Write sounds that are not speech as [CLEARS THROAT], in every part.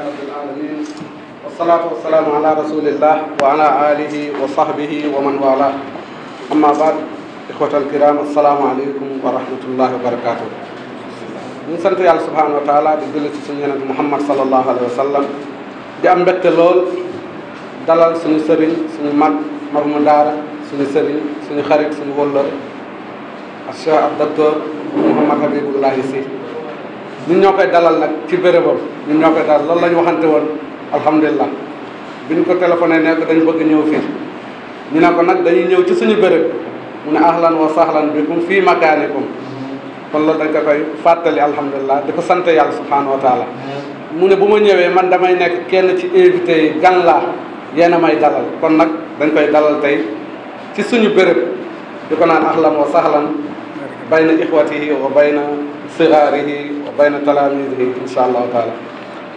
alhamdulillahi rabbil alamin wasalaatu wasalaamu ala rasulillah wa ala alihi wa sahbihi wa man wala amma baad ixwata alkiram assalaamu aleykum wa rahmatullahi wa barakatuh ñu sant yàlla subhanahu wa taala di julli ci suñu yonent muhammad sallallahu alayhi wa sallam di am mbégte lool dalal suñu sëriñ suñu mag mag mu daara suñu sëriñ suñu xarit suñu wëllëre ak cheikh ab docteur Mouhamad Habibullahi si ñun ñoo koy dalal nag ci bérébam ñun ñoo koy dalal loolu la ñu waxante woon alhamdulilah bi ñu ko téléphoné nee ko dañu bëgg ñëw fii ñu ne ko nag dañuy ñëw ci suñu béréb mu ne ahlan wa sahlan bikum fii makaanikum kon loolu dañ ko koy fàttali alhamdulilah di ko sant yàlla subhanahu wa mu ne bu ma ñëwee man damay nekk kenn ci invité yi gan laa yéen a may dalal kon nag dañ koy dalal tey ci suñu béréb di ko naan ahlan wa sahlan bayna ixwatihi wa bayna sigarihi bayna talaamiisihi insha allahu taala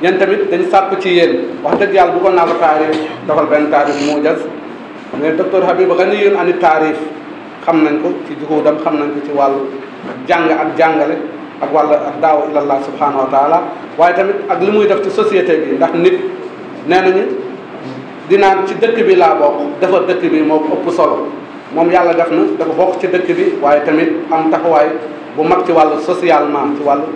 yéen tamit dañ sàpp ci yéen wax dëgg yàlla bëggoon naa ko taarif defal benn taarif mujas mais docteur Habib Ghani yéen ani taarif xam nañ ko ci juhudam xam nañ ko ci wàllu jàng ak jàngale ak wàllu ak daawa ilallah subhanahu wa waaye tamit ak li muy def ci société bi ndax nit nee nañu dinaan ci dëkk bi laa bokk dafa dëkk bi moo ko ëpp solo moom yàlla def na dafa bokk ci dëkk bi waaye tamit am taxawaay bu mag ci wàllu socialement ci wàllu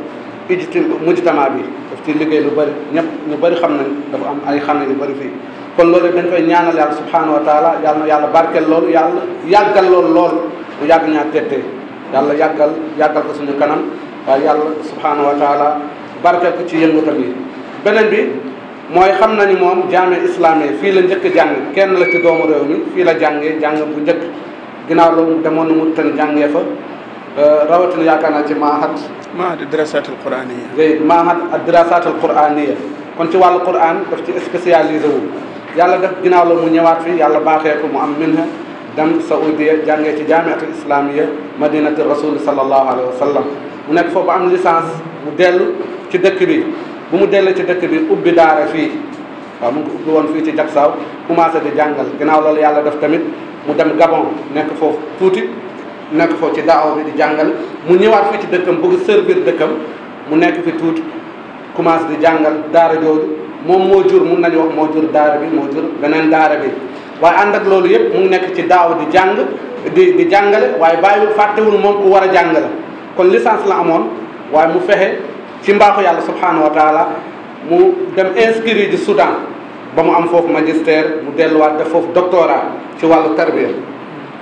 ci mujtama bi daf ci liggéey lu bëri ñëpp ñu bari xam nañ dafa am ay xam ne yu bari fii kon loolu dañ koy ñaanal yàlla subhanahu wa taala yàlla na loolu yàlla yàggal loolu lool mu yàgg ñaa tettee yàlla yàggal yàggal ko suñu kanam waaye yàlla subhanahu wa taala barkeel ci yëngutam yi beneen bi mooy xam na ni moom jaame islamique fii la njëkk jàng kenn la ci doomu réew mi fii la jàngee jàng bu njëkk ginnaaw loolu demoon nu mu tën jàngee fa Euh, rawatina yaakaar naa ci maahat maahat dirasaat al quraaniya léegi maahat ak dirasaat al quraaniya kon ci wàllu quran daf ci spécialisé wu yàlla def ginnaaw la mu ñëwaat fi yàlla baaxee ko mu am minha dem saudiya jàngee ci jaamiatul islamiya madinati rasul sallallahu alayhi wa sallam mu nekk foofu am licence bu dellu ci dëkk bi bu mu dellu ci dëkk bi ubbi daara fii waaw mu ngi ubbi fii ci jagsaaw commencé di jàngal ginnaaw loolu yàlla def tamit mu dem gabon nekk foofu tuuti nekk foofu ci daaw bi di jàngal mu ñëwaat fii ci dëkkam bëgg servir dëkkam mu nekk fi tuuti commencé di jàngal daara jooju moom moo jur mun nañu wax moo jur daara bi moo jur beneen daara bi waaye ànd ak loolu yëpp mu nekk ci daaw di jàng di di jàngale waaye bàyyiwul fàttewul moom ku war a jàngale kon licence la amoon waaye mu fexe ci mbaaxu yàlla subhanahu wa taala mu dem inscrire di Soudan ba mu am foofu magistère mu delluwaat def foofu doctorat ci wàllu tarbiya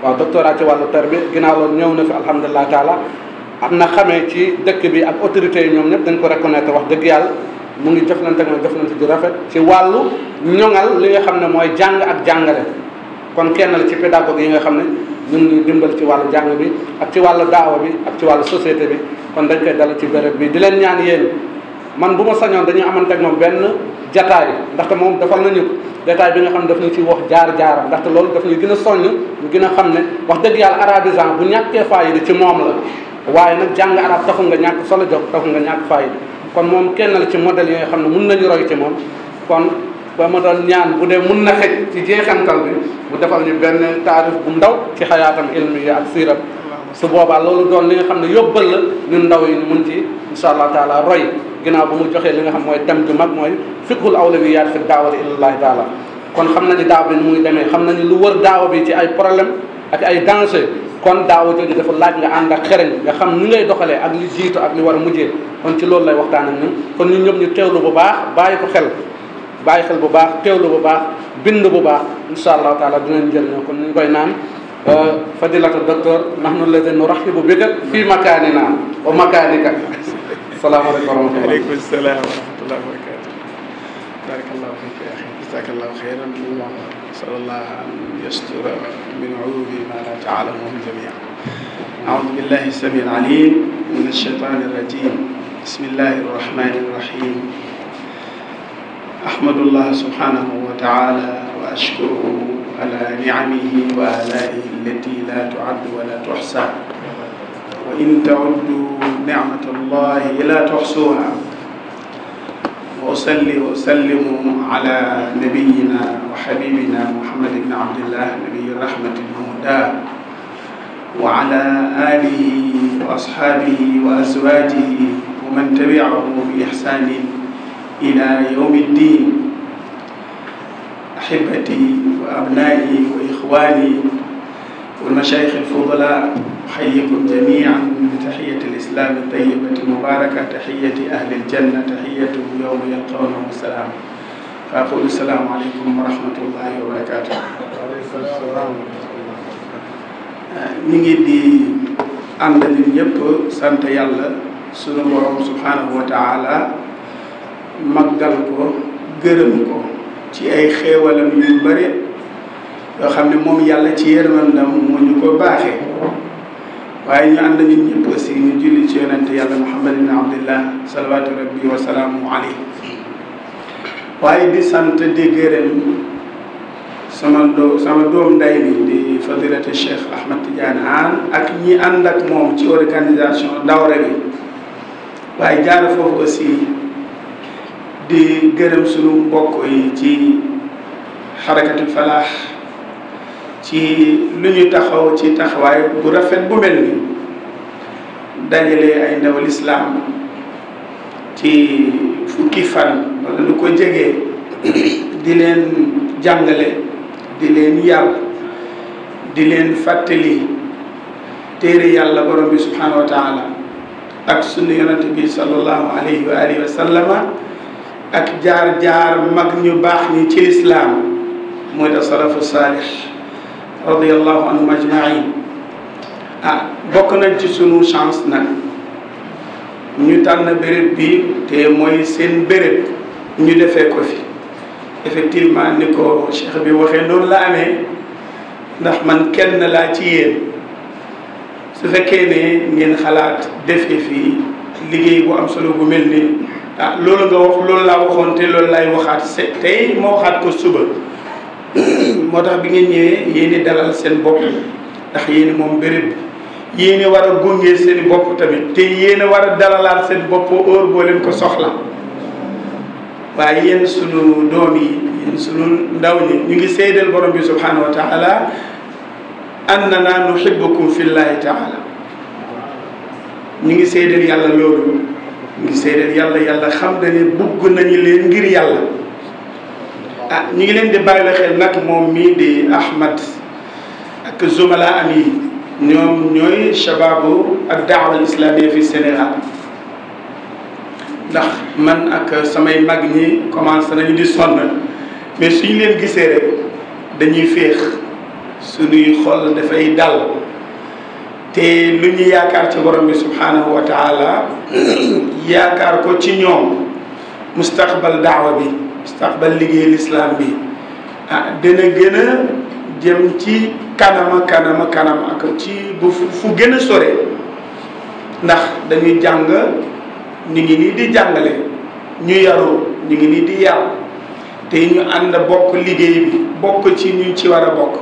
waaw doctorat ci wàllu tarbiya ginnaaw loolu ñëw na fi alhamdulilah taala am na xamee ci dëkk bi ak autorités yi ñoom ñëpp dañ ko reconnaître wax dëgg yàlla mu ngi jëflante ak moom jëflante ju rafet ci wàllu ñoŋal li nga xam ne mooy jàng ak jàngale kon kenn la ci pédagogue yi nga xam ne ñu ngi dimbal ci wàllu jàng bi ak ci wàllu daaw bi ak ci wàllu société bi kon dañ koy dal ci béréb bi di leen ñaan yéen man bu ma sañoon dañuy amante ak moom benn jataay ndaxte moom dafal nañu ko jataay bi nga xam ne daf ñu ci wax jaar-jaaram ndaxte loolu daf ñu gën a soññ ñu gën a xam ne wax dëgg yàlla arabisant bu ñàkkee faayida ci moom la waaye nag jàng arab taxul nga ñàkk solo jox taxul nga ñàkk faayida kon moom kenn la ci modèle yooyu xam ne mun nañu roy ci moom kon ba ma doon ñaan bu dee mun na xëj ci jeexantal bi mu defal ñu benn taarif bu ndaw ci xayaatam ilmi ak siirab su boobaa loolu doon li nga xam ne yóbbal la ndaw yi ñu mun ci incha allah taala roy ginaaw bu mu joxee li nga xam mooy thème ju mag mooy fiqhul awlawiyaat fi daawati ilallahi taala kon xam na ni daaw bi ni muy demee xam na ni lu wër daaw bi ci ay problème ak ay danger kon daaw jooju dafa laaj nga ànd ak xereñ nga xam ni ngay doxalee ak li jiitu ak ni war a mujjee kon ci loolu lay waxtaan ak kon ñun ñëpp ñu teewlu bu baax bàyyi ko xel bàyyi xel bu baax teewlu bu baax bind bu baax insha allahu taala dinañ jëriñoo kon ñu koy naan euh, fadilata docteur nahnu alladina nurahibu bika fi makanina wa makanika salaamaaleykum wa rahmatulah aleykum salaam wa rahmatulah wa barakaatu barakallahu fiik ya axi jazakallahu xayran allahuma salallah an yastura min uyubi ma la taalamuhum jamian aoudu billahi sami alalim min alcheytani irrajim bismillahi arrahmani irrahim ahmadullah subhanahu wa taala wa ashkuruhu ala niamihi wa alaihi allati la tuaddu wa la tuhsa wa in tauddu nicmata allahi la tuxsuha wa usalli wa usallimu ala nabiyina wa xabibina muhammad ibn abdillah nabiyi rahmatil muhda wa ala alihi wa asxaabihi wa azwaajihi wa man tabiahu bi ixsaanin ila yawmi ddin axibati wa abnaa'i wa ixwaani والمشايخ الفضلاء أحييكم جميعا بتحية الإسلام الطيبة المباركة تحية أهل الجنة تحيتهم يوم يلقونه السلام فأقول السلام عليكم ورحمة الله وبركاته ñu ngi di ànd ñun ñëpp sant yàlla sunu borom subhanahu wa taala màggal ko gërëm ko ci ay xéewalam yu bare yoo xam ne moom yàlla ci yërmandam moo ñu ko baaxee waaye ñu ànd ñun ñëpp aussi ñu julli ci yonente yàlla muhammad ibn abdillah salawatu rabbi wa salaamu alayhi waaye di sant di gërëm sama doo sama doom nday bi di fadilate cheikh ahmad tidiane an ak ñi ànd ak moom ci organisation dawra bi waaye jaar foofu aussi di gërëm sunu mbokk yi ci xarakatul falaax ci lu ñu taxaw ci taxawaay bu rafet bu mel ni dajale ay ndaw lislaam ci fukki fan walla lu ko jege di leen jàngale di leen yar di leen fàttali téere yàlla borom bi subhanahu wa ak sunna yonante bi sallallahu alayhi wa alihi ak jaar-jaar mag ñu baax ñi ci lislaam mooy da salafu saalix radiallahu anhum ajmain ah bokk nañ ci sunu chance nag ñu tànn béréb bi te mooy seen bërëb ñu defee ko fi effectivement ni ko cheikh bi waxee noonu la amee ndax man kenn laa ci yéen su fekkee ne ngeen xalaat defee fi liggéey bu am solo bu mel ni ah loolu nga wax loolu laa waxoon te loolu laay waxaat se tey ma waxaat ko suba [CLEARS THROAT] moo tax bi ngeen ñëwee yéen dalal seen bopp ndax yéen moom béréb yéen war a gunge seen i bopp tamit te yéen a war a dalalaat seen bopp heure boo leen ko soxla waaye yéen suñu doom yi yéen sunu ndaw ñi ñu ngi seedeel borom bi subhanahu wa taala annana nuhibbukum fillahi taala ñu ngi seedeel yàlla loolu ñu ngi seedeel yàlla yàlla xam na ne bugg nañu leen ngir yàlla ah ñu ngi leen di bàyyi la xel nag moom mii di Ahmad ak Zoumala Ami ñoom ñooy shababu ak daawa islamiyya fi Sénégal ndax man ak samay mag ñi commencé nañu di sonn mais suñu leen gisee rek dañuy féex suñuy xol dafay dal te lu ñu yaakaar ci borom bi subhanahu wa [COUGHS] yaakaar ko ci ñoom mustaqbal daawa bi mustaqbal liggéey lislaam bi ah dana gën jëm ci kanama kanama kanam ci bu fu gën a sore ndax dañuy jàng ñu ngi nii di jàngale ñu yaru ñu ngi nii di yar te ñu ànd bokk liggéey bi bokk ci ñu ci war a bokk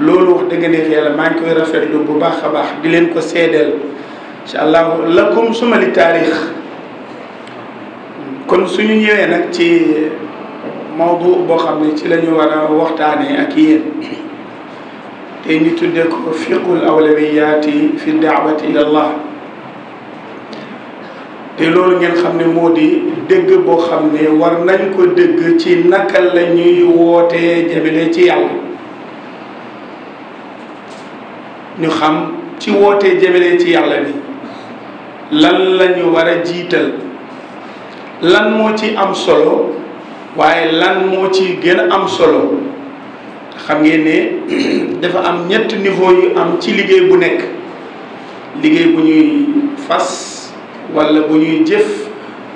loolu wax dëgg neex yàlla maa ngi koy rafetlu bu baax a baax di leen ko seedeel incha allah lakum sumali taarix kon suñu ñëwee nag ci mawdu boo xam ne ci lañu ñu war a waxtaanee ak yéen te ñu tuddee ko fiqul awlawiyaati fi daawati ila te loolu ngeen xam ne moo di dégg boo xam ne war nañ ko dégg ci naka la ñuy wootee jëmale ci yàlla ñu xam ci wootee jëmale ci yàlla bi lan lañu ñu jiital lan moo ci am solo waaye lan moo ci gën a am solo xam ngeen ne [CLEARS THROAT] dafa am ñett niveau yu am ci liggéey bu nekk liggéey bu ñuy fas walla bu ñuy jëf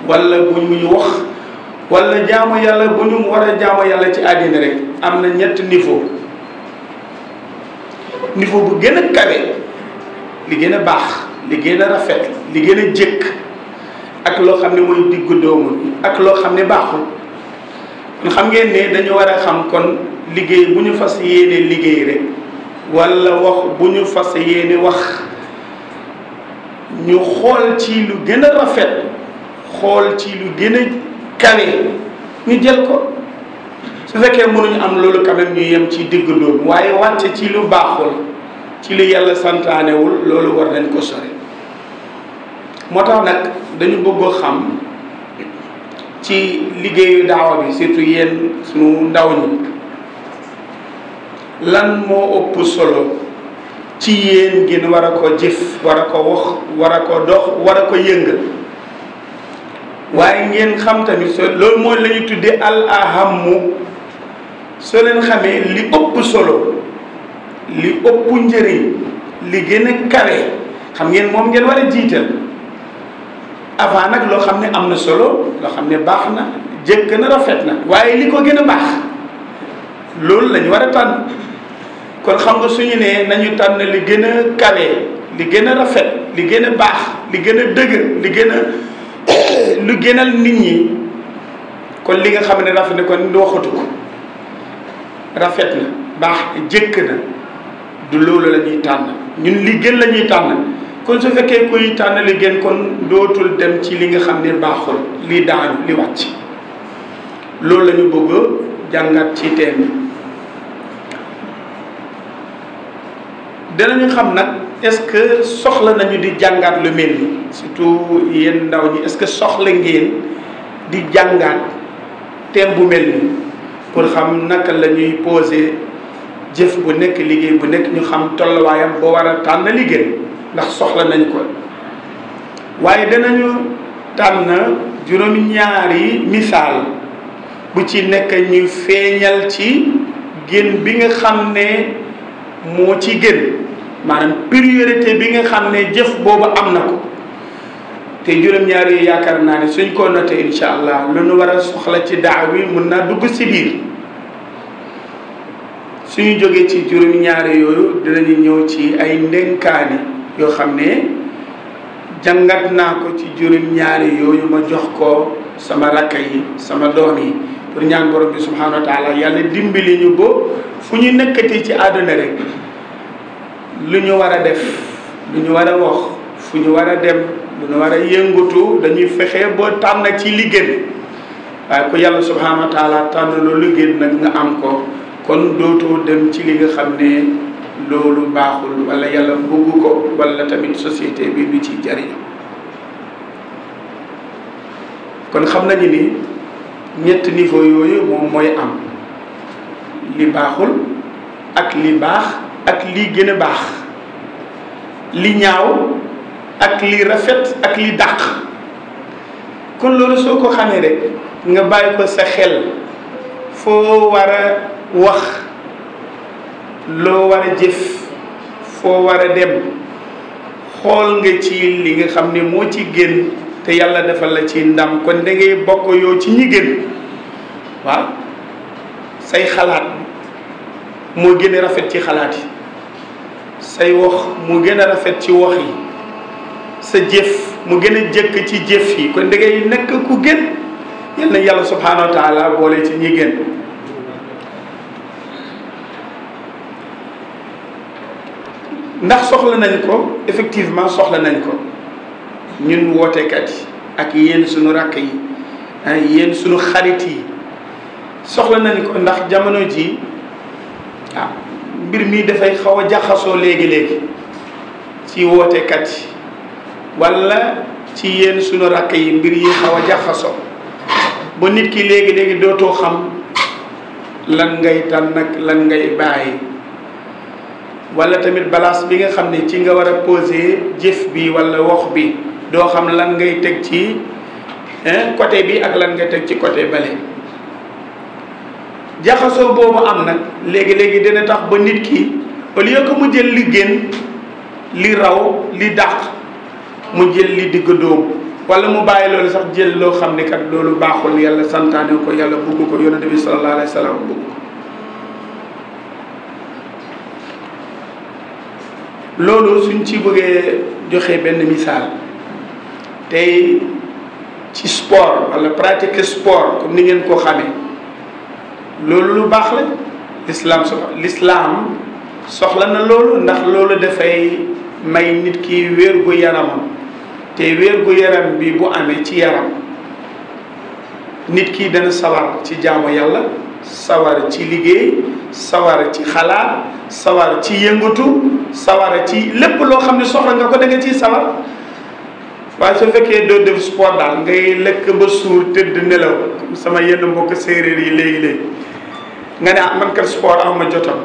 wala bu ñuy wax wala jaamu yàlla bu ñu war a jaamu yàlla ci àddina rek am na ñett niveau niveau bu gën a kawe li gën a baax liggéey gën a rafet li gën a jëkk ak loo xam ne mooy diggu doomu ak loo xam ne baaxul nu xam ngeen ne dañu war a xam kon liggéey bu ñu fas yéene liggéey rek walla wax bu ñu fas yéene wax ñu xool ci lu gën a rafet xool ci lu gën a kawe ñu jël ko su fekkee mënuñu am loolu quand ñu yem ci digg loolu waaye wàcce ci lu baaxul ci lu yàlla santaanewul loolu war nañ ko sore moo tax nag dañu bëgg xam ci liggéeyu daawa bi surtout yéen sunu ndaw ñi lan moo ëpp solo ci yéen ngeen war a ko jëf war a ko wax war a ko dox war a ko yëngal waaye ngeen xam tamit so loolu mooy la ñu tuddee al ahammu soo leen xamee li ëpp solo li ëpp njëriñ li gën a kawe xam ngeen moom ngeen war a jiital avant nag loo xam ne am na solo loo xam ne baax na jëkk na rafet na waaye li ko gën a baax loolu la war a tànn kon xam nga suñu nee nañu tànn li gën a kawe li gën a rafet li gën a baax li gën a dëgg li gën a [COUGHS] lu gënal nit ñi kon li nga xam ne rafet na kon waxatu ko rafet na baax jëkk na du loolu la ñuy tànn ñu li gën lañuy ñuy tànn kon su fekkee kuy tànnali gën kon dootul dem ci li nga xam ne baaxul li daan li wàcc loolu lañu bëgg a jàngat ci teen bi danañu xam nag est-ce que soxla nañu di jàngaat lu mel ni surtout yéen ndaw ñi est-ce que soxla ngeen di jàngaat thème bu mel ni pour xam naka la ñuy poser jëf bu nekk liggéey bu nekk ñu xam tolluwaayam boo wara a tànn liggéey ndax soxla nañ ko waaye danañu na juróomi ñaari misaal bu ci nekk ñu feeñal ci gën bi nga xam ne moo ci gën maanaam priorité bi nga xam ne jëf boobu am na ko te juróom-ñaar yi yaakaar naa ne suñ ko noté incha allah lu nu war soxla ci daaw bi mun naa dugg si biir suñu jógee ci juróom-ñaar yooyu dinañu ñëw ci ay ndénkaani yoo xam ne jàngat naa ko ci juróom-ñaari yooyu ma jox ko sama rakk yi sama doom yi pour ñaan borom bi subhanahu wa yàlla dimbali ñu ba fu ñu nekkati ci àdduna rek lu ñu war a def lu ñu war a wax fu ñu war a dem lu ñu war a yëngutu dañuy fexe boo tànn ci liggéey waaye ku yàlla subhanahu wa taala tànn loolu liggéey nag nga am ko kon dootoo dem ci li nga xam ne loolu baaxul wala yàlla bëgg ko wala tamit société bi du ci jariñu kon xam nañu ni ñett niveau yooyu moom mooy am li baaxul ak li baax ak li gën a baax li ñaaw ak li rafet ak li dàq kon loolu soo ko xamee rek nga bàyyi ko sa xel foo war a wax loo war a jëf foo war a dem xool nga ci li nga xam ne moo ci gën te yàlla defal la ci ndam kon da ngay bokk yow ci ñi gën waaw say xalaat moo gën rafet ci xalaat yi say wax mu gën a rafet ci wax yi sa jëf mu gën a jëkk ci jëf yi kon da nekk ku gën yal na yàlla subhanahu wa taala boole ci ñi gën ndax soxla nañ ko effectivement soxla nañ ko ñun wootekat yi ak yéen suñu rakk yi ak yéen suñu xarit yi soxla nañ ko ndax jamono ji ah mbir mi dafay xaw a jaxasoo léegi-léegi ci wootekat yi walla ci yéen suñu rakk yi mbir yi xaw a jaxasoo ba nit ki léegi-léegi dootoo xam lan ngay tànn ak lan ngay bàyyi wala tamit balaas bi nga xam ne ci nga war a posé jëf bi wala wox bi doo xam lan ngay teg ci côté bi ak lan nga teg ci côté bale jaxasoo boobu am nag léegi-léegi dina tax ba nit ki au lieu que mu jël li gën li raw li dàq mu jël li digg dóomu wala mu bàyyi loolu sax jël loo xam ne kat loolu baaxul yàlla santaane ko yàlla bugg ko yonente bi sallallahu alayhi wa sallam bugg ko loolu suñ ci bëggee joxe benn misaal tey ci sport wala pratique sport comme ni ngeen koo xamee loolu lu baax la l'islam soxla soxla na loolu ndax loolu dafay may nit ki wér gu yaramam te wér gu yaram bi bu amee ci yaram nit ki dana sawar ci jaamu yàlla sawar ci liggéey sawar ci xalaat sawar ci yëngatu sawar ci lépp loo xam ne soxla nga ko da nga ciy sawar waaye su fekkee doo def sport daal ngay lekk ba suur tëdd nelaw sama yenn mbokk séeréer yi léegi-léegi nga ne ah man kat sport aw ma jotam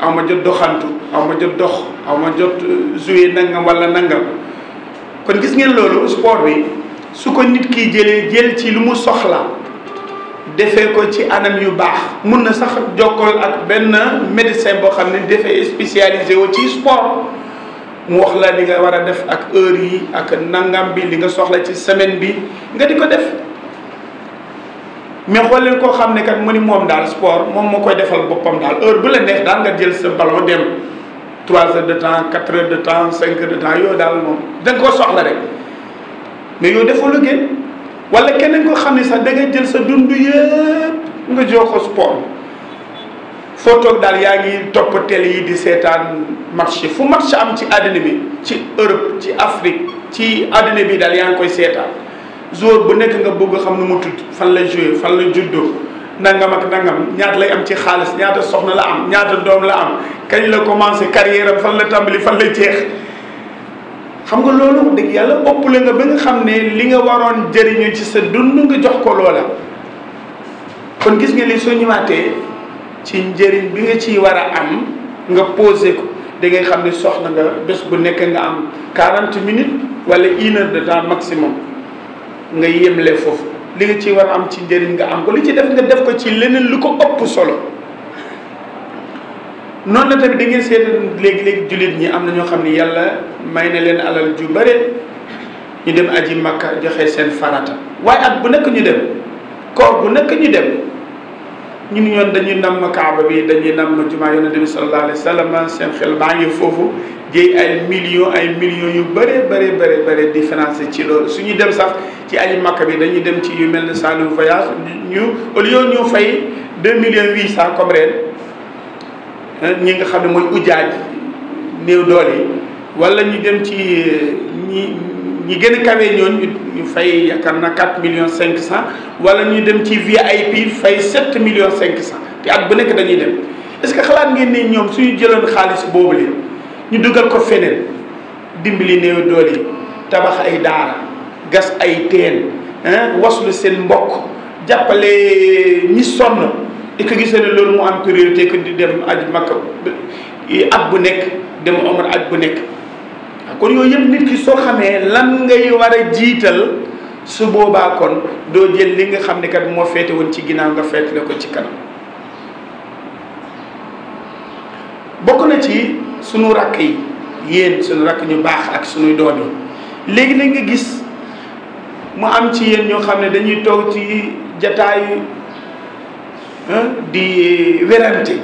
aw jot doxantu aw ma jot dox aw ma jot euh, jouer nangam wala nangam kon gis ngeen loolu sport bi su ko nit ki jëlee jël ci lu mu soxla defee ko ci anam yu baax mun na sax jokkoo ak benn médecin boo xam ne dafay spécialisé wu ci sport mu wax la li nga war a def ak heure yi ak nangam bi li nga soxla ci semaine bi nga di ko def mais xool leen koo xam ne kat mu ni moom daal sport moom moo koy defal boppam daal heure bu la neex daal nga jël sa ballon dem trois heures de temps quatre heures de temps cinq heures de temps yooyu daal moom da koo ko soxla rek mais yow defoo lu gën wala keneen ko xam ne sax da jël sa dund yëpp nga jox ko sport foo toog daal yaa ngi topp télé yi di seetaan match fu match am ci àddina bi ci Europe ci Afrique ci àddina bi daal yaa ngi koy seetaan joueur bu nekk nga bëgg xam nu mu tudd fan la joué fan la juddoo nangam ak nangam ñaata lay am ci xaalis ñaata soxna la am ñaata doom la am kañ la commencé carrière am fan la tàmbali fan la jeex. xam nga loolu wax dëgg yàlla ëpp la nga ba nga xam ne li nga waroon jëriñu ci sa dund nga jox ko loola kon gis nga li soo ñëwaatee ci njëriñ bi nga ciy war a am nga posé ko da ngay xam ne soxla nga bés bu nekk nga am 40 minutes wala une heure de temps maximum nga yemle foofu li nga ciy war a am ci njëriñ nga am ko li ci def nga def ko ci leneen lu ko ëpp solo noonu la tamit da ngeen léegi léegi jullit ñi am na ñoo xam ne yàlla may na leen alal ju bare ñu dem aji makka joxe seen farata waaye at bu nekk ñu dem koor bu nekk ñu dem ñun ñoon dañuy nam ma kaaba bi dañuy nam ma jumaa yonente bi sallallahu alayhi wa sallam seen xel baa ngi foofu jéy ay millions ay millions yu bare bare bare bare di financé ci loolu suñuy dem sax ci aji makka bi dañuy dem ci yu mel ne Saloum voyage ñu au ñu fay deux millions huit cent comme ren ñi nga xam ne mooy ujaaj néew doole yi wala ñu dem ci ñi ñi gën a kawee ñooñu ñu fay yaakaar na million cinq 500 wala ñu dem ci VIP fay 7 millions 500 te at bu nekk dañuy dem est-ce que xalaat ngeen ne ñoom suy jëloon xaalis boobu leen ñu dugal ko feneen dimbali néew doole yi tabax ay daara gas ay teen waslu seen mbokk jàppale ñi sonn. di ko gisee ne loolu mu am priorité que di dem aj makka at bu nekk dem omar aj bu nekk ah, kon yooyu yëpp nit ki soo xamee lan ngay war a jiital su boobaa kon doo jël li nga xam ne kat moo feete woon ci ginnaaw nga féetale ko ci kanam bokk na ci sunu rakk yi yéen sunu rakk ñu baax ak sunuy doom yi léegi nag nga gis mu am ci yéen ñoo xam ne dañuy toog ci jataayu di eh, werante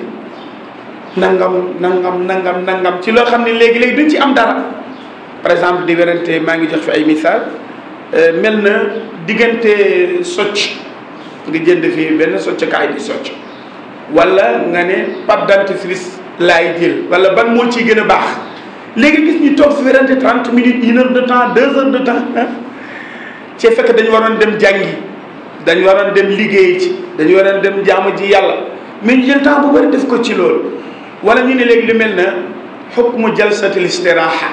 nangam nangam nangam nangam ci loo xam ne léegi-léegi duñ ci am dara par exemple di werante maa ngi jox fi ay misaal eh, mel na diggante socc nga jënd fii benn socckaay di socc wala nga ne pâte dentifrice laay jël wala ban moo ciy gën a baax léegi gis ñu toog si werante trente minutes une heure de temps deux heures de temps ci fekk dañu waroon dem jàngi dañ waroon dem liggéey ci dañu waroon dem jaamu ji yàlla mais ñu jël temps bu bëri def ko ci loolu wala ñu ne léegi lu mel na mu jalsatil istiraha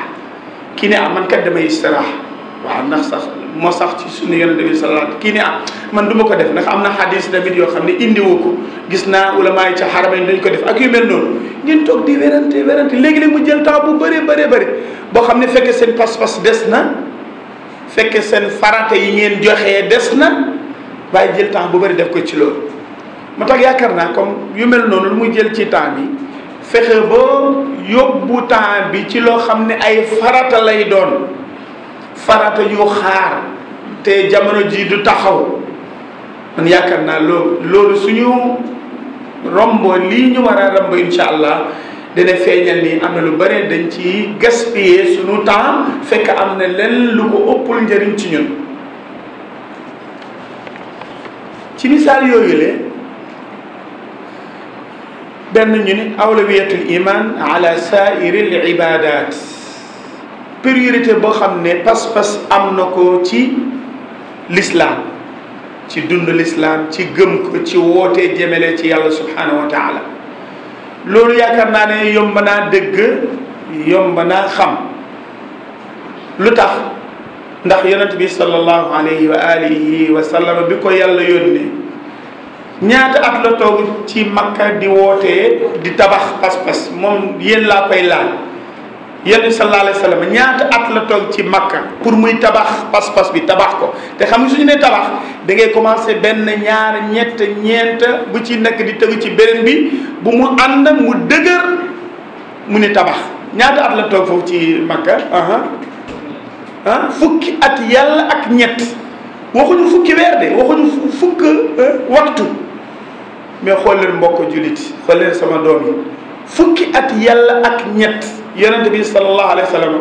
kii ne am ah, man kat damay istiraha waaw ndax sax moo sax ci sunna yonente bi sallallahu kii ne am ah, man du ma ko def ndax am na xadis tamit yoo xam ne indiwu ko gis naa ulama yi ca xaramañ dañ ko def ak yu mel noonu ngeen toog di werante werante léegi-léeg mu jël temps bu bëree bëree bëri boo xam ne fekkee seen pas-pas na fekkee seen farata yi ngeen joxee des na waaye jël temps bu bari def ko ci loolu moo tax yaakaar naa comme yu mel noonu lu muy jël ci temps bi fexe ba yóbbu temps bi ci loo xam ne ay farata lay doon farata yu xaar te jamono jii du taxaw man yaakaar naa loolu suñu rombo lii ñu war a romb incha allah dina feeñal ni am na lu bëri dañ ci gaspiller suñu temps fekk am na lenn lu ko ëppul njëriñ ci ñun ci misaal yooyu le benn ñu ni awlawiyatul iman ala saairil ibadat priorité boo xam ne pas-pas am na ko ci lislaam ci dund l'islam ci gëm ko ci woote jëmale ci yàlla subhanahu wa taala loolu yaakaar naa ne yomb naa dëgg yomb naa xam lu tax ndax yonent bi sallallahu alayhi wa alihi wa sallam bi ko yàlla yónnee ñaata at la toog ci makka di wootee di tabax pas-pas moom yéen laa koy laal yonent bi sallallahu ñaata at la toog ci makka pour muy tabax pas-pas bi tabax ko te xam nga su ñu nee tabax da ngay commencé benn ñaar ñett ñeent bu ci nekk di tegu ci beneen bi bu mu ànd mu dëgër mu ne tabax ñaata at la toog foofu ci makka. Ah, fukki at yàlla ak ñett waxuñu fukki weer de waxuñu fukk eh, waxtu mais xool leen mbokk jullit xool leen sama doom yi fukki at yàlla ak ñett yonent bi sallallahu alayhi wa sallam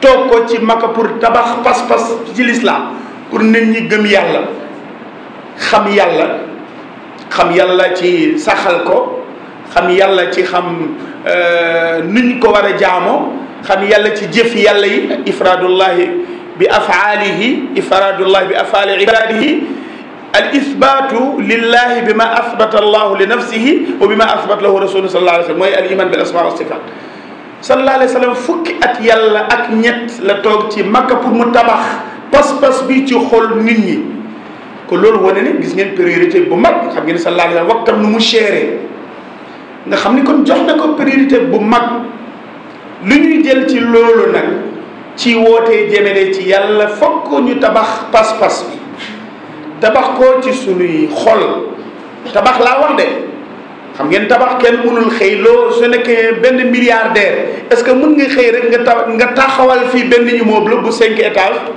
toog ko ci Makka pour tabax pas-pas ci lislaam pour nit ñi gëm yàlla xam yàlla xam yàlla ci saxal ko xam yàlla ci xam eh, nuñ ko war a jaamoo xam yàlla ci jëf yàlla yi ak ifraadullahi bi afaalihi ifraadullahi bi afaali ibaadihi al isbaatu lillahi bi ma asbata allahu li nafsihi wa bi ma asbat lahu rasulu sallallahu alayhi wa sallam mooy al iman bil asma wa sifat sallallahu alayhi wa sallam fukki at yàlla ak ñett la toog ci makka pour mu tabax pas-pas bi ci xol nit ñi ko loolu wane ne gis ngeen priorité bu mag xam ngeen sallallahu alayhi wa sallam waxtam nu mu chéré nga xam ni kon jox na ko priorité bu mag lu ñuy jël ci loolu nag ci wootee jëmale ci yàlla fokk ñu tabax pas-pas bi tabax ko ci sunuy xol tabax laa wax de xam ngeen tabax kenn mënul xëy loo su nekkee benn milliardaire est-ce que mën nga xëy rek nga ta nga taxawal fii benn la bu cinq étages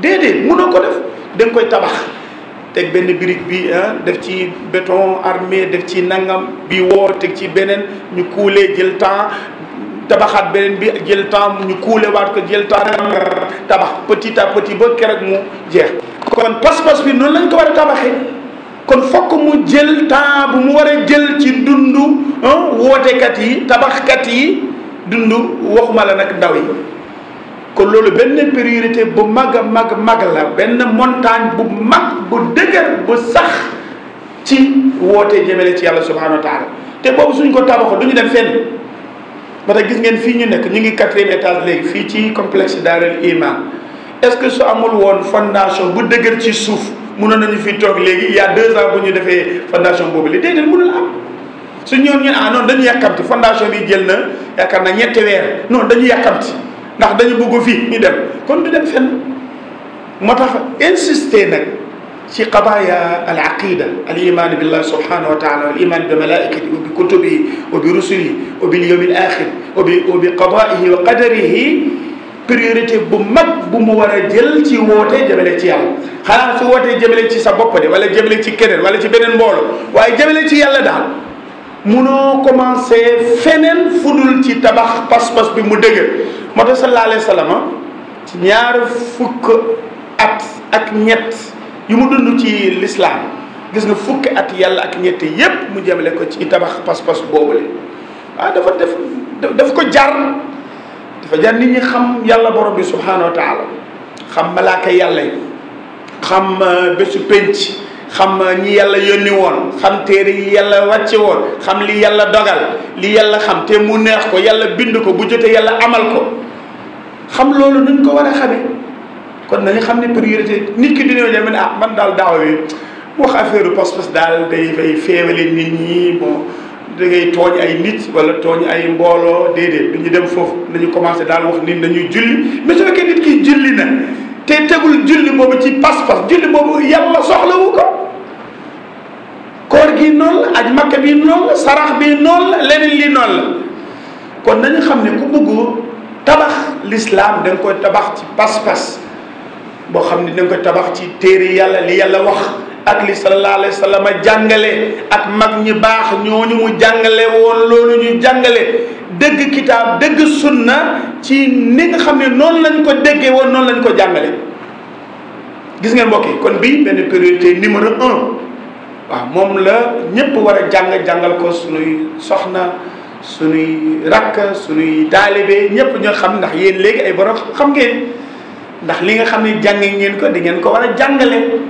déedéet mënoo ko def da koy tabax teg benn brique bi ah def ci béton armé def ci nangam bi woo teg ci beneen ñu kuulee jël temps tabaxaat beneen bi jël temps ñu kuule waat ko jël temps tabax petit à petit ba keroog mu jeex. kon pas-pas bi noonu lañ ko war a tabaxee kon fokk mu jël temps bu mu war a jël ci dundu wootekat yi tabaxkat yi dundu waxuma la nag ndaw yi. kon loolu benn priorité bu mag a mag mag la benn montagne bu mag bu dëgër bu sax ci woote jëmale ci yàlla subhanahu wa te boobu suñ ko tabaxoo du dem fenn. ba tax gis ngeen fii ñu nekk ñu ngi quatrième étage léegi fii ci complexe Daarul Iman est-ce que su amul woon fondation bu dëgër ci suuf mënoon nañu fi toog léegi yaa y a deux ans bu ñu defee fondation boobu li déedéet mënul am su ñëwoon ñu ne ah dañu yàkkamti fondation bi jël na yaakaar na ñetti weer non dañu yàkkamti ndax dañu bëgg fii ñu dem kon du dem fenn moo tax insister nag. ci qabaaya al aqida al iman billah subhanahu wa taala wal iman bi malaikati wa bi kutubihi wa bi rusulihi wa bil yawmil axir wa wa bi qadaihi wa qadarihi priorité bu mag bu mu war a jël ci woote jëmale ci yàlla xanaa su wootee jëmale ci sa bopp de wala jëmale ci keneen wala ci beneen mbooloo waaye jëmale ci yàlla daal munoo commencé feneen fudul ci tabax pas-pas bi mu dëgër moo tax sallallahu alayhi wa sallam ñaar fukk yu mu dund ci lislaam gis nga fukki at yàlla ak ñett yépp mu jëmale ko ci tabax pas-pas boobule ah dafa def def ko jar dafa jar nit ñi xam yàlla borom bi subhaanahu wa xam malaaka yàlla yi xam euh, bésu pénc xam euh, ñi yàlla yónni woon xam téere yi yàlla wàcce woon xam li yàlla dogal li yàlla xam te mu neex ko yàlla bind ko bu jotee yàlla amal ko xam loolu nuñ ko war a xamee kon nañu xam ne priorité nit ki dinañoo demee ne ah man daal daaw bi wax affaire pas-pas daal day fay féewale nit ñi bon da ngay tooñ ay nit wala tooñ ay mbooloo déedéet du ñu dem foofu nañu commencé daal wax nit nañuy julli mais su fekkee nit ki julli na te tegul julli boobu ci pas-pas julli boobu yàlla soxlawu ko koor gi noonu la aj makka bi noonu la sarax bi noon la leneen li noonu la kon nañu xam ne ku bëgg tabax l'islam da nga koy tabax ci pas-pas boo xam ne dinañ ko tabax ci téere yàlla li yàlla wax ak li sallallahu alayhi wa sallam jàngale ak mag ñi baax ñooñu mu jàngale woon loolu ñu jàngale dëgg kitaab dëgg sunna ci ni nga xam ne noonu lañu ko déggee woon noonu lañ ko jàngale gis ngeen mbokk yi kon bii benn priorité numéro un waaw moom la ñëpp war a jàng jàngal ko sunuy soxna sunuy rakk sunuy taalibe ñëpp ñoo xam ndax yéen léegi ay borom xam ngeen ndax li nga xam ne jàngi ngeen ko di ngeen ko war a jàngale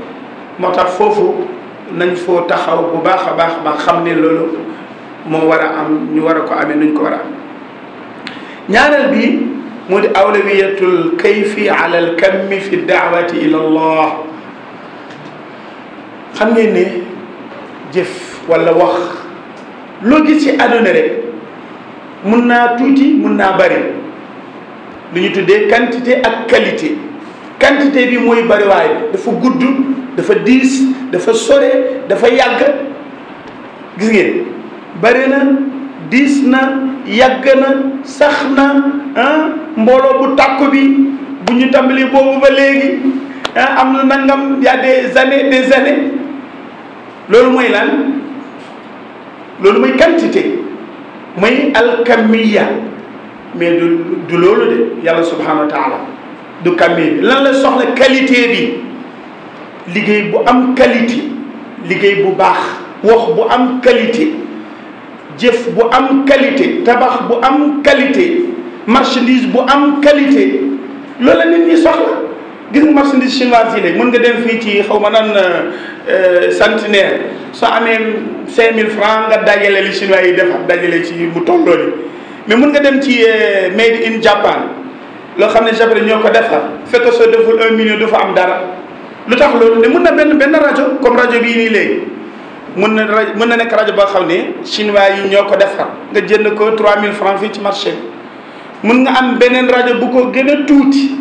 moo tax foofu nañ foo taxaw bu baax a baax ba xam ne loolu moo war a am ñu war a ko amee nuñ ko war a am ñaareel bi mu di awlawiyatul kayfi ala al kammi fi daawati ila allah xam ngeen ni jëf walla wax loo gis ci àdduna rek mun naa tuuti mun naa bari lu ñu tuddee quantité ak qualité quantité bi mooy bariwaay bi dafa gudd dafa diis dafa sore dafa yàgg gis ngeen bari na diis na yàgg na sax na ah, mbooloo bu tàkku bi bu ñu tàmbali boobu ba léegi ah, am na nangam y a des années des loolu mooy lan loolu mooy quantité mooy alkamiya mais du du loolu de yàlla subhanahu wa taala du kàmmee lan la soxla qualité bi liggéey bu am qualité liggéey bu baax wax bu am qualité jëf bu am qualité tabax bu am qualité marchandise bu am qualité loolu la nit ñi soxla gis nga marchandise chinoise yi léegi mën nga dem fii ci xaw ma nan euh, centenaire soo amee cinq mille francs nga dajale li chinois yi defar dajale ci bu tolloo ni mais mun nga dem ci euh, made in Japan loo xam ne japonais ñoo ko defar fekk soo deful un million du fa am dara lu tax loolu ne mun na benn benn rajo comme rajo bii nii léegi mun na rajo mun na nekk rajo boo xam ne chinois yi ñoo ko defar nga jënd ko 3000 francs fii ci marché mun nga am beneen rajo bu ko gën a tuuti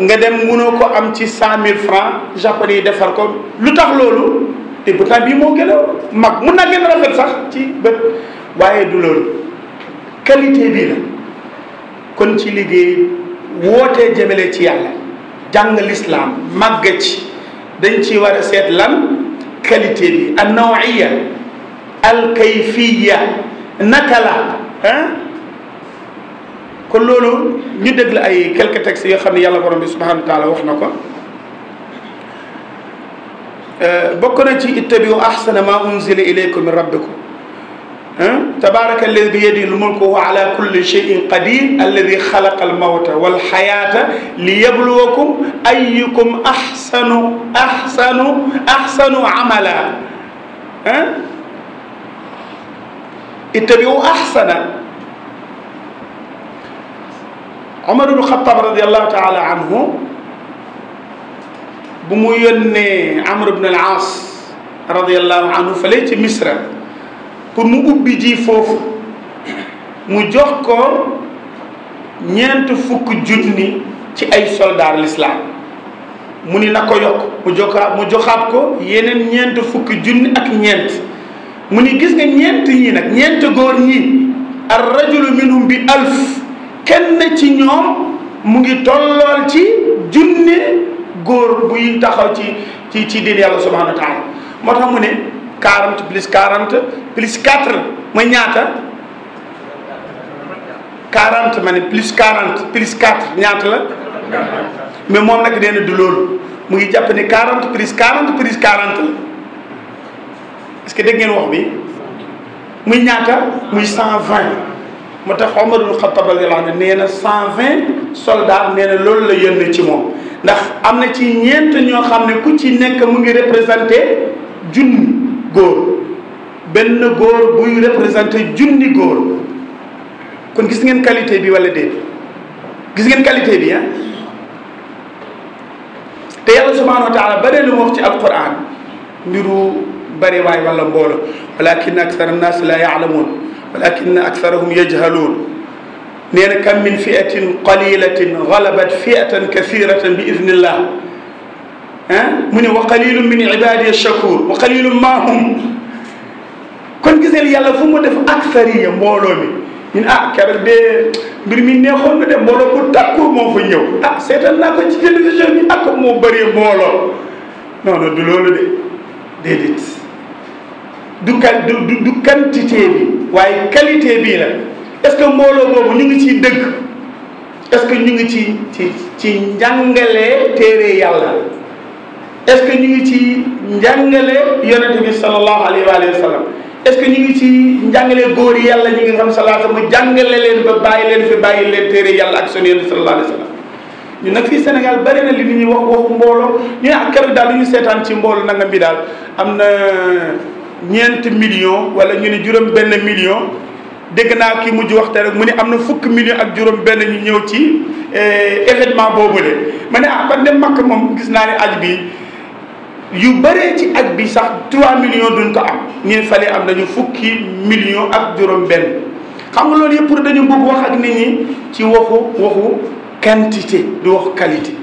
nga dem munoo ko am ci cent 100000 francs japonais yi defar ko lu tax loolu te bu bii moo gën a mag mun naa gën a rafet sa ci bët waaye du loolu. qualité bi la kon ci liggéey wootee jëmale ci yàlla jàng lislaam màgg ci dañ ci war a seet lan qualité bi an nawiya al kayfiya naka la ah loolu ñu dégg ay quelques textes yoo xam ne yàlla borom bi subhanahu taala wax na ko euh, bokk na ci ittabiu ahsana ma unzila ilaykum min rabbikum tabaraka alladi biyadihi lmulku wa ala kulli cheyin qadir alladi xalaqa almawta walxayata liyabluwakum ayukum axsanu axsanu axsanu amala ittabiu axsana omar ibnu xataab radiallahu taala anhu bu mu yónnee amr ibnu al aas radiallahu anhu fële ci misra pour mu ubbi ji foofu mu jox ko ñeent fukk junni ci ay soldaar l'islam mu ni na ko yokk mu joxaat mu joxaat ko yeneen ñeent fukki junni ak ñeent mu ni gis nga ñeent yii nag ñeent góor ñii ar rajulu minhum bi alf kenn ci ñoom mu ngi tollool ci junne góor buy taxaw ci ci ci diin yàlla subhanahu wa moo tax mu ne 40 plus quarante plus 4 mooy ñaata quarante ma ne plus quarante plus quatre ñaata la mais moom nag nee na du loolu mu ngi jàpp ne 40 plus 40 plus 40 la est-ce que dégg ngeen wax bi muy ñaata muy 120 moo tax Omarul Xattaab radiyallaahu anhu nee na 120 soldats nee na loolu la yónnee ci moom ndax am na ci ñeent ñoo xam ne ku ci nekk mu ngi représenté junni góor benn góor buy représenté junni góor kon gis ngeen qualité bi wala déet gis ngeen qualité bi ah te yàlla subhanahu wa taala bare lu mu wax ci alquran mbiru bari waay wala mboolo walakin akthara annaas la yaalamuun walakin aktharahum yajhaluun nee na kam min fiatin qalilatin galabat fiatan kathiratan bi idnillah ah mu ne wa qalilun min ibadiya shakur wa qalilun ma hum kon giseel yàlla fu mu def aksariya mbooloo mi ñun ah keroog de mbir mi neexoon na de mbooloo bu takku moo fa ñëw ah seetal naa ko ci télévision bi ak moo bëree mbooloo non non du loolu de déedéet du kan du du waaye qualité bii la est-ce que mbooloo boobu ñu ngi ciy dëgg est-ce que ñu ngi ci ci ci njàngalee téere yàlla est-ce que ñu ngi ci njàngale yonente bi sallallahu alayhi wa sallam est-ce que ñu ngi ci njàngale góor yi yàlla ñu ngi xam salaata mu jàngale leen ba bàyyi leen fi bàyyi leen téere yàlla ak sunu yonente sallallahu alayhi wa sallam ñu nag fii Sénégal bari na li nit ñi wax waxu mbooloo ñu ne ah, daal lu seetaan ci mboolu nangam bi daal am na ñeent million wala ñu ne juróom benn million dégg naa ki mujj waxte rek mu ne am na fukk million ak juróom benn ñu ñëw ci eh, événement boobu de ma ne ah kon makk moom gis naa ne aj bi yu bëree ci at bi sax 3 millions duñ ko am ñun fale am nañu fukki millions ak juróom-benn xam nga loolu yëpp pour dañu bëgg wax ak nit ñi ci waxu waxu quantité du wax qualité.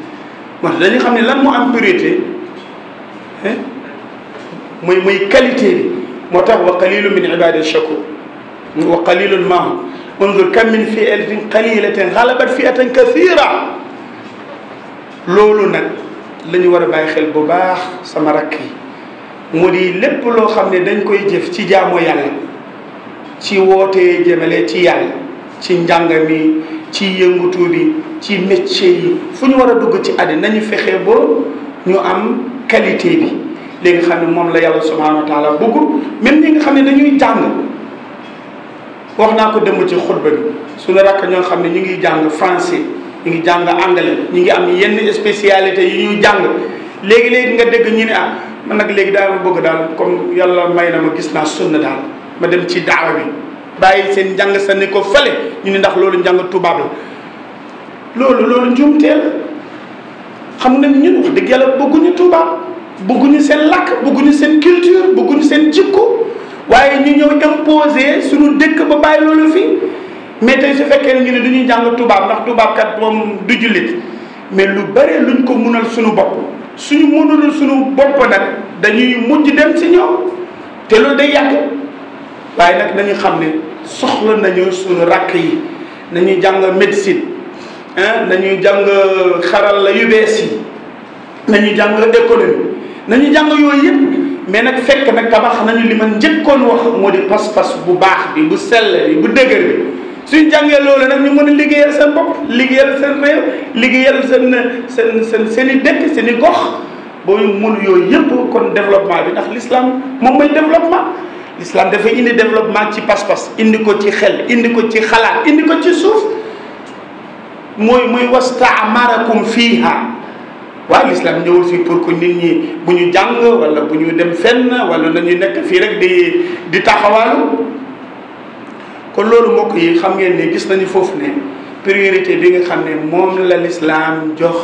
moo dañu xam ne lan moo am priorité mooy mooy qualité moo tax wa qalilun min ibadi shakur wa qalilun mahum unzur kam min fi'atin qalilatin ghalabat fi'atan kathira loolu nag. la war a bàyyi xel bu baax sama rakk yi mu di lépp loo xam ne dañ koy jëf ci jaamu yàlla ci wootee jëmale ci yàlla ci njàng mi ci yëngutu bi ci métier yi fu ñu war a dugg ci àddina nañu fexee ba ñu am qualité bi li xam ne moom la yàlla subhanahu wa taala bëgg même ñi nga xam ne dañuy jàng wax naa ko dem ci xutba bi ne rakk ñoo xam ne ñu ngi jàng français ñu ngi jàng anglais ñu ngi am yenn spécialité yi ñu jàng léegi-léegi nga dégg ñu ne ah man nag léegi daal ma bëgg daal comme yàlla may na ma gis naa sunna daal ma dem ci daawa bi bàyyi seen njàng sa ni ko fële ñu ne ndax loolu njàng tubaab la loolu loolu njuumtee la xam nañ ñun wax dëgg yàlla bëgguñu tubaab bëgguñu seen lakk bëgguñu seen culture bëgguñu seen jikko waaye ñu ñëw imposé suñu dëkk ba bàyyi loolu fii mais tey su fekkee ne ñu dañuy duñuy jàng tubaab ndax tubaab moom du jullit mais lu baree luñ ko munal suñu bopp suñu munalul suñu bopp nag dañuy mujj dem si ñoom te loolu day yàq waaye nag nañu xam ne soxla nañu suñu rakk yi nañuy jàng médecine nañuy jàng xarala yu bees yi nañuy jàng économie nañu jàng yooyu yëpp mais nag fekk nag tabax nañu li ma njëkkoon wax moo di pas-pas bu baax bi bu sell bi bu dëgër bi suy jàngee loolu nag ñu mën liggéeyal seen bopp liggéeyal seen réew liggéeyal seen seen seen seen i dëkk seeni i gox ba ñu mun yooyu yëpp kon développement bi ndax l'islam moom mooy développement l'islam dafa indi développement ci pas-pas indi ko ci xel indi ko ci xalaat indi ko ci suuf mooy mooy fii fiiha waaw l'islam ñëw fii pour que nit ñi bu ñu jàng wala bu ñu dem fenn wala nañu nekk fii rek di di taxawaalu kon loolu mbokk yi xam ngeen ne gis nañu foofu ne priorité bi nga xam ne moom la lislaam jox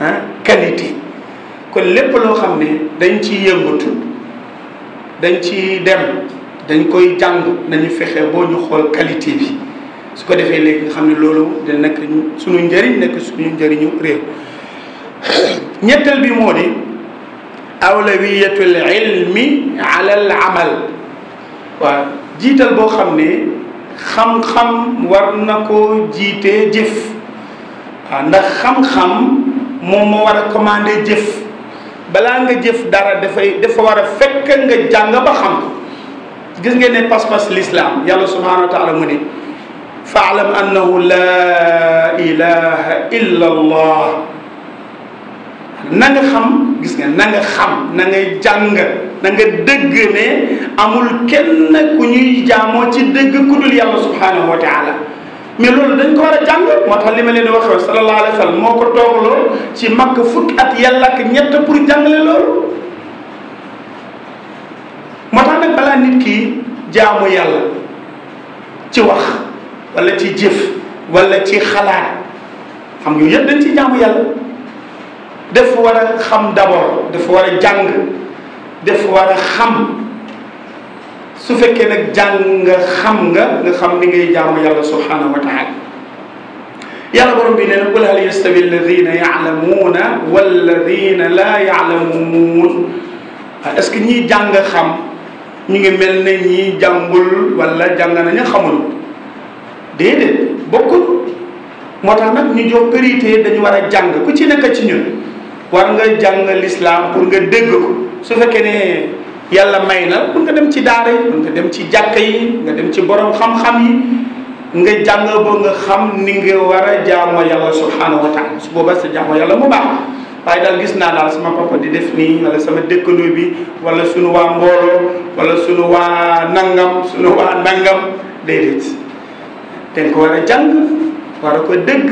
ah qualité kon lépp loo xam ne dañ ci yëngatu dañ ci dem dañ koy jàng nañu fexe boo ñu xool qualité bi su ko defee léegi xam ne loolu dina nekk suñu njëriñ nekk suñu njëriñu réew [COUGHS] ñetteel bi moo di awlawiyatul ilmi ala al amal waaw jiital boo xam ne xam-xam war na ko jiite jëf ndax xam-xam moom moo war a commandé jëf balaa nga jëf dara dafay dafa war a fekk nga jàng ba xam gis ngeen ne pas-pas l'islam yàlla subhanahu wa taala mu ne faalam annahu la ilaha illa allah na nga xam gis nga na nga xam na ngay jàng na nga dëgg ne amul kenn ku ñuy jaamoo ci dëgg ku dul yàlla subhanahu wa taala mais loolu dañ ko war a jàng moo tax li leen waxee sallallahu alayhi wa ko toogaloo ci makk fukki at yàlla ak ñett pour jàngale loolu moo tax nag balaa nit ki jaamu yàlla ci wax walla ci jëf wala ci xalaat xam nga yëpp dañ ci jaamu yàlla dafa war a xam d'abord dafa war a jàng dafa war a xam su fekkee nag jàng nga xam nga nga xam ni ngay jaamu yàlla subhanahu wa yàlla borom bi nee na qul hal yastawi alladina yaalamuuna walladina laa ah, ce que ñiy jàng xam ñu ngi mel ne ñi jàngul wala jàng nañu xamul déedéet bokkul moo tax nag ñu jox priorité dañu war a jàng ku ci nekk ci ñun war nga jàng lislaam pour nga dégg ko su fekkee ne yàlla may na pour nga dem ci daara yi pour nga dem ci jàkka yi nga dem ci borom xam-xam yi nga jàng ba nga xam ni nga war a jaamoo yàlla subhanahu wa taala su boobaa sa jaamoo yàlla mu baax waaye daal gis naa daal sama papa di def nii wala sama dëkkandoo bi wala sunu waa mbooloo wala sunu waa nangam sunu waa nangam déedéet dañ ko war a jàng war a ko dégg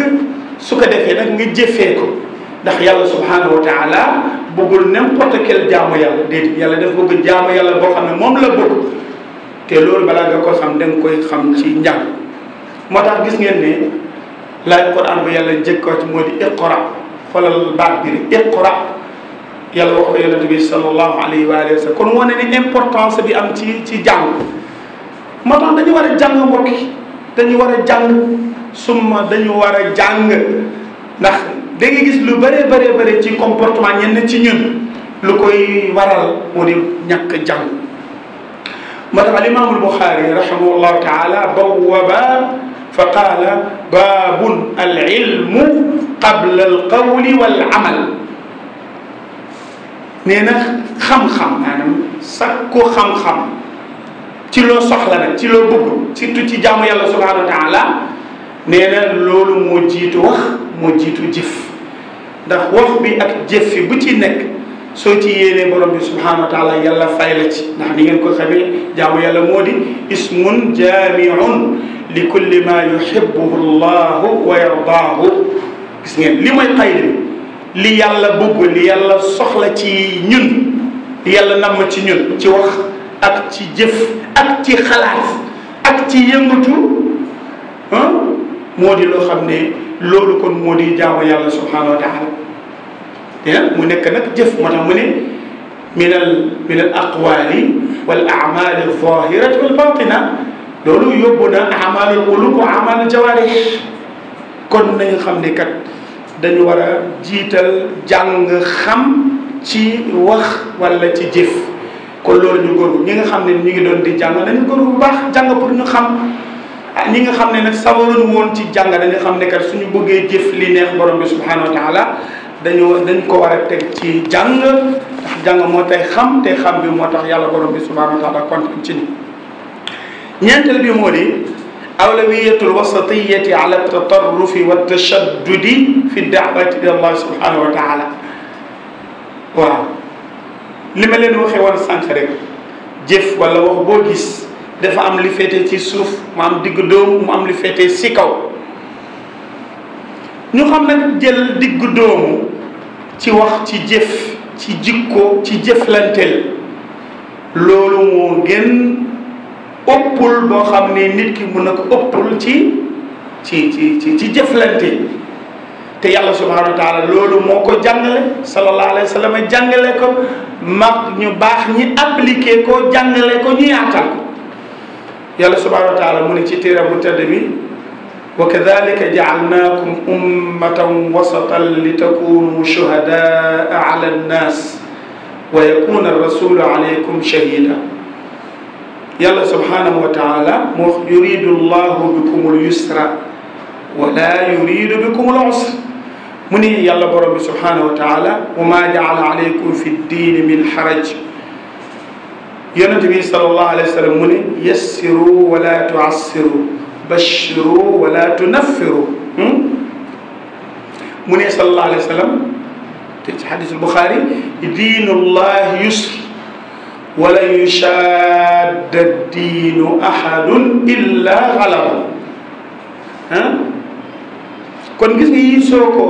su ko defee nag nga jëfee ko ndax yàlla subhanahu wa taala bëggul n'importe quel jaamu yàlla déedéet yàlla def bëgg jaamu yàlla boo xam ne moom la bëgg te loolu balaa nga ko xam da koy xam ci njàng moo tax gis ngeen ne laay quran bu yàlla njëkkoo moo di iqra xoolal baat bi ni iqra yàlla wax ko yonente bi sallallahu alayhi wa alihi kon wane ni importance bi am ci ci jàng moo tax dañu war a jàng mbokk yi dañu war a jàng summa dañu war a jàng ndax da ngay gis lu bëree bëree bëri ci comportement ñenn ci ñun lu koy waral moo di ñàkk jàng moo tax alimaamul Buxaari rahimahullahu taala bawwaba fa qaala baabun al ilmu qabla al qawli wal amal nee na xam-xam maanaam sakku xam-xam ci loo soxla nag ci loo bëgg surtout ci jaamu yàlla subhanahu wa taala nee na loolu moo jiitu wax moo jiitu jëf ndax wax bi ak jëf bu ci nekk soo ci yéenee borom bi subhanahu taala yàlla fay la ci ndax ni ngeen ko xamee jaamu yàlla moo di ismun li kulli ma yuhibbuhu llahu wa li mooy xayri bi yàlla bëgg li yàlla soxla ci ñun li yàlla namm ci ñun ci wax ak ci jëf ak ci xalaat ak ci yëngatu ah moo di loo xam ne loolu kon moo di jaamu yàlla subhanahu wa taala te mu nekk nag jëf moo tax mu ne min al min al aqwali wal amal al zahirati wal batina yóbbu na amal al qulub wa amal al kon nañu xam ne kat dañu war a jiital jàng xam ci wax wala ci jëf kon loolu ñu góorgu ñi nga xam ne ñu ngi doon di jàng nañu góorgu bu baax jàng pour ñu xam ah ñi nga xam ne nag sabaruñu woon ci jàng dañu xam ne suñu bëggee jëf li neex borom bi subhanahu wa dañu dañ ko war a teg ci jàng ndax jàng moo tay xam te xam bi moo tax yàlla borom bi subhanahu wa taala kontaan ci ni ñeenteel bi moo di awlawiyatul wasatiyati wa tashaddudi fi daawati ila allah subhanahu wa taala li ma leen waxee woon sànq rek jëf wala wax boo gis dafa am li féete ci suuf mu am digg dóomu mu am li féete si kaw ñu xam nag jël digg dóomu ci wax ci jëf ci jikko ci jëflanteel loolu moo gën ëppul boo xam ne nit ki mun na ko ëppul ci ci ci ci jëflante te yàlla subhanahu wa loolu moo ko jàngale sallallahu alayhi wa sallam jàngale ko mag ñu baax ñi appliqué ko jàngale ko ñu yaatal ko yàlla subhanahu wa taala mu ne ci téeram bu tedd bi wa kadalika jaalnaakum ummatan wasatan li takunu shuhadaa ala annaas wa yakuna rasulu alaykum shahida yàlla subhanahu wa taala mu wax yuridu llahu bikum al yusra wala yuridu bikum al usra mu ni yàlla borom bi subhanahu wa taala wa ma jaala alaykum fi ddiini min xaraj yonente bi sallallahu alayhi wa sallam mu ne yassiru wala tuassiru bashiru wala tunaffiru hmm? mu ne sallallahu alayhi wa sallam te ci xadisul buxaari diinullah yusr wala yushaadda diinu ahadun illa galabahu hmm? kon gis nga yi soo ko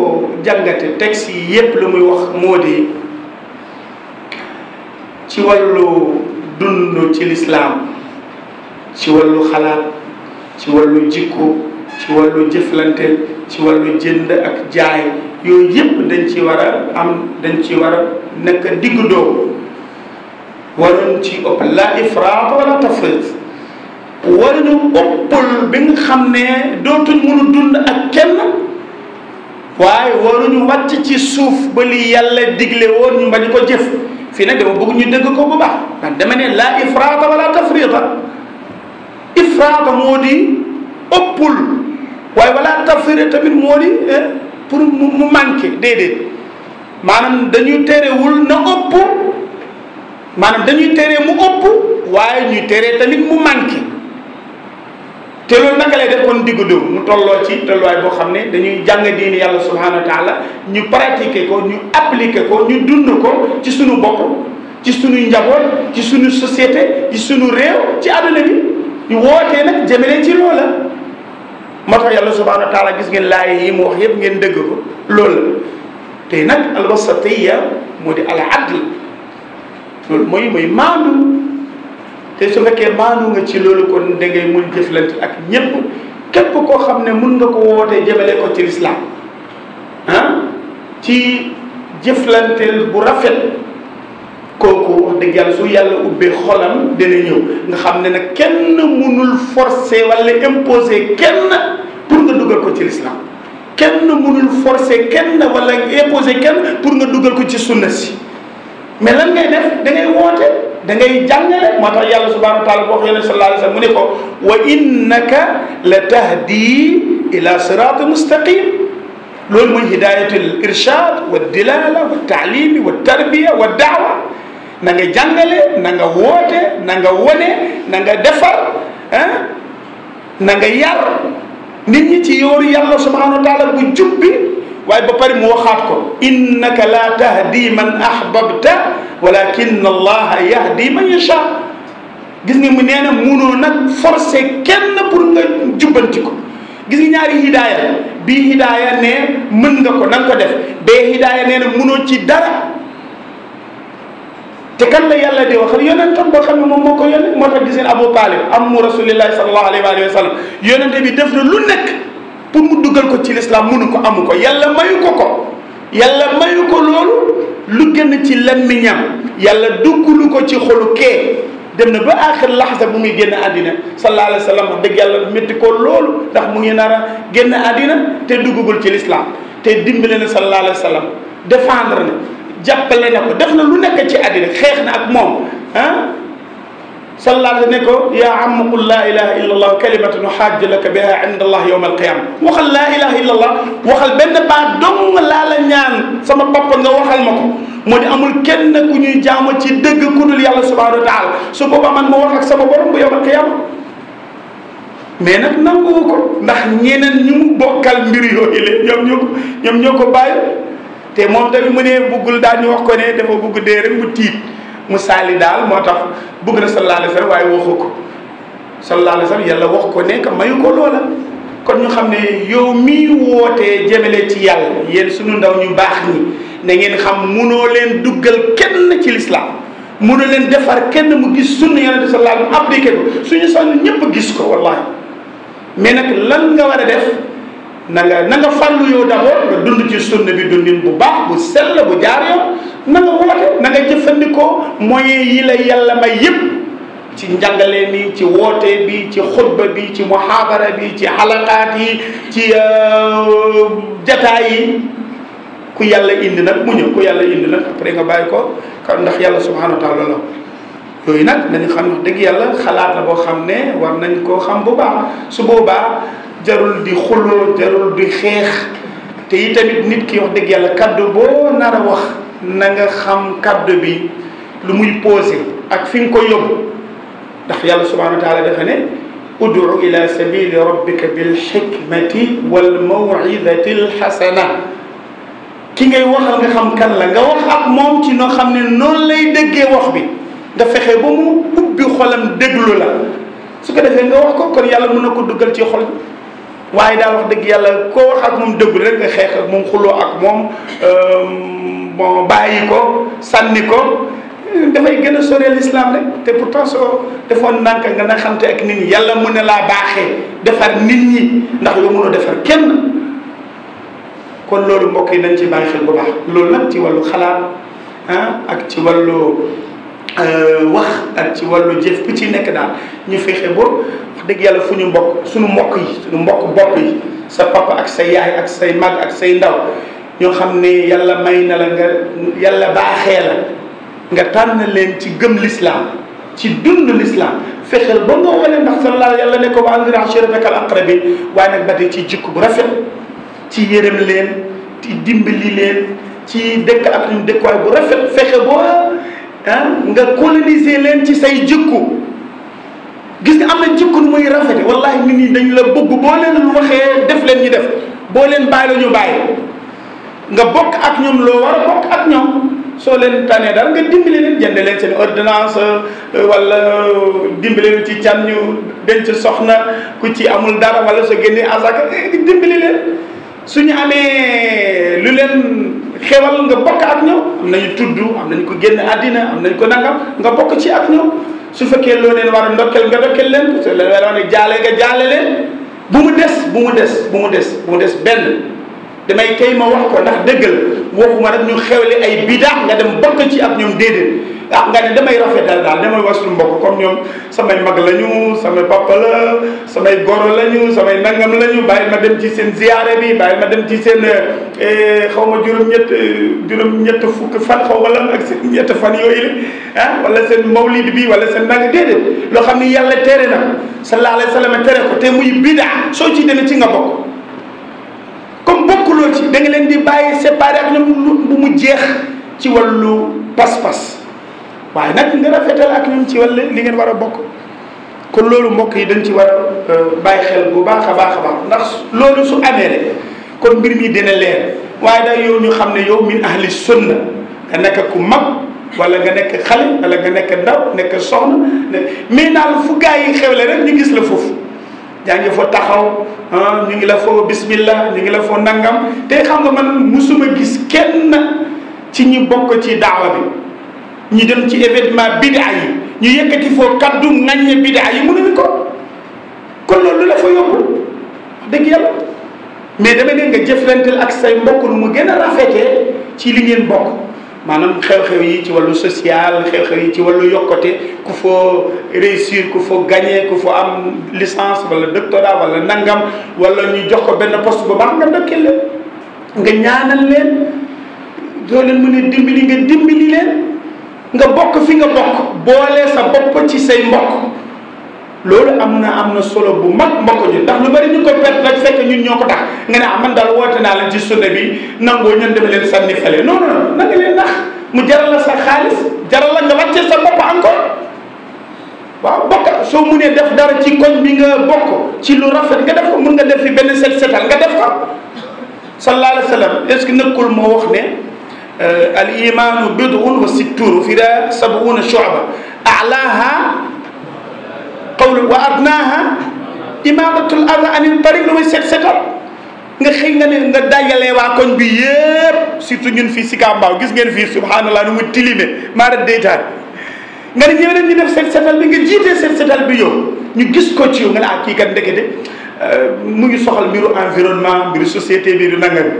jàngate texte yi yépp lu muy wax moo di ci wàllu dund ci lislaam ci wàllu xalaat ci wàllu jikko ci wàllu jëflante ci wàllu jënd ak jaay yooyu yépp dañ ci war a am dañ ci war a nekk diggu doomu waruñ ci ëpp la ifraat wala tafrit waruñu bi nga xam ne dootuñ mënu dund ak kenn waaye waruñu wàcc ci suuf ba li yàlla digle woon ñu bañ ko jëf fii nag dama bëgg ñu dégg ko bu baax man dama ne laa ifraata wala tafriita ifraata moo di ëppul waaye wala tafriita tamit moo di eh, pour mu mu manqué déedéet maanaam dañuy terewul na ëpp maanaam dañuy teree mu ëpp waaye ñuy teree tamit mu manqué te loolu naka lay def kon diggu dóomu mu tolloo ci tolluwaay boo xam ne dañuy jàng diini yàlla subhanahu wa la ñu pratiquer ko ñu appliquer ko ñu dund ko ci suñu bopp ci suñu njaboot ci suñu societé ci suñu réew ci àdduna bi ñu wootee nag jëmale ci loola moo tax yàlla subhanahu wa gis ngeen laa yi moo wax yépp ngeen dëgg ko loolu la tey nag al wasatiya moo di al adl loolu mooy mooy maandu te su fekkee maanu nga ci loolu kon da ngay mun jëflante ak ñëpp képp koo xam ne mun nga ko wootee jëmale ko ci lislaam ah ci jëflanteel bu rafet kooku wax dëgg yàlla su yàlla ubbee xolam dana ñëw nga xam ne nag kenn munul forcer wala imposer kenn pour nga dugal ko ci lislaam kenn munul forcer kenn wala imposer kenn pour nga dugal ko ci sunna si mais lan ngay def da woote da ngay jàngale moo tax yàlla subhanahu wa taala wax yonent sallallahu alayhi wa sallam mu ne ko wa innaka la tahdi ila sirati mustaqim loolu mooy hidayatul irshad wa dilala wa taalimi wa tarbiya wa daawa na nga jàngale na nga woote na nga wone na nga defar ah na nga yar nit ñi ci yooru yàlla subhanahu wa taala bu jubbi waaye ba pare mu waxaat ko innaka la tahdi man ahbabta walakin allaha yahdi man yacha gis nga mu nee na munoo nag forcé kenn pour nga jubbanti ko gis nga ñaari hidaaya bii hidaaya ne mën nga ko na ko def bee hidaaya nee na ci dara te kan la yàlla di waxal yonentam boo xam ne moom moo ko yónnee moo tax gis ngeen Abu Talib amu rasulillahi sallallahu alayhi wa sallam yonente bi def na lu nekk pour mu dugal ko ci lislaam mënu ko amu ko yàlla mayu ko ko yàlla mayu ko loolu lu gën ci làmmiñam yàlla duggulu ko ci xolu kee dem na ba axir laxsa bu muy génn àddina sallallahu alayhi wa sallam dëgg yàlla métti ko loolu ndax mu ngi nar génn àddina te duggagul ci lislaam te dimbale na sallallahu alayhi wa sallam défendre na jàppale na ko def na lu nekk ci àddina xeex na ak moom ah sallaata ne ko yaa am qul laa ilaha illa allah kalimatun xaaj laka biha inda allah yowma alqiyama waxal laa ilaha illa allah waxal benn baat dong laa la ñaan sama papa nga waxal ma ko moo di amul kenn ku ñuy jaamu ci dëgg ku dul yàlla subhanahu wa taala su boobaa man ma wax ak sama borom bu mais nag nanguwu ko ndax ñeneen ñu mu yooyu la ñoom ñoo ko ñoom ñoo ko bàyyi te moom tamit mu ne buggul daañu wax ko ne dafa bugg dee rek mu tiit mu saali daal moo tax bëgg na sallallahu alayhi wa sallam waaye waxu ko sallallahu alayhi wa sallam yàlla wax ko nekk mayu ko loola kon ñu xam ne yow mii wootee jëmale ci yàlla yéen suñu ndaw ñu baax ñi na ngeen xam munoo leen duggal kenn ci lislaam munoo leen defar kenn mu gis sunna yonente sallallahu alayhi wa sallam appliqué ko suñu sonn ñëpp gis ko wallahi mais nag lan nga war a def na nga na nga fàllu yow d'abord nga dund ci sunna bi dundin bu baax bu sell bu jaar yow na nga woote na jëfandikoo mooy yi la yàlla may yëpp ci njàngale mi ci woote bi ci xutba bi ci muhaabara bi ci xalaqaat yi ci euh, jataay yi ku yàlla indi nag mu ñëw ku yàlla indi nag après nga bàyyi ko ka ndax yàlla subhanahu wa yooyu nag nañu xam dëgg yàlla xalaat la boo xam ne war nañ koo xam bu baax su boobaa jarul di xuloo jarul di xeex te itamit nit ki wax dëgg yàlla kaddu boo nar a wax na nga xam kàddu bi lu muy posé ak fi nga ko yóbbu ndax yàlla subhanahu wa taala dafa ne udru ila sabili rabbika bil hikmati wal mawidati l xasana ki ngay waxal nga xam la nga wax ak moom ci noo xam ne noonu lay déggee wax bi nga fexe ba mu ubbi xolam déglu la su ko defee nga wax ko kon yàlla mën na ko duggal ci xol waaye daal wax dëgg yàlla koo wax ak moom déglu rek nga xeex ak moom xuloo ak moom euh, bon bàyyi ko sànni ko dafay gën a sore rek te pourtant soo defoon nanka nga xam xamte ak nit ñi yàlla mën na laa baaxee defar nit ñi ndax lu mën defar kenn kon loolu mbokk yi nañ ci bàyyi xel bu baax loolu nag ci wàllu xalaat ah, ak ci wàllu euh, wax ak ci wàllu jëf bu ci nekk daal ñu fexe ba wax dëgg yàlla fu ñu mbokk suñu mbokk yi mbokk bopp yi sa papa ak say yaay ak say mag ak say ndaw ñoo xam ne yàlla may na la nga yàlla baaxee la nga tànn leen ci gëm lislaam ci dund lislaam fexeel ba nga wane ndax sallallahu yàlla ne ko wa anzir ashirataka al aqrabin waaye nag ba tey ci jikko bu rafet ci yërëm leen ci dimbali leen ci dëkk ak ñun dëkkuwaay bu rafet fexe boo ah, nga coloniser leen ci say jikko gis nga am na jikko nu muy rafete wallahi nit ñi dañ la bëgg boo leen waxee def leen ñu def boo leen bàyyi la ñu bàyyi nga bokk ak ñoom loo war a bokk ak ñoom soo leen tànnee daal nga dimbale leen jënd leen seen ordonnance euh, wala euh, dimbale leen ci can ñu denc soxna ku ci amul dara wala soo génnee asaka dimbale leen su ñu amee lu leen xewal nga bokk ak ñoom am nañu tudd am nañu ko génn àddina am nañu ko nangam nga bokk ci ak ñoom su fekkee loo leen war a ndokkel nga ndokkel leen soo leen war a jaale nga jaale leen bu mu des bu mu des bu mu des bu mu des benn damay tey ma wax ko ndax dëggal waxuma rek ñu xewle ay bidaa nga dem bokk ci ab ñoom déedéet ah nga ne damay rafetal daal damay wax suñu mbokk comme ñoom samay mag la ñu samay papa la samay goro la ñu samay nangam la ñu bàyyi ma dem ci seen ziyaare bi bàyyi ma dem ci seen eh, xaw ma juróom-ñett juróom-ñett fukk fan xaw ma lan ak seen ñett fan yooyu la ah wala seen mawlid bi wala seen nang déedéet loo xam ni yàlla tere na sallallahu alayhi wa sallam tere ko te muy bidaa soo ci demee ci nga bokk comme bokkuloo ci da nga leen di bàyyi séparé ak ñoom bu mu jeex ci wallu pas-pas waaye nag nga rafetal ak ñoom ci wàllu li ngeen war a bokk kon loolu mbokk yi dañ ci war euh, bàyyi xel bu baax a baax a baax ndax loolu su amee rek kon mbir mi dina leer waaye daal yow ñu xam ne yow min ahli sunna nga nekk ku mag wala nga nekk xale wala nga nekk ndaw nekk soxna mais daal fu gaa yi xewle rek ñu gis la foofu yaa ngi fa taxaw ah ñu ngi la foo bismillah ñu ngi la foo nangam te xam nga man musuma gis kenn ci ñi bokk ci daawa bi ñu dem ci événement bidaa yi ñu yëkkati foo kaddu ŋaññe bidaa yi mënuñu ko kon loolu lu la fa yóbbu dëgg yàlla mais dama ne nga jëflanteel ak say mbokk mu gën a rafetee ci li ngeen bokk maanaam xew-xew yi ci wàllu social xew-xew yi ci wàllu yokkute ku foo réussir ku foo gagné ku foo am licence wala doctorat wala nangam wala ñuy jox ko benn post poste bu baax nga dëkkee leen nga ñaanal leen doo leen mën a dimbali nga dimbali leen nga bokk fi nga bokk boole sa bopp ci say mbokk loolu am na am na solo bu mag mbokk ñun ndax lu bari ñu ko perte rek fekk ñun ñoo ko tax nga ne ah man daal woote naa leen ci sunna bi nangoo ñun dama leen sànni fële non non na leen nax mu jaral la sa xaalis jaral la nga wàccee sa bopp encore waaw bokk soo munee def dara ci koñ bi nga bokk ci lu rafet nga def ko mun nga def fi benn set setal nga def ko sa alayhi wa sallam est-ce que nekkul moo wax ne euh, al imaanu bid'un wa sittuna fiha sab'una shu'ba a'laha qawlun wa adnaaha imaamatul adha anil tariq lu muy set setal nga xëy nga ne nga dajalee waa koñ bi yëpp surtout ñun fii si Kambaaw gis ngeen fii subhanallah nu mu tilime maara deytaan nga ne ñëweneen ñu def set setal bi nga jiitee set setal bi yow ñu gis ko ci yow nga ne ak ah, kii kat ndekete euh, mu ngi soxal mbiru environnement mbiru société bi mbiru nangam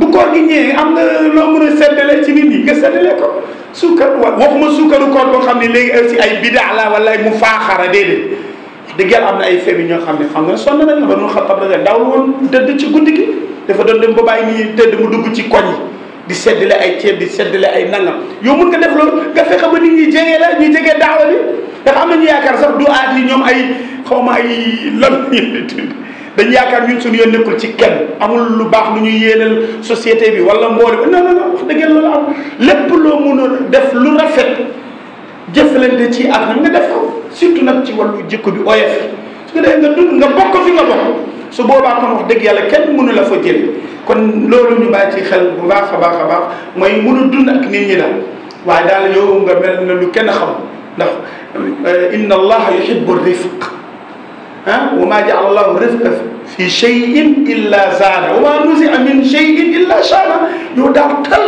bu koor gi ñëwee am na loo mën a seddale ci nit ñi nga seddale ko suukar wa waxuma suukaru koor koo xam ne léegi aussi ay bidaa la wala ay mu faaxara déedéet wax dëgg yàlla am na ay fem yi ñoo xam ne xam nga sonn nañ ba nu xatab rek daaw woon dëdd ci guddi gi dafa doon dem ba bàyyi tëdd mu dugg ci koñ di seddale ay ceeb di seddale ay nangam yow mun nga def loolu nga fexe ba nit ñi jege la ñu jege daawa bi ndax am na ñu yaakaar sax du aat yi ñoom ay xaw ma ay lan dañ yaakaar ñun suñu yoon nekkul ci kenn amul lu baax lu ñuy yéenal société bi wala mboole non non non wax dëgg yàlla la am lépp loo mën a def lu rafet jëflante ci ak na nga def ko surtout nag ci wàllu jikko bi oyof su ko defee nga dund nga bokk fi nga bokk su boobaa kon wax dëgg yàlla kenn mënu la fa jël kon loolu ñu bàyyi ci xel bu baax a baax a baax mooy mën a dund ak nit ñi daal waaye daal yow nga mel na lu kenn xam ndax inna allaha yuhibbu rifq ah wa maa jaala allahu rifqa fi cheyin illa zaada wa maa nusia min cheyin illa shaana yow daal tal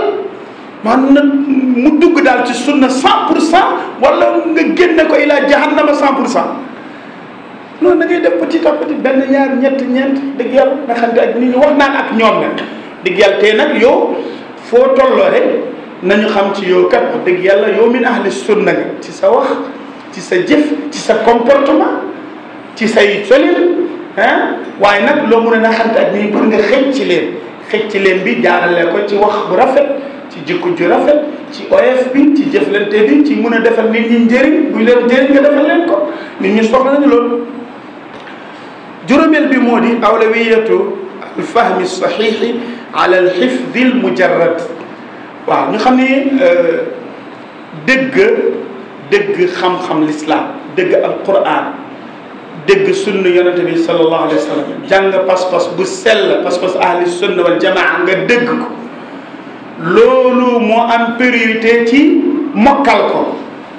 man na mu dugg daal ci sunna cent pour cent wala nga génne ko ilaa jahannama cent pour cent noonu da ngay def petit à petit benn ñaar ñett ñeent dëgg yàlla nga xam ne ak nit ñi wax naan ak ñoom nag dëgg yàlla tey nag yow foo tolloo rek nañu xam ci yow kat dëgg yàlla yow min ahli sunna nga ci sa wax ci sa jëf ci sa comportement ci say cëlil ah waaye nag loo mun a naxante ak nii pour nga xëcc ci leen xëcc ci leen bi jaarale ko ci wax bu rafet ci jikko ju rafet ci of bi ci jëflante bi ci mun a defal ni ñi njëriñ bu leen njëriñ nga defal leen ko nit ñi soxla nañu loolu juróomeel bi moo di awlawiyatu alfahmi saxiixi ala alxifdi almujarrad waaw ñu xam ni euh, dëgg dëgg xam-xam l'islam dëgg alquran dégg sunna yonente bi sallallahu alayhi wa sallam jàng pas-pas bu sell pas-pas ahli sunna wal jamaa nga loolu moo am priorité ci mokkal ko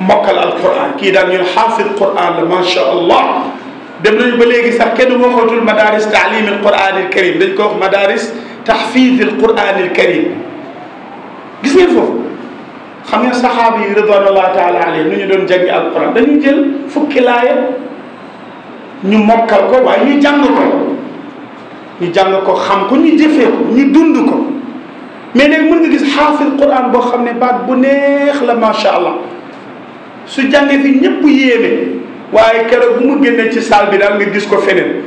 mokkal alquran kii daal ñun xaafid quran la macha allah dem nañu ba léegi sax kenn waxatul madaris taalim alquran al karim dañ ko wax madaris tahfid alquran al karim gis ngeen foofu xam ngeen saxaaba yi ridwanullah taala alayhim nu ñu doon jàngi alquran dañuy jël fukki laaya ñu mokkal ko waaye ñu jàng ko ñu jàng ko xam ko ñu jëfee ko ñu dund ko mais nag mën nga gis xaafil quran boo xam ne baat bu neex la macha allah su jàngee fi ñëpp yéeme waaye keroog bu mu génnee ci saal bi daal nga gis ko feneen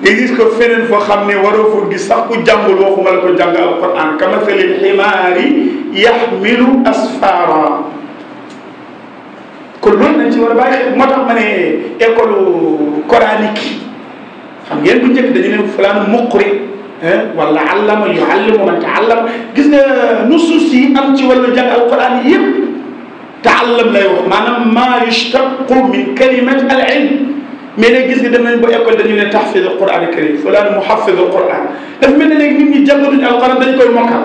nga gis ko feneen foo xam ne waroo gis sax ku jàngul waxuma la ko jàng alquran kamathali ximaari yaxmilu asfaara kon loolu nañ ci war a bàyyi xel moo tax ma ne école coranique xam ngeen bu njëkk dañu ne fulaan muqri wala allama yuallimu man taallam gis nga nusuus yi am ci wàllu jàng alquran yëpp taallam lay wax maanaam maa yushtaqu min kalimat al ilm mais léegi gis nga dem nañ ba école dañu ne tahfiz alquran alkarim fulaan muhafiz alquran dafa mel ne léegi nit ñi jàngatuñ alquran dañ koy mokkal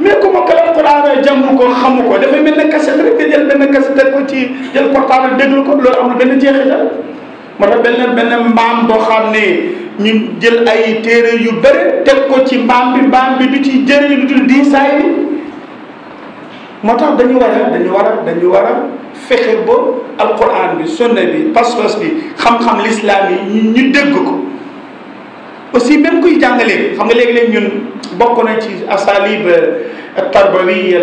mais ku mokkal alquran jàngu ko xamu ko dafay mel ne cassette rek nga jël benn cassette teg ko ci jël portable déglu ko loolu amul benn jeexital moo tax benn benn mbaam boo xam ne ñu jël ay téere yu bëri teg ci mbaam bi mbaam bi du ci jëriñ lu dul diisaay moo tax dañu war a dañu war a dañu war a fexe ba alquran bi sunna bi pas-pas bi xam-xam l'islam yi ñu dégg ko aussi même kuy jàngalee xam nga léegi-léeg ñun bokk na ci asalib euh, tarbawiya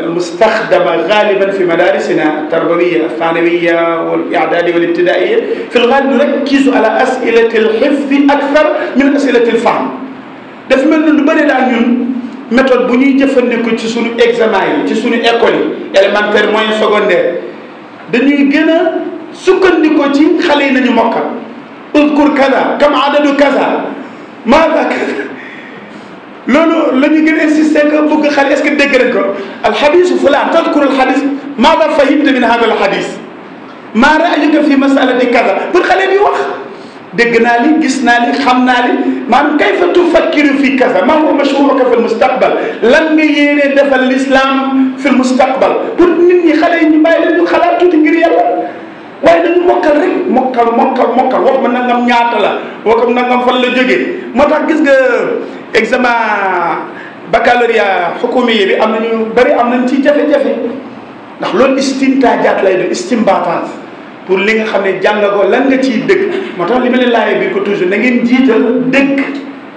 al mustaxdama galiban fi madarisina tarbawiya althanawiya wal i'dadi wal ibtidaiya fi lgaalib nurakizu ala asilati alxifdi akthar min asilati alfahm daf mel ni lu bëri daal ñun méthode bu ñuy jëfandikoo ci suñu examen yi ci suñu école yi élémentaire moyen secondaire dañuy gën a sukkandikoo ci xale yi nañu mokkal udkur kaza kam adadu kaza maanaam loolu la ñu gën a insister que bëgg xale est-ce que dégg nañ ko alxadisu fulaan tadkur alxadis maada fahimta min hada alxadis maa raayuka fi masalati kaza pour xale bi wax dégg naa li gis naa li xam naa li maanaam kayfa tufakkiru fi kaza maa huwa mashhuruka fi lmustaqbal lan nga yéenee defal l'islam fi lmustaqbal pour nit ñi xale yi ñu bàyyi leen ñu xalaat tuuti ngir yàlla waaye dañu mokkal rek mokkal mokkal mokkal wax ma nangam ñaata la wax ma am fan la jógee moo tax gis nga examen baccalauréat xukumi bi am nañu bëri am nañ ci jafe-jafe ndax loolu istintaajaat lay doon istimbaataat pour li nga xam ne jàng ko lan nga ci dëgg moo tax li ma leen laajee biir ko toujours na ngeen jiital dëgg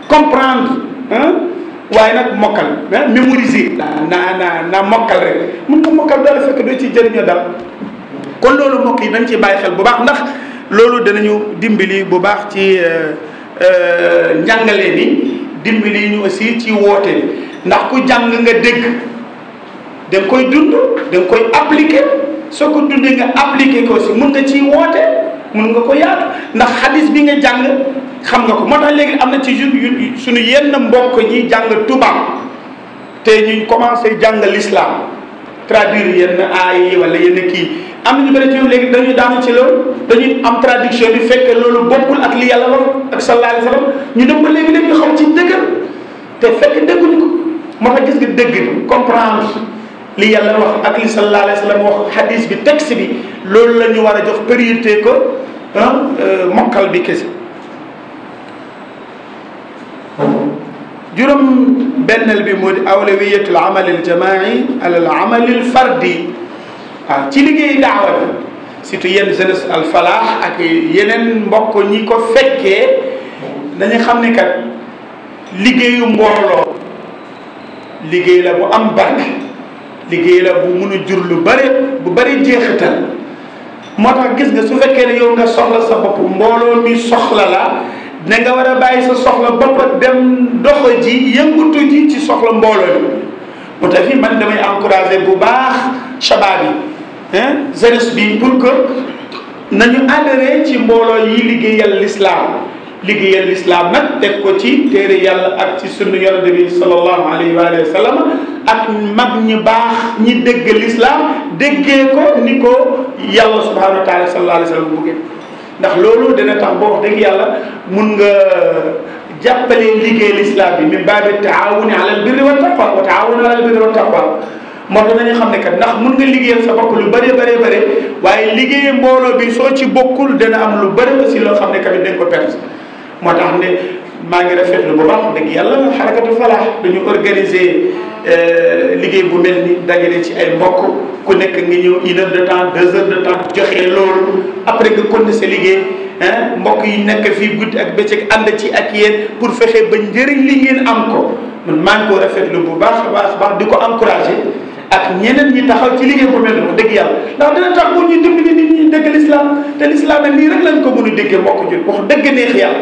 comprendre waaye nag mokkal mémoriser. naa naa naa mokkal rek mun nga mokkal dara fekk doo ci jëriñoo dara. kon loolu mbokk yi dañ ci bàyyi xel bu baax ndax loolu danañu dimbali bu baax ci euh, euh, njàngale ni dimbali ñu aussi ci woote bi ndax ku jàng nga dégg da koy dund da nga koy appliquer soo ko dundee nga appliquer ko aussi mun nga ciy woote mun nga ko yaatu ndax xadis bi nga jàng xam nga ko moo tax léegi am na ci suñu yenn mbokk ñi jàng tubaab te ñu commencé jàng lislaam traduire yenn aay yi wala yenn kii am na ñu bëri ci ñoom léegi dañuy daanu ci loolu dañuy am traduction bi fekk loolu bokkul ak li yàlla wax ak sallallahu alayhi wa sallam ñu dem ba léegi léegi ñu xam ci dëggal te fekk dëgguñu ko moo tax gis nga dëgg comprendre li yàlla wax ak li sallallahu alayhi wa sallam wax hadis bi texte bi loolu la ñu war a jox priorité ko ah, euh, mokkal bi kese. juróom benneel bi moo di awlawiyatul amalil jamaai alal amalil fardi ci liggéey daawa bi surtout yenn jeunesse al falaax ak yeneen mbokk ñi ko fekkee dañu xam ne kat liggéeyu mbooloo liggéey la bu am barke liggéey la bu mun a jur lu bëri bu bari jeexital moo tax gis nga su fekkee ne yow nga soxla sa bopp mbooloo mi soxla la na nga war a bàyyi sa soxla bopp dem doxa ji yëngutu ji ci soxla mbooloo yi bu tafi man damay encouragé bu baax shabaab yi jeunesse bi pour que nañu adhéré ci mbooloo yi liggéeyal lislaam liggéeyal lislaam nag teg ko ci téere yàlla ak ci sunnu yonent bi sallallahu alayhi wa sallam ak mag ñi baax ñi dégg lislaam déggee ko ni ko yàlla subhanahu wa taala sallallahu alayhi wa sallam buggee ndax loolu dana tax boo wax yàlla mun nga jàppale liggéey l'islam bi min baabi taawuni alal birri wa taqwa wa taawuni alal birri wa taqwa moo tax dañu xam ne kat ndax mun nga liggéey sa bopp lu bëree bare bëri waaye liggéey mbooloo bi soo ci bokkul dana am lu bëri aussi loo xam ne tamit dañ ko perte moo tax ne maa ngi rafetlu bu baax dëgg yàlla xarakatu falaax dañu organiser euh, liggéey bu mel ni dajale ci ay mbokk ku nekk nga ñëw une heure de temps deux heures de temps joxe loolu après nga continuer sa liggéey mbokk yi nekk fii guddi ak bëccëg ànd ci ak yéen pour fexe ba njëriñ li ngeen am ko man maa ngi ko rafetlu bu baax baax di ko encouragé ak ñeneen ñi taxaw ci liggéey bu mel noonu dëgg yàlla ndax dina tax bu ñu dimbali nit ñi dëgg l'islam te l'islam nag nii yàlla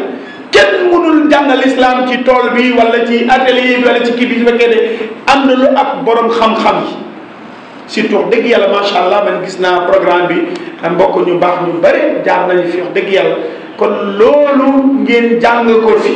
kenn mënul jàng lislaam ci tool bi wala ci atelier bi wala ci kii bi su fekkee ne am na lu ak borom xam-xam yi surtout dëgg yàlla macha allah man gis naa programme bi mbokk ñu baax ñu bari jaar nañu fi wax dëgg yàlla kon loolu ngeen jàng ko fi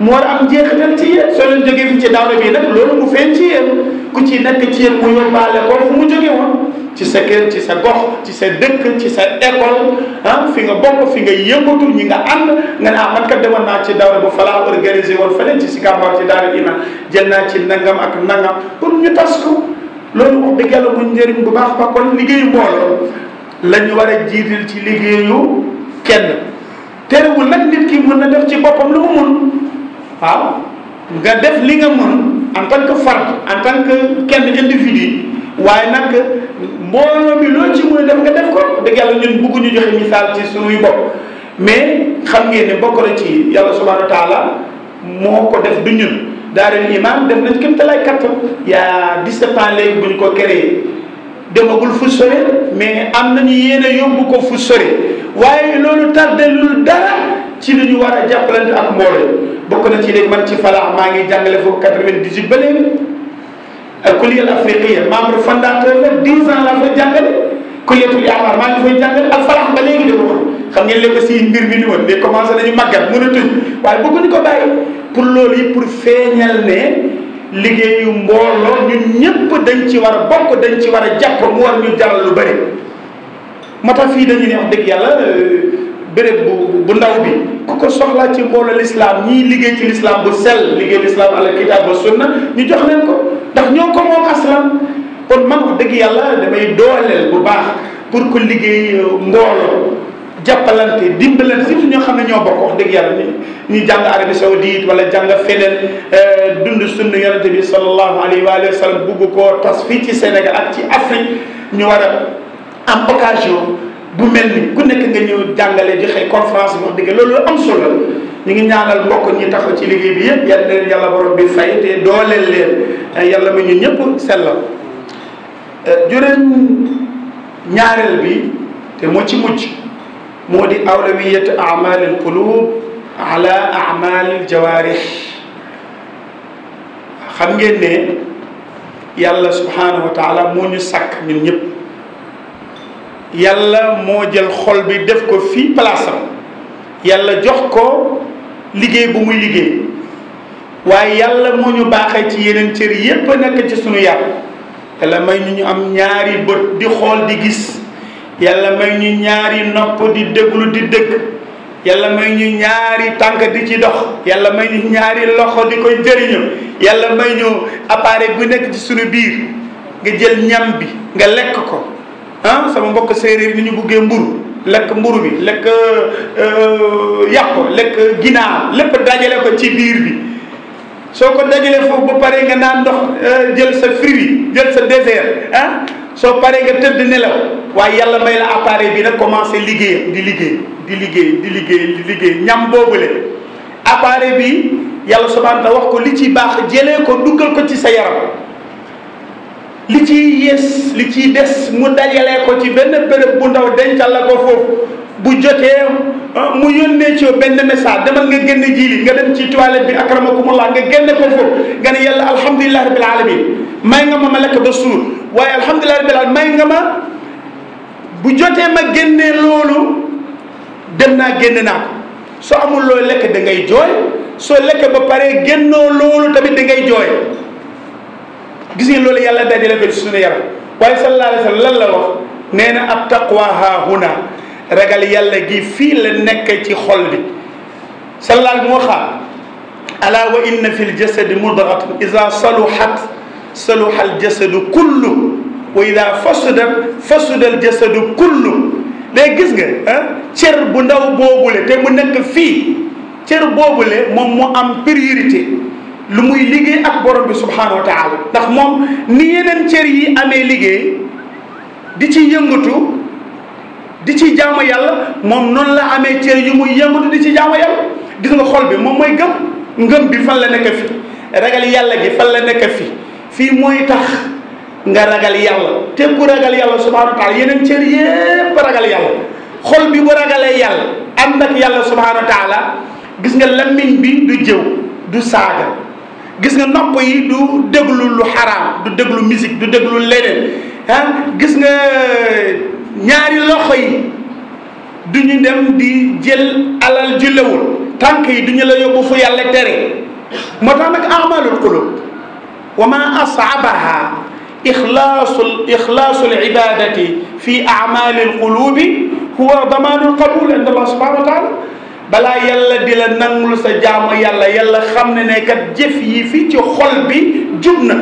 mu war a am jeexital ci yéen soo leen jógee fi ci daara bii nag loolu mu feeñ ci yéen ku ci nekk ci yéen mu yóbbaale ko fu mu jóge woon ci sa kër ci ci sa dëkk ci sa école ah, fi nga bokk fi nga yëngatu ñi nga am nga ne ah man kat demoon naa ci daara bu falaa organisé woon fële ci si kàmbar ci daara bi nag jël naa ci nangam ak ñu tas ko loolu wax dëgg yàlla bu njëriñ bu baax ba kon liggéeyu mbooloo la ñu war a jiital ci liggéeyu kenn terewul nag nit ki na def ci boppam lu mu mun waaw nga def li nga mën en tant que fard en tant que kenn individu waaye nag mbooloo bi loo ci mën a def nga def ko dëgg yàlla ñun bëgguñu joxe misaal ci sunuy bopp mais xam ngeen ne bokk na ci yàlla subhanahu wa taala moo ko def du ñun daareen iman dem nañ képp te lay kattan yaa 17 ans léegi bu ñu ko créé demagul fu sore mais am nañu yéene yóbbu ko fu sore waaye loolu tardé lul dara ci li ñu war a jàppalante ak mbooloo bokk na ci léegi man ci falaax maa ngi jàngale foofu quatre-vingt-dix-huit ba léegi ak kulliyal afriqiya membre fondateur la dix ans laa fay jàngale kulliyatul yaamaar maa ngi fay jàngale ak falaax ba léegi dama woon xam ngeen léegi si mbir mi ni woon mais commencé nañu màggat mën a tuñ waaye bëgguñu ko bàyyi pour loolu yi pour feeñal ne liggéeyu mbooloo ñun ñëpp dañ ci war a bokk dañ ci war a jàpp mu lu bëri moo fii dañu ne wax béréb bu bu ndaw bi ku ko soxlaa ci mbooloo lislaam ñii liggéey ci lislaam bu sell liggéey lislaam ala kitaab wa sunna ñu jox leen ko ndax ñoo ko moom aslam kon man wax dëgg yàlla damay dooleel bu baax pour que liggéey euh, mbooloo jàppalante dimbalante surtout ñoo xam ne ñoo bokk dëgg yàlla ni ñuy jàng Arabie Saoudite wala jàng feneen euh, dund sunna yonente bi sallallahu alayhi wa sallam bugg koo tas fii ci Sénégal ak ci Afrique ñu war a am occasion bu mel ni ku nekk nga ñëw jàngale joxe conférence bi wax dëgg loolu am solo ñu ngi ñaanal mbokk ñi taxaw ci liggéey bi yëpp yal leen yàlla borom bi fay te dooleel leen yàlla mi ñu ñëpp sellal euh, juróom ñaareel bi te moo ci mujj moo di awlawiyatu amalil qulub ala amalil jawaarih xam ngeen ne yàlla subhanahu wa moo ñu sàkk ñun ñëpp yàlla moo jël xol bi def ko fii place yàlla jox ko liggéey bu muy liggéey waaye yàlla moo ñu baaxee ci yeneen cër yépp nekk ci sunu yàpp yàlla may ñu ñu am ñaari bët di xool di gis yàlla may ñu ñaari nopp di déglu di dëgg yàlla may ñu ñaari tànk di ci dox yàlla may ñu ñaari loxo di koy jëriñu yàlla may ñu appareil bu nekk ci sunu biir nga jël ñam bi nga lekk ko ah sama mbokk séeréer ni ñu buggee mburu lekk mburu bi lekk euh, yàpp lekk ginaar lépp dajale ko ci biir bi soo ko dajalee foofu ba paree nga naan ndox euh, jël sa fruit jël sa désert ah, soo paree nga tëdd nelaw waaye yàlla may la appareil bi nag commencé liggéey di liggéey di liggéey di liggéey di liggéey ñam boobule appareil bi yàlla subhanahu wa taala wax ko li ci baax jëlee ko duggal ko ci sa yaram li ciy yées li ciy des mu dajalee ko ci benn béréb bu ndaw dencal la ko foofu bu jotee ah, mu yónnee ci benn message demal nga génn ji li nga dem ci toilette bi akramakumullah nga génne ko foofu nga ne yàlla alhamdulilah bi alamin may nga ma ma lekk ba suur waaye alhamdulilah rabil alamin may nga ma bu jotee ma génnee loolu dem naa génn na soo amul loo lekk da ngay jooy soo lekk ba pare génnoo loolu tamit da ngay jooy gis ngeen loolu yàlla dajale ko ci suñu yaram waaye sallallahu alayhi la wax nee na ab taqwa haahuna ragal yàlla gi fii la nekk ci xol bi sallallahu moo xam ala wa inna fi ljasadi mudghatan ida saluhat saluha aljasadu kullu wa ida fasudat fasuda aljasadu kullu léegi gis nga cer ah, cër bu ndaw boobule te mu nekk fii cër boobule moom mu am priorité lu muy liggéey ak borom bi subhanahu wa taala ndax moom ni yeneen cër yi amee liggéey di ci yëngatu di ci jaamu yàlla moom noon la amee cër yu muy yëngatu di ci jaamu yàlla gis nga xol bi moom mooy gëm ngëm bi fan la nekk fi ragal yàlla gi fan la nekk fii fii mooy tax nga ragal yàlla te ku ragal yàlla subhanahu wa taala yeneen cër yépp ragal yàlla xol bi bu ragalee yàlla ànd ak yàlla subhanahu gis nga làmmiñ bi du jëw du saaga gis nga nopp yi du déglu lu xaraam du déglu musique du déglu leneen ah gis nga euh, ñaari loxo yi du ñu dem di jël alal ju lewul tànk yi du ñu la yóbbu fu yàlla tere moo tax nag amalul qulub wa ma asabaha ixlaasu ixlaasu alibadati fi amali alqulubi huwa damaanul qabul inda allah subhanahu wa taala balaa yàlla di la nangul sa jaamu yàlla yàlla xam ne ne kat jëf yi fii ci xol bi jub na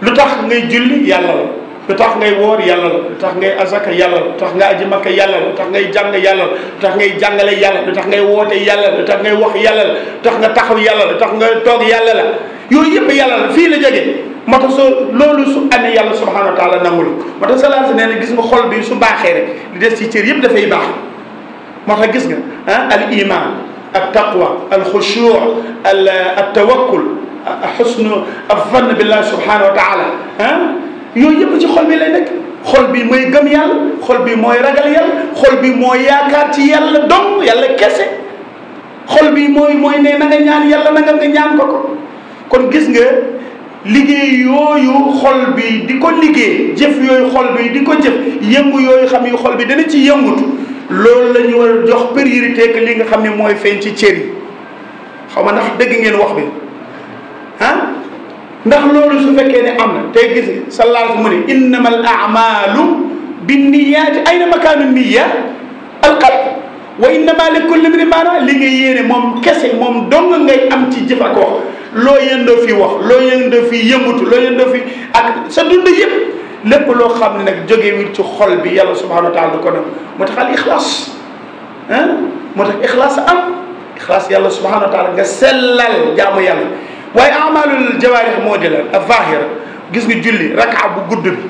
lu tax ngay julli yàlla la lu tax ngay woor yàlla la lu tax ngay azaka yàlla la lu tax yàlla la ngay jàng yàlla tax ngay jàngale yàlla lu tax ngay woote yàlla la tax ngay wax yàlla la lu tax nga taxaw yàlla la lu tax nga toog yàlla la yooyu yëpp yàlla la fii la jógee moo tax soo loolu su amee yàlla subhanahu wa taala nangul moo tax salaatu nee na gis nga xol bi su baaxee rek li des ci cër yëpp dafay baax moo tax gis nga ah al iman al taqwa al xushuu al al tawakkul xusnu avan ah, yooyu yëpp ci xol bi lay nekk xol bi mooy gëm yàlla xol bi mooy ragal yàlla xol bi mooy yaakaar ci yàlla dong yàlla kese xol bi mooy mooy ne na nga ñaan yàlla na nga nga ko kon gis nga liggéey yooyu xol bi di ko liggéey jëf yooyu xol bi di ko jëf yëngu yooyu xam yu xol bi dana ci yëngutu loolu lañuy ñu war a jox priorité que li nga xam ne mooy feeñ ci cër xaw ma ndax dëgg ngeen wax bi ah ndax loolu su fekkee ne am na tey gis sallallahu mu ne innama al amalu bi niyaati ayna makaanu niya al qalb wa innama li kulli mri li nga yéene moom kese moom dong ngay am ci jëf ak wax loo yëndoo fi wax loo yëndoo fi yëngutu loo yëndoo fi ak sa dund yëpp lépp loo xam ne nag jógewul ci xol bi yàlla subhanahu wa taala ko nag moo tax al ixlaas ah moo tax ixlaas yàlla subhanahu wa taala nga sellal jaamu yàlla waaye amalul jawaarix moo di la ak zahira gis nga julli raka bu gudd bi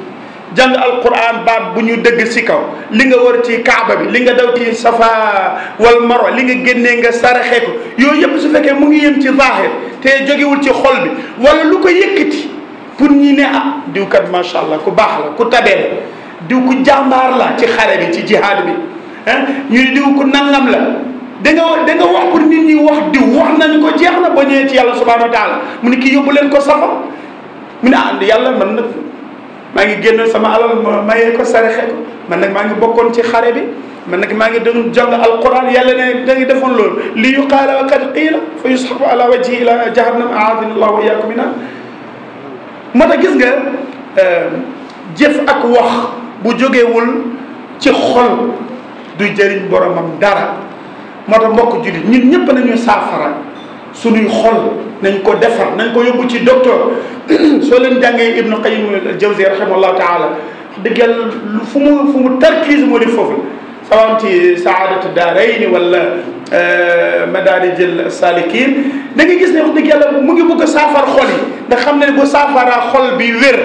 jàng alquran baat bu ñu dëgg si kaw li nga war ci kaaba bi li nga daw ci safa wal marwa li nga génnee nga saraxee ko yooyu yëpp su fekkee mu ngi yem ci zahir te jógewul ci xol bi wala lu ko yëkkati pour ñi ne ah diw kat macha allah ku baax la ku tabee la diw ku jàmbaar la ci xare bi ci jihaad bi ñu ne diw ku nangam la da nga da nga wax pour nit ñi wax diw wax nañ ko jeex na ba ñëwee ci yàlla subhanahu wa taala mu ne ki yóbbu leen ko safa mu ne ah yàlla man nag maa ngi génn sama alal ma mayee ko saraxe ko man nag maa bokkoon ci xare bi man nag maa ngi doon jàng alquran yàlla ne da ngi defoon loolu li yuqaala wa qad qiila fa yusxabu la wajhi na jahannam aadina allahu wa iyyakum minha moo tax gis nga euh, jëf ak wax bu jógewul ci xol du jëriñ boromam dara moo tax mbokk jullit ñun ñëpp nañu saafara suñuy xol nañ ko defar nañ ko yóbbu ci docteur [CLEARS THROAT] soo leen jàngee ibnu qayyim al jawzi rahimahullahu taala dëggal fu mu fu mu tarkiis moo di foofu xawoon ci saadatu daarayni wala euh, madaari jël salikin da gis ne wax dëgg yàlla mu ngi bëgg a saafar xol yi xam ne bu saafaraa xol bi wér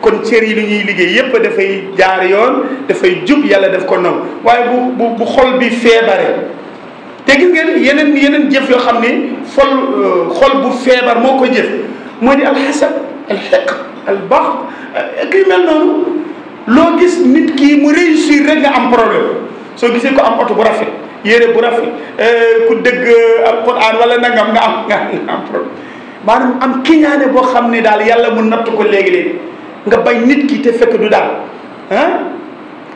kon cër yi li ñuy liggéey yépp dafay jaar yoon dafay jub yàlla daf ko noonu waaye bu bu bu xol bi feebare te gis ngeen yeneen yeneen yoo xam ne fol euh, xol bu feebar moo ko jëf moo di alxasab alxeq albax ak yu mel noonu loo gis nit kii mu réussir rek nga am problème soo gisee ko am oto bu rafet yére bu rafet euh, ku dëgg euh, alquran wala nangam nga am [LAUGHS] nga am problème maanaam am kiñaane boo xam ne daal yàlla mu natt ko léegi-léegi nga bañ nit ki te fekk du daal ah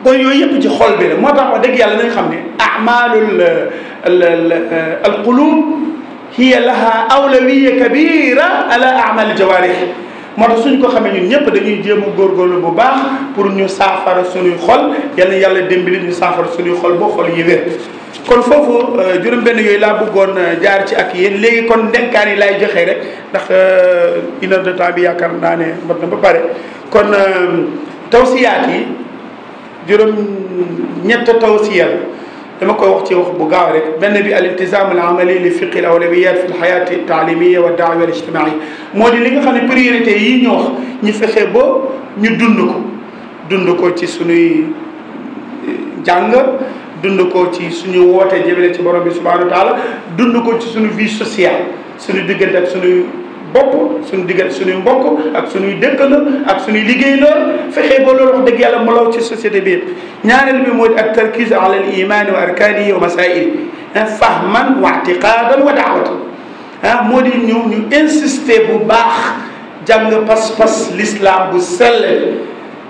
kon yooyu yëpp ci xool bi moo tax wax dëgg yàlla nañ xam ne amalul euh, alqulub hiya laha awlawiya kabira ala amal jawarih moo tax suñ ko xamee ñun ñëpp dañuy jéem a góorgóorlu bu baax pour ñu saafara suñuy xol yàlla yàlla dimbali ñu saafara suñuy xol boo xol yi wér kon foofu euh, juróom-benn yooyu laa bëggoon euh, jaar ci ak yéen léegi kon ndénkaan yi laay joxe rek ndax euh, une heure de temps bi yaakaar naa ne mot na ba pare kon tawsiyaat yi juróom ñett tawsiyaat dama koy wax ci wax bu gaaw rek benn bi al iltisaam al amali li fiqi al awlawiyat fi l xayaati taalimiya wa daawa al ijtimaia moo di li nga xam ne priorité yi ñu wax ñu fexe ba ñu dund ko dund ko ci suñuy eh, jàng dund ko ci suñu woote la ci borom bi subhanahu wa taala dund ko ci suñu vie sociale suñu diggante ak suñu bopp suñu diggante suñuy mbokk ak suñuy dëkkandoo ak suñuy liggéey lool fexe ba loolu wax dëgg yàlla mu law ci société bi yëpp ñaareel bi mooy ak tarkise ala al imaani wa arkaani wa masail ah, fahman wa atiqaadan wa daawatan ah moo di ñu ñu insister bu baax jàng pas-pas l'islam bu sell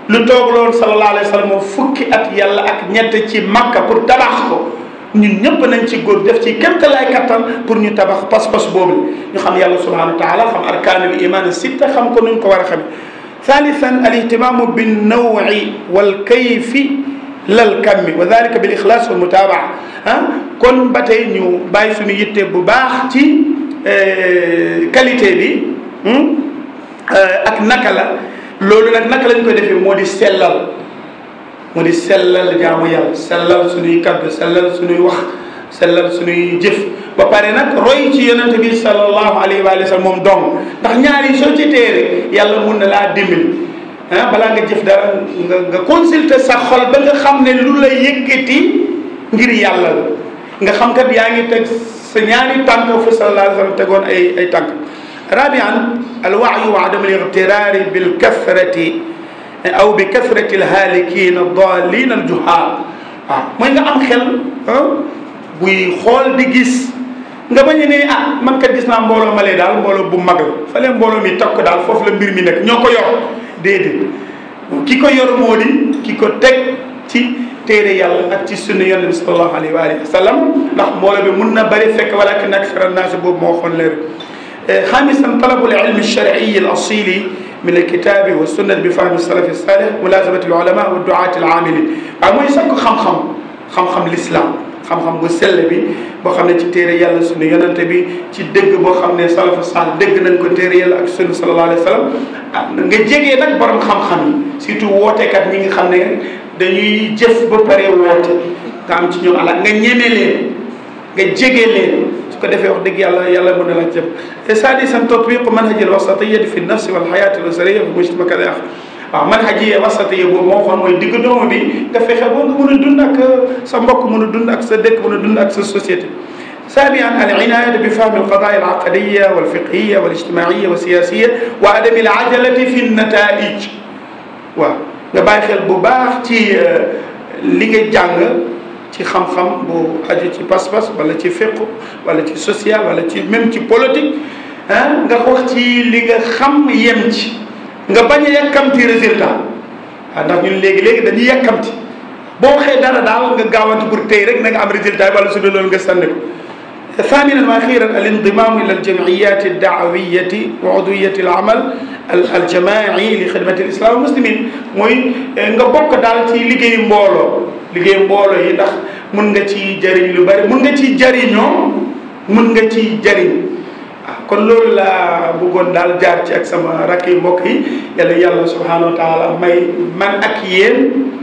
lu toog loolu sallallahu alayhi wa sallam fukki at yàlla ak ñett ci makka pour tabax ko ñun ñëpp nañ ci góor def ci kémta lay kattan pour ñu tabax pas-pas boobu ñu xam yàlla subhanahu wa taala xam arkaanul iman sitta xam ko nuñ ko war a xamee thalithan al ihtimamu binnawi wal kayfi lal kammi wa dalika bil ixlaas wal mutaabaa ah kon ba tey ñu bàyyi suñu yitte bu baax ci eh, qualité bi hmm, eh, ak naka la loolu nag naka lañ koy defee moo di sellal mu di sellal jaamu yàlla sellal suñuy kaddu sellal suñuy wax la suñuy jëf ba pare nag roy ci yonente bi sallallahu alayhi wa sallam moom dong ndax soo ci téere yàlla mun na laa dimbali ah balaa nga jëf dara nga nga consulter sa xol ba nga xam ne lu la yëkkati ngir yàlla nga xam kat yaa ngi teg sa ñaari ta fu sallallahu alayhi wa sallam tegoon ay ay tànk rabian al wahyu wa adamul iqtiraari bil kasrati aw bi kasrati alhaalikiina daaliina aljuhaal waaw ah, mooy nga am xel ah, buy xool di gis nga bañ a ne ah man kat gis naa mbooloo male daal mbooloo bu mag la fale mbooloo mi takk daal foofu la mbir mi nekk ñoo ko yor déedéet ki ko yor moo di ki ko teg ci téere yàlla ak ci sunna yonent bi sallallahu alayhi wa alihi wa sallam ndax mbooloo bi mun na bëri fekk walakin aksara naasi boobu moo xoon leer eh, xaamisan talabul ilmi shar'i al asili min alkitabi wa sunnati bi fahmi salafi salih mulazamati a wa duati alamilin waaw mooy sakku xam-xam xam-xam l'islam xam-xam bu sell bi boo xam ne ci téere yàlla sunu yonante bi ci dëgg boo xam ne salafu sal dëgg nañ ko téere yàlla ak sunu sallallahu alayhi wa sallam ah, nga jegee nag borom xam yi surtout wootekat ñi nga xam ne dañuy jëf ba pare woote nga am ci ñoom ala nga ñeme leen nga jege leen su ko defee wax dëgg yàlla yàlla mën na la jëm te sadisan tatbiqu manhajil wasatiyati fi nafsi wal hayati al usriya fi mujtamaka al waaw manhaji wasatiyya boobu moo xoon mooy digg doomu bi nga fexe boo nga mën a dund ak euh, sa mbokk mën a dund ak sa dëkk mën a dund ak sa société سابعا العناية بفهم القضايا العقدية والفقهية والاجتماعية والسياسية وعدم العجلة في النتائج waaw nga bàyyi xel bu baax ci euh, li nga jàng ci xam-xam bu aju ci pas-pas wala ci fiq wala ci social wala ci même ci politique nga wax ci li nga xam yem ci nga bañ a yàkkamti résultat ah ndax ñu léegi-léegi dañuy yàkkamti boo waxee dara daal nga gaawantu pour tey rek na nga am résultat yi wala su dee loolu nga sànni ko ثامنا واخيرا الانضمام الى الجمعيات الدعويه وعضويه العمل الجماعي لخدمه الاسلام والمسلمين mooy nga bokk daal ci liggéey mbooloo liggéey mbooloo yi ndax mun nga ci jëriñ lu bari mun nga ci jëriñoo mun nga ci jëriñ kon loolu laa bëggoon daal jaar ci ak sama rakk yi mbokk yi yàlla yàlla subhanahu wa taala may man ak yéen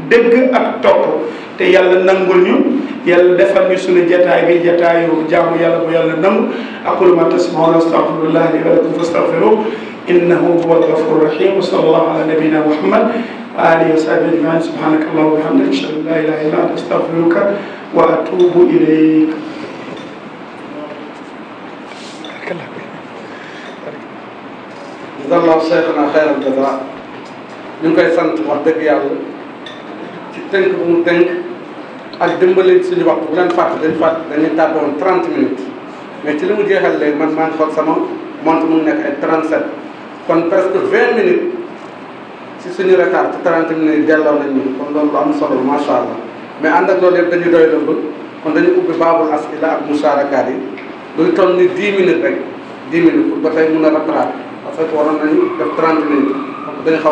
dëgg ak topp te yàlla nangul ñu yàlla defal ñu sunu jataay bi jataayu jaamu yàlla bu yàlla nangu aqulu ma tasmauna astaghfirullah li wa lakum fastaghfiruh innahu huwa alghafur rahim wa sallallahu ala nabina muhammad wa alihi an la wa atubu ilayk jazallahu cheikhana xayral jaza ñu ngi koy sant wax dëgg yàlla ci tënk bu mu tënk ak dimbali suñu waxtu bu leen fàtte dañ fàtte dañuy tàggoon trente minutes mais ci li mu jeexal léegi man maa ngi xool sama montre mu nekk ay trente sept kon presque vingt minutes ci suñu retard ci trente minutes delloo nañ ñu kon loolu lu am solo macha allah mais ànd ak loolu yëpp dañu doy lëmb kon dañu ubbi baabul asila ak musaarakaat yi luy toll ni dix minutes rek minutes pour ba tey mun a en fait waroon nañu xaw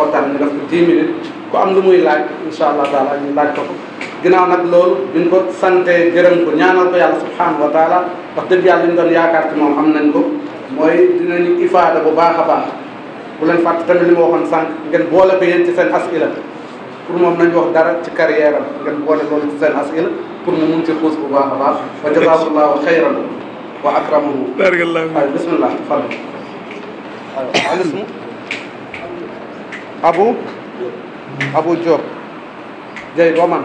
a tànn ñu ko ku am lu muy laaj incha allah taala ñu laaj ko ko. ginnaaw nag loolu duñ ko sante gërëm ko ñaanal ko yàlla subhanahu wa taala wax dëgg yàlla li ñu doon yaakaar moom am nañ ko mooy dinañu ifaada bu baax a baax bu leen fàtte tamit li ma waxoon sànq ngeen boole ko yéen ci seen asila pour moom nañu wax dara ci carrière am ngeen boole loolu ci seen asila pour mu mun ci xuus bu baax a baax wa jazakumullahu xayran wa akramahu waaw bismillah fadl اسمه ابو ابو جوب جيد ومن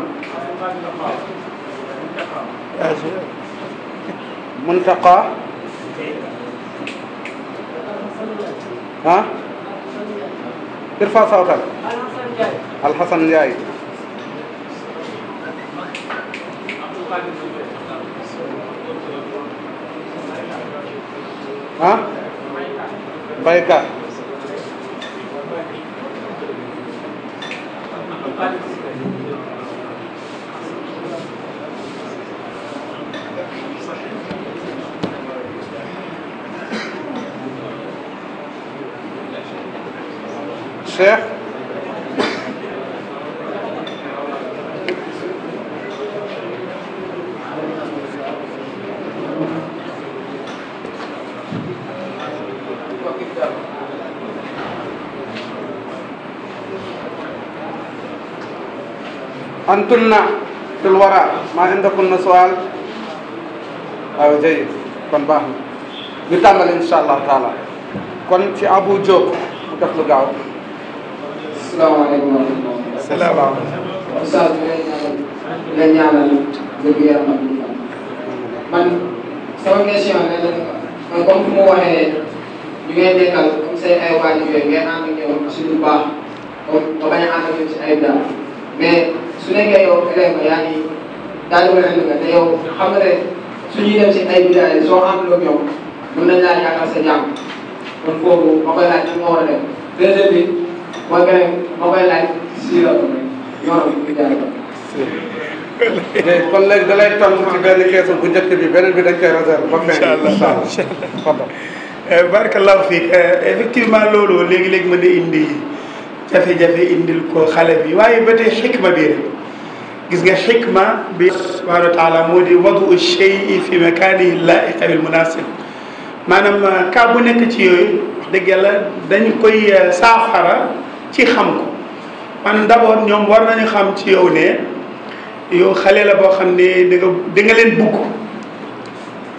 منتقى ها ارفع صوتك الحسن جاي ها para el أنتن في الوراء ما عندكن سؤال waaw jërëjëf kon baax na ñu tàmbali incha allah taala kon ci Abu mu def lu gaaw. salaamaaleykum wa rahmatulah. salaamaaleykum. Oustaz bi man sama question ne la man comme fu mu waxee ñu ngay nekkal comme ay waajur yooyu ngay si lu baax comme ba bañ a ay daal su nekkee yow élève yaa ngi daanaka indi nga te yow xam nga ne suñuy dem si ay bidaay soo àndul ak ñoom mën nañ laa yàqal sa jàmm kon foofu ma koy laaj ci moo war a dem. deuxième si la ko ñoom bu njëkk bi beneen bi dañ koy réserve ba fin. incha allah incha allah barkallahu euh, loolu léegi léegi mën na indi. jafe-jafe indil ko xale bi waaye ba tey xikma bi rek gis nga xikma bi subhanahu wa taala moo di wadu shey fi makaanihi laa'iqa bil munaasib maanaam uh, cas bu nekk ci yooyu wax dëgg yàlla dañ koy uh, saafara ci xam ko maanaam d'abord ñoom war nañu xam ci yow ne yow xale la boo xam ne da nga leen bugg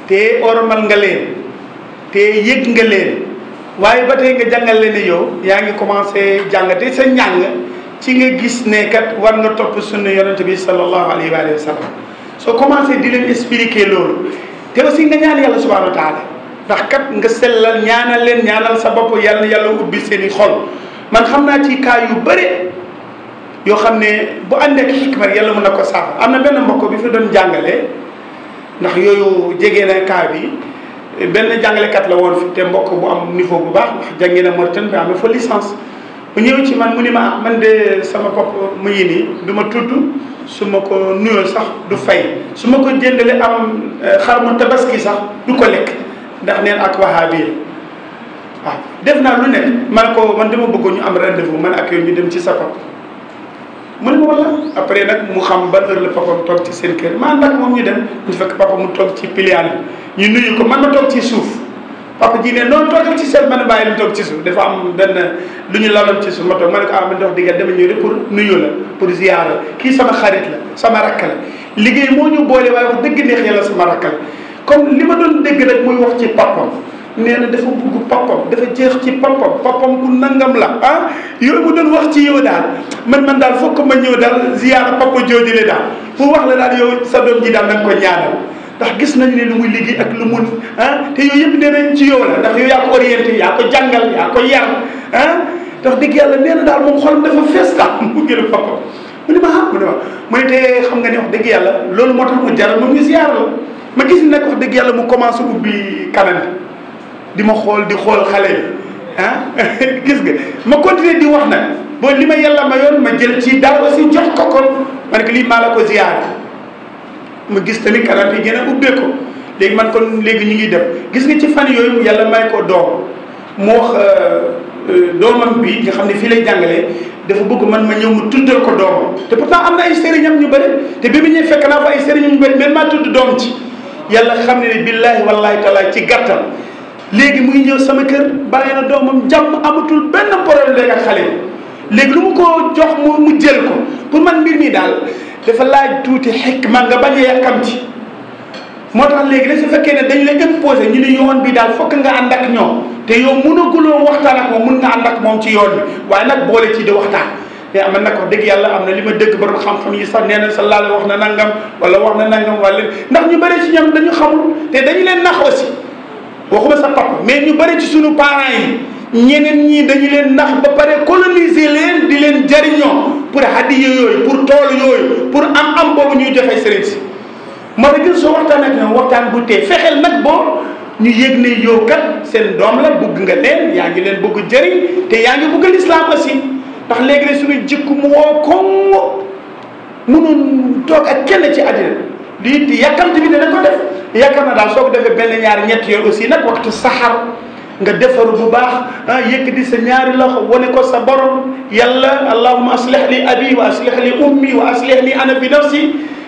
te ormal nga leen te yëg nga leen waaye ba tey nga jàngal leen ni yow yaa ngi commencé jàngate sa njàng ci nga gis ne kat war nga topp sunna yonent bi sallallahu alayhi wa sallam soo commencé di leen expliquer loolu te si nga ñaan yàlla subhanahu wa taala ndax kat nga sellal ñaanal leen ñaanal sa bopp yàlla yàlla ubbi seen i xol man xam naa ci cas yu bëri yoo xam ne bu ànd ak xikma yàlla mun na ko saafara am na benn mbokk bi fi doon jàngale ndax yooyu jege na cas bi benn jàngalekat la woon fi te mbokk bu am niveau bu baax ndax jàngi na Mauritanie ba am na fa licence mu ñëw ci man mu ni ma man de sama bopp mu ngi nii tudd su ma ko nuyoo sax du fay su ma ko jëndalee am euh, xar mu tabaski sax du ko lekk ndax neen ak wahabi yi waaw def naa lu nekk man ko man dama bëggoon ñu am rendez-vous man ak yow dem ci sa bopp mu ne ma wala après nag mu xam ban heure la papaam toog ci seen kër ma ànd moom ñu dem ñu fekk papa mu toog ci piliaan ñu nuyu ko man ma toog ci suuf papa ji ne noonu toogal ci seen man a bàyyi lu toog ci suuf dafa am benn lu ñu laloon ci suuf ma toog ma ne ko ah man digga dama ñëw rek pour nuyu la pour ziar la kii sama xarit la sama rakk la liggéey moo ñu boole waaye wax dëgg neex yàlla sama rakk la comme li ma doon dégg nag muy wax ci papam nee na dafa bugg papam dafa jeex ci papam papam ku nangam la ah yooyu mu doon wax ci yow daal man man daal foog ma ñëw daal ziyaara papa jooju la daal bu wax la daal yow sa doom daal na nga ko ñaanal ndax gis nañu ne lu muy ak lu mu ah yëpp nee nañ ci yow la ndax yow yaa ko orienté yaa ko yaa ko ah, dëgg yàlla nee na daal moom xolam dafa fees [LAUGHS] mu gën a papam mu ne ma ah mu ne ma mu ne te xam nga ne wax dëgg yàlla loolu moo tax mu jaral moom ñu ziyaar la ma gis ni nag wax dëgg yàlla mu commencé ubbi kanam di ma xool di xool xale bi ah [LAUGHS] gis nga ma continuer di wax nag boo li ma yàlla mayoon ma jël ci dara aussi jox ko ko ma ne ko lii maa la ko ziyaar ma gis tamit kanam yi gën a ubbee ko léegi man kon léegi ñu ngi dem gis nga ci fan yooyu yàlla may ko doom moo wax euh, euh, doomam bii nga xam ne fii lay jàngalee dafa bëgg man ma ñëw mu tuddal ko doomam te pourtant am na ay sëriñam ñu bëri te bi mu ñëw fekk naa fa ay sëriñam ñu bëri man maa tudd doom ci yàlla xam ne ne billaahi wallaahi taala ci gàttal léegi mu ngi sama kër bàyyi na doomam jàmm amatul benn problème léegi xale yi léegi lu mu ko jox mu mu jël ko pour man mbir mi daal dafa laaj tuuti man nga bañ a yàkkamti moo tax léegi nag su fekkee ne dañ la imposé ñu ne yoon bi daal fokk nga ànd ak ñoom te yow mënaguloo waxtaan ak moom mun nga ànd ak moom ci yoon bi waaye nag boole ci di waxtaan. mais am na ko dëgg yàlla am na li ma dëgg borom xam-xam yi sax nee sa laal wax na nangam wala wax na nangam wala ndax ñu bëri ci ñoom dañu xamul te dañu leen nax aussi. waxuma sa papa mais ñu bari ci suñu parents yi ñeneen ñii dañu leen nax ba pare coloniser leen di leen jariñoo pour hadiya yooyu pour tool yooyu pour am am boobu ñuy joxee sëriñ si ma ne gën soo waxtaan ak ñoom waxtaan bu tee fexeel nag boo ñu yëg ne yow kat seen doom la bëgg nga leen yaa ngi leen bëgg jëriñ te yaa ngi bëgg lislaam si ndax léegi ne suñu jikku mu woo koŋ toog ak kenn ci àddina lii di yàkkamti bi dana ko def yaakaar na daal soo ko defee benn ñaari ñett yooyu aussi nag waxtu saxar nga defaru bu baax ah yëkkati sa ñaari loxo wane ko sa borom yàlla allahuma aslih li abi wa aslih li ummi wa aslih li ana bi nafsi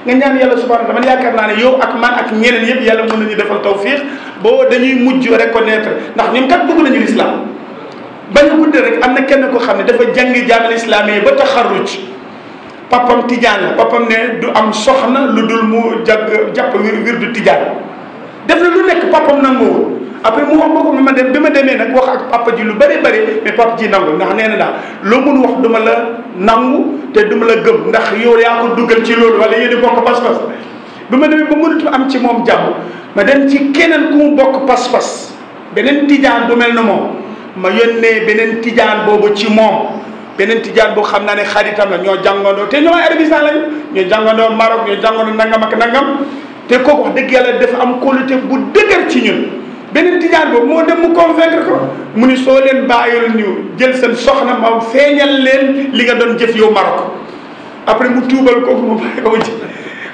nga ñaan yàlla subhanahu wa taala man yaakaar naa ne yow ak man ak ñeneen yëpp yàlla mën nañu defal tawfiq boo dañuy mujj reconnaître ndax ñun kat bëgg nañu l'islam bañ a guddee rek am na kenn ko xam ne dafa jàngi jaamel islam yi ba taxarruj papam tijaan la papam ne du am soxna lu dul mu jàgg jàpp wir wir du tijaan def na lu nekk papam nanguwul après mu wax ma ko ma dem bi ma demee nag wax ak papa ji lu bëri bëri mais papa ji nangu ndax nee na daal loo mun wax duma la nangu te duma la gëm ndax yow yaa ko duggal ci loolu walla yéen a bokk pas-pas bi ma demee ba mënut am ci moom jàmm ma dem ci keneen ku mu bokk pas-pas beneen tijaan bu mel na moom ma yónnee beneen tijaan boobu ci moom beneen tijaan boo xam naa ne xaritam la ñoo jàngandoo te ñoo ay arabistan lañu ñoo jàngandoo Maroc ñoo jàngandoo nangam ak nangam te kooku dëgg yàlla dafa am qualité bu dëgër ci ñun beneen tijaan boobu moo dem mu convaincre ko mu ni soo leen bàyyoon ñu jël seen soxna ma feeñal leen li nga doon jëf yow Maroc après mu tuubal kooku mu bàyyi ko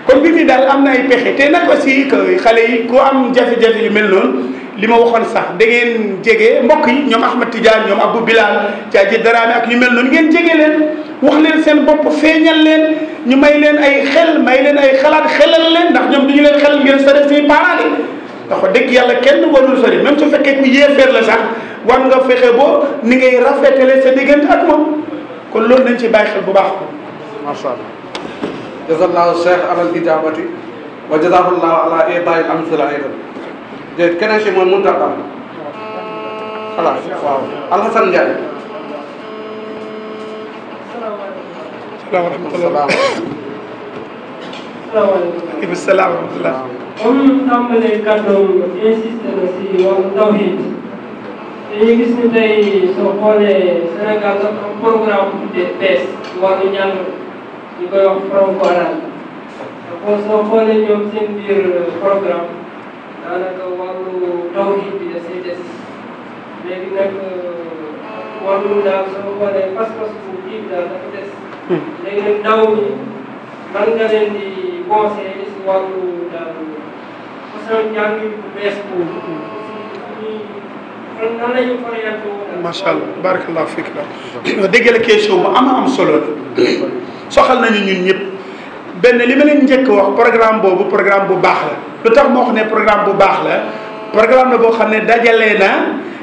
kon mbir muy daal am na ay pexe te nag aussi que xale yi ku am jafe-jafe yu mel noonu li ma waxoon sax da jege mbokk yi ñoom Ahmad Tidiane ñoom Abou Bilal Thiadji Darame ak ñu mel noonu ngeen jege leen wax leen seen bopp feeñal leen ñu may leen ay xel may leen ay xalaat xelal leen ndax ñoom du ñu leen xelal ngeen sori seen parents yi ndax wax yàlla kenn warul sori même su fekkee ku yéefeer la sax war nga fexe boo ni ngay rafetale sa diggante ak moom kon loolu nañ ci bàyyi bu baax. macha allah. jazallahu cheikh alal ijabati wa jazahullahu ala idail amsila aydan déet keneen si mooy Muntaqa xalaas waaw Alhasan Ndiaye salaamaaleykum salaam rahmatulah. comme ñu tàmbalee kàddoom insiste na si wàllu tawhid dañuy gis ni tey soo xoolee Sénégal dafa am programme bu tuddee PES wàllu ñaan ñu koy wax franco-arabe kon soo xoolee ñoom seen biir euh, programme daanaka wàllu tawhid bi daf siy des léegi nag euh, wàllu daal soo xoolee pas-pas bu jiw daal dafa des. Hmm. léegi nag ndaw ñi man nga leen di conseillé si wàllu daal façon njàng bu bees boobu. kon nan la ñu orienté woon. macha allah barakallahu fiik la [COUGHS] dégg la question bu ama am solo la soxal nañu ñun ñëpp benn li ma leen njëkk wax programme boobu programme bu baax la lu tax moo xam ne programme bu baax la programme la boo xam ne dajalee na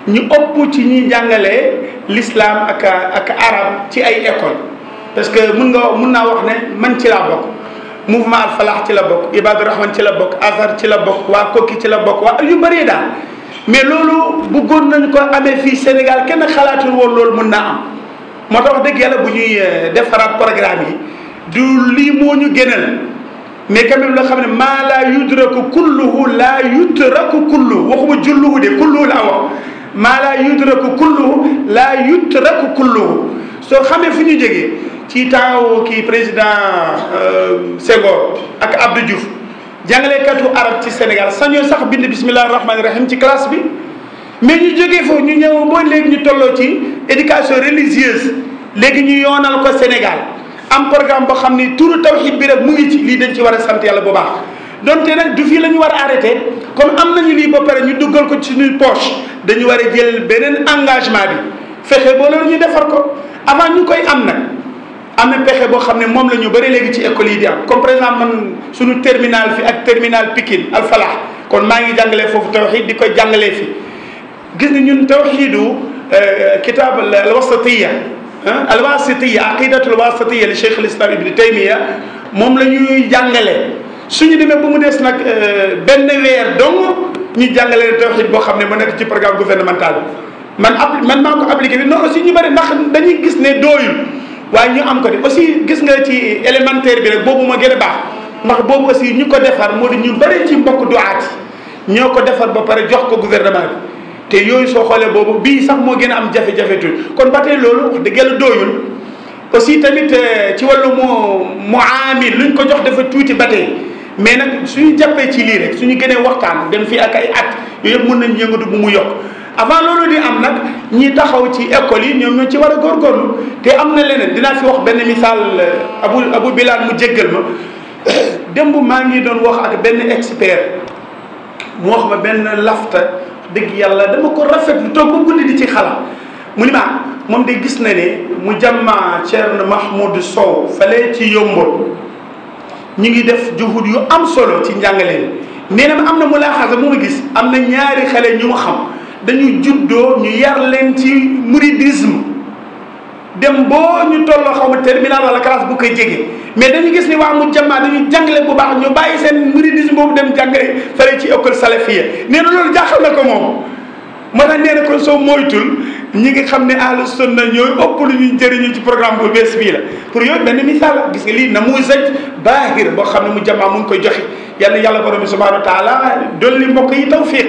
ñu ëpp ci ñuy jàngalee lislaam ak ak arab ci ay école parce que mun nga mun naa wax ne man ci laa bokk mouvement al falax ci la bokk ibadu rahman ci la bokk azhar ci la bokk waa kokki ci la bokk waa yu baree daal mais loolu bu bëggoon nañ ko amee fii Sénégal kenn xalaatul woon loolu mën naa am moo tax wax dëgg yàlla bu ñuy euh, defaraat programme yi du lii moo ñu gënal mais quand même loo xam ne maa laa yudraku kulluhu laa yutraku kulluhu waxuma julluhu de kulluhu laa wax maa laa yudraku kulluhu laa yutraku kulluhu soo xamee fu ñu jege ci taaw kii président euh, Senghor ak Abdou jàngalekatu arab ci Sénégal sañoo sax bind bisimilah rahmaani rahim ci classe bi mais ñu jógee foofu ñu ñëw ba léegi ñu tolloo ci éducation religieuse léegi ñu yoonal ko Sénégal am programme boo xam ni turu tawxid bi rek mu ngi ci lii dañ ci war a sant yàlla bu baax. donte nag du fii la ñu war a arrêté kon am nañu lii ba pare ñu duggal ko ci suñuy poche dañu war a jël beneen engagement bi fexe ba loolu ñu defar ko avant ñu koy am na am na pexe boo xam ne moom la ñu bëri léegi ci école yi di am comme par man suñu terminal fi ak terminal Pikine Al Falah kon maa ngi jàngalee foofu tawxiid di ko jàngalee fi gis ni ñun tawxiidu euh, kitaab al wasatiya al wasatiya aqidatul wasatiya li cheikh al islam ibni taymiya moom la ñuy jàngale suñu demee ba mu des nag euh, benn weer dong ñu jàngale tawxiid boo xam ne mu nekk ci programme gouvernemental man man maa ko appliqué bi non ñu bëri ndax dañuy gis ne dooyul waaye ñu am ko de aussi gis nga ci élémentaire bi rek boobu ma gën a baax ndax boobu aussi ñu ko defar moo di ñu bëri ci mbokk du yi ñoo ko defar ba pare jox ko gouvernement bi te yooyu soo xoolee boobu bii sax moo gën a am jafe-jafe tuuti kon ba tey loolu di gën yàlla doyul aussi tamit euh, ci wàllu mu mu aamil ñu ko jox dafa tuuti ba tey mais nag suñu jàppee ci lii rek suñu gënee waxtaan dem fii ak at yooyu yëpp mun nañ yëngatu bu mu yokk avant loolu di am nag ñi taxaw ci ecole yi ñoom ñoo ci war a góorgóorlu te am na leneen dinaa fi wax benn misaal euh, abu abu bilaal mu jéggal ma [COUGHS] démb maa ngi doon wax ak benn expert mu wax ma benn lafta dëgg yàlla dama ko rafetlu toog ba guddi di ci xalaat mu ni ma moom de gis na ne mu jàmma Thierno Mahmoud Sow fale ci yombol ñu ngi def juhud yu am solo ci njàngaleen nee na ma am na mu laa xasa mu ma gis am na ñaari xale ñu ma xam dañu juddoo ñu yar leen ci mouridisme dem boo ñu tolloo xaw ma terminal wala classe bu koy jege mais dañu gis ni waa mu jamaa dañu jàngale bu baax ñu bàyyi seen mouridisme boobu dem jàngale fële ci école salafia nee na loolu jaaxal na ko moom moo tax nee na kon soo moytul ñu ngi xam ne ahlu na ñooy ëpp lu ñuy jëriñu ci programme bu bees bii la pour yooyu benn misaal gis nga lii na muy sëj baahir boo xam ne mu jamaa mu ngi koy joxe yàlla yàlla borom bi subhanahu wa taala dolli mbokk yi tawfiq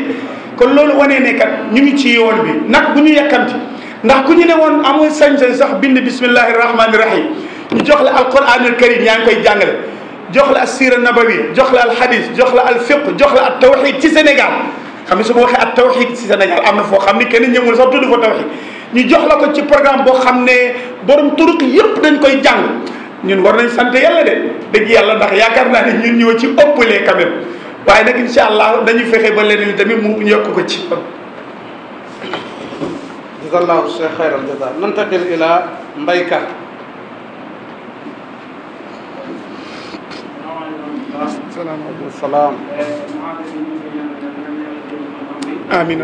kon loolu wanee ne kat ñu ngi ci yoon bi nag bu ñu yàkkamti ndax ku ñu ne woon amul sañ-sañ sax bind bismillahi rahmani rahim ñu jox la alquranul karim yaa ngi koy jàngale jox la assira nabawi jox la alhadis jox la alfiq jox la at tawxid ci Sénégal xam ne su ma waxee at tawxid ci Sénégal am na foo xam ni kenn ñëwul sax tudd fa tawxid ñu jox la ko ci programme boo xam ne borom turuq yëpp dañ koy jàng ñun war nañ sant yàlla de dëgg yàlla ndax yaakaar naa ne ñun ñoo ci ëppalee quand même waaye nag incha allah dañuy fexe ba leneen tamit mu yokk ko ci. jasallahu cheikh xayral jasa nantaqil ila mbayka salaamaaleykum salaam. amiin. amiin.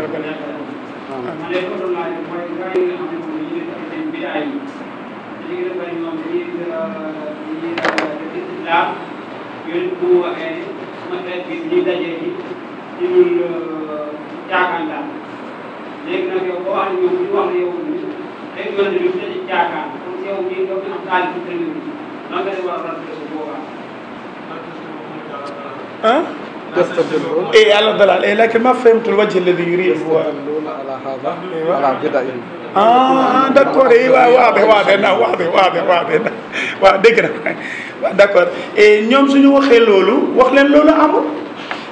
ma xeet bi ñuy daje ci ci ñun euh, caakaan daal léegi nag yow boo wax ne ñoom ñu wax na ñu daje caakaan comme si yow mii doo fi am xaalis a rafetlu يستدلون إيه على الضلال إيه لكن ما فهمت الوجه الذي يريد هو يستدلون على هذا على بدعهم ah d' accord waaw waaw waaw na waaw waaw waaw na waaw dégg na waaw d' accord ñoom suñu waxee loolu wax leen loolu amul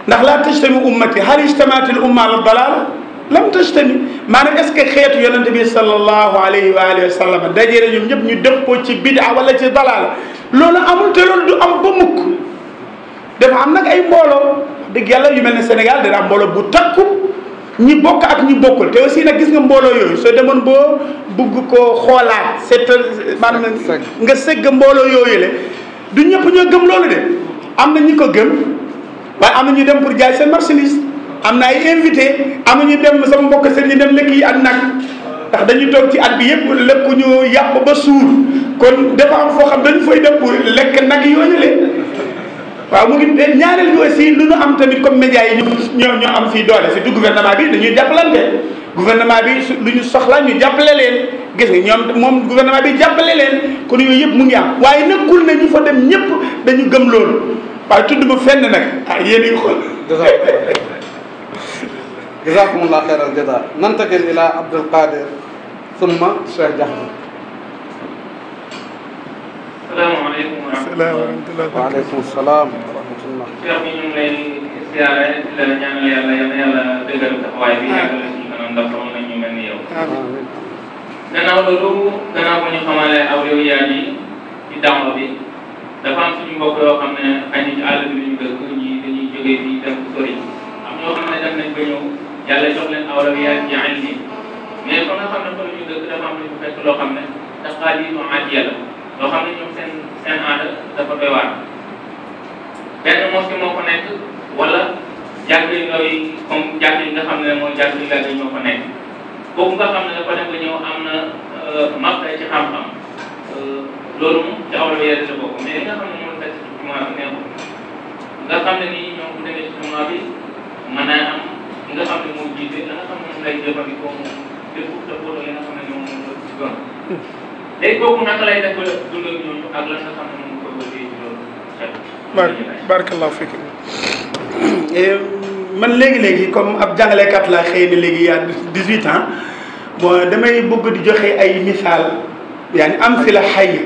ndax laa tajtami ummati hal ijtamaat al umma ala dalala lam tajtami maanaam est ce que xeetu yonente bi sallallahu alayhi wa alihi wa sallam dajee ñoom ñëpp ñu dëppoo ci bid'a wala ci dalala loolu amul te loolu du am ba mukk dafa am nag ay mbooloo dëgg yàlla yu mel ne Sénégal dina am mbooloo bu takku ñi bokk ak ñi bokkul te aussi nag gis nga mbooloo yooyu soo demoon boo bugg koo xoolaat c'est maanaam nga sëgg mbooloo yooyu le du ñëpp ñoo gëm loolu de am na ñi ko gëm waaye am na ñu dem pour jaay seen marchandise am na ay invité am na ñu dem sama mbokk seen ñu dem lekk yi ak nag ndax dañuy toog ci at bi yëpp lekk ñu yàpp ba suur kon dafa am foo xam dañu fay dem pour lekk nag yooyu le waaw mu ngi ñaareel bi aussi lu ñu am tamit comme médias yi ñoo ñoo am fii doole surtout gouvernement bi dañuy jàppalante gouvernement bi su lu ñu soxla ñu jàppale leen gis nga ñoom moom gouvernement bi jàppale leen kon yooyu yëpp mu ngi am waaye nekkul na ñu fa dem ñëpp dañu gëm loolu waaye tudd ma fenn nag ah yéen a ngi xool jazakumullah xeyral jaza nantakel ila abdul qadir summa cheikh jaxma salaamaaleykum wa rahmatulah. waaleykum salaam wa rahmatulah. Cheikh bi ñu ngi lay siyaare di la ñaanal yàlla yal na yàlla dëggal taxawaay bi yàggale suñu kanam ndax am na ñu mel ni yow. gannaaw loolu gannaaw bu ñu xamale yaa ji ci dàmb bi dafa am suñu mbokk yoo xam ne xëy na ci àll bi ñu dëkk ñi dañuy jógee fii dem am ñoo xam ne dem nañ ba ñëw yàlla jox leen aw yow yaa ji mais fa nga xam ne fa ñu dafa am lu ñu fekk loo xam ne taxawaay loo xam ne ñoom seen seen aada dafa doy waar benn mosquée moo ko nekk wala jàkk yu ndaw yi comme jàkk yi nga xam ne mooy jàkk yu gàgg yi ñoo ko nekk kooku nga xam ne dafa dem ba ñëw am na euh, màqale ci xam-xam euh, loolu moom ci awraweer la bokk mais xam ne moom la ci jumaa bi neexul nga xam ne nii ñoom bu demee ci jumaa bi mën naa am nga xam ne moo jiite la nga xam ne moom lay jëfandikoo moom lépp te li nga xam ne ñoom moom la ci léegi boobu naka lay [COUGHS] eh, man léegi-léegi comme ab jàngalekat laa xëy na léegi yaa dix huit ans bon damay bëgg di joxe ay misaal yaa ni am fi la xay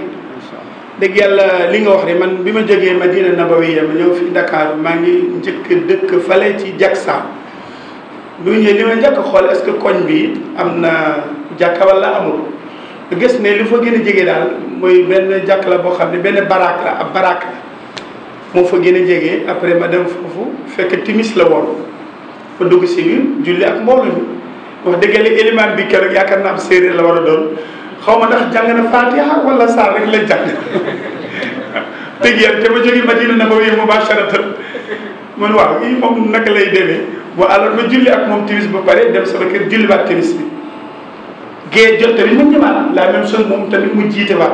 dégg yàlla li nga wax de man bi ma jógee Madina Nabawiya ma ñëw fi Dakar maa ngi njëkk dëkk fale ci Jaksa bu ñëwee li ma njëkk xool est-ce que koñ bi am na jàkka wala amul gis ne li fa génn a jege daal mooy benn jàkk la boo xam ne benn baraak la ab baraak la moo fa gën a jege après ma dem foofu fekk timis la woon fa dugg si biir julli ak mbooloo mi wax dëgg la bi keroog yaakaar naa am séeréer la war a doon xaw ma ndax jàng na Fatiha wala saar rek la jàng [LAUGHS] dëgg yàlla te ma jógee Madina na ma wéy mubasharatan man waaw yi moom naka lay demee bu alors ma julli ak moom timis ba pare dem sama kër julliwaat timis bi. gée jot tamit mu ñëwaat la même chose moom tamit mu jiite waat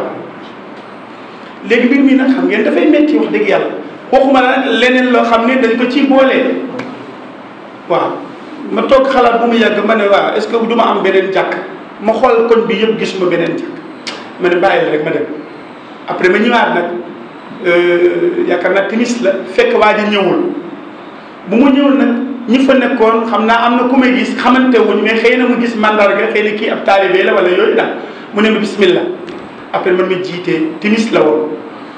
léegi mbir mi nag xam ngeen dafay métti wax dëgg yàlla waxuma la nag leneen loo xam ne dañ ko ciy boolee waaw ma toog xalaat bu mu yàgg ma ne waaw est-ce que du ma am beneen jàkk ma xool koñ bi yëpp gisuma beneen jàkk ma ne bàyyi la rek ma dem après ma ñëwaat nag euh, yaakaar naa timis la fekk waa ji ñëwul bu mu ñëwul nag ñi fa nekkoon xam naa am na ku may gis xamante wuñ mais xëy na mu gis mandarga xëy na kii ab taalibe la wala yooyu daal mu ne ma bismillah après man ma jiitee timis la woon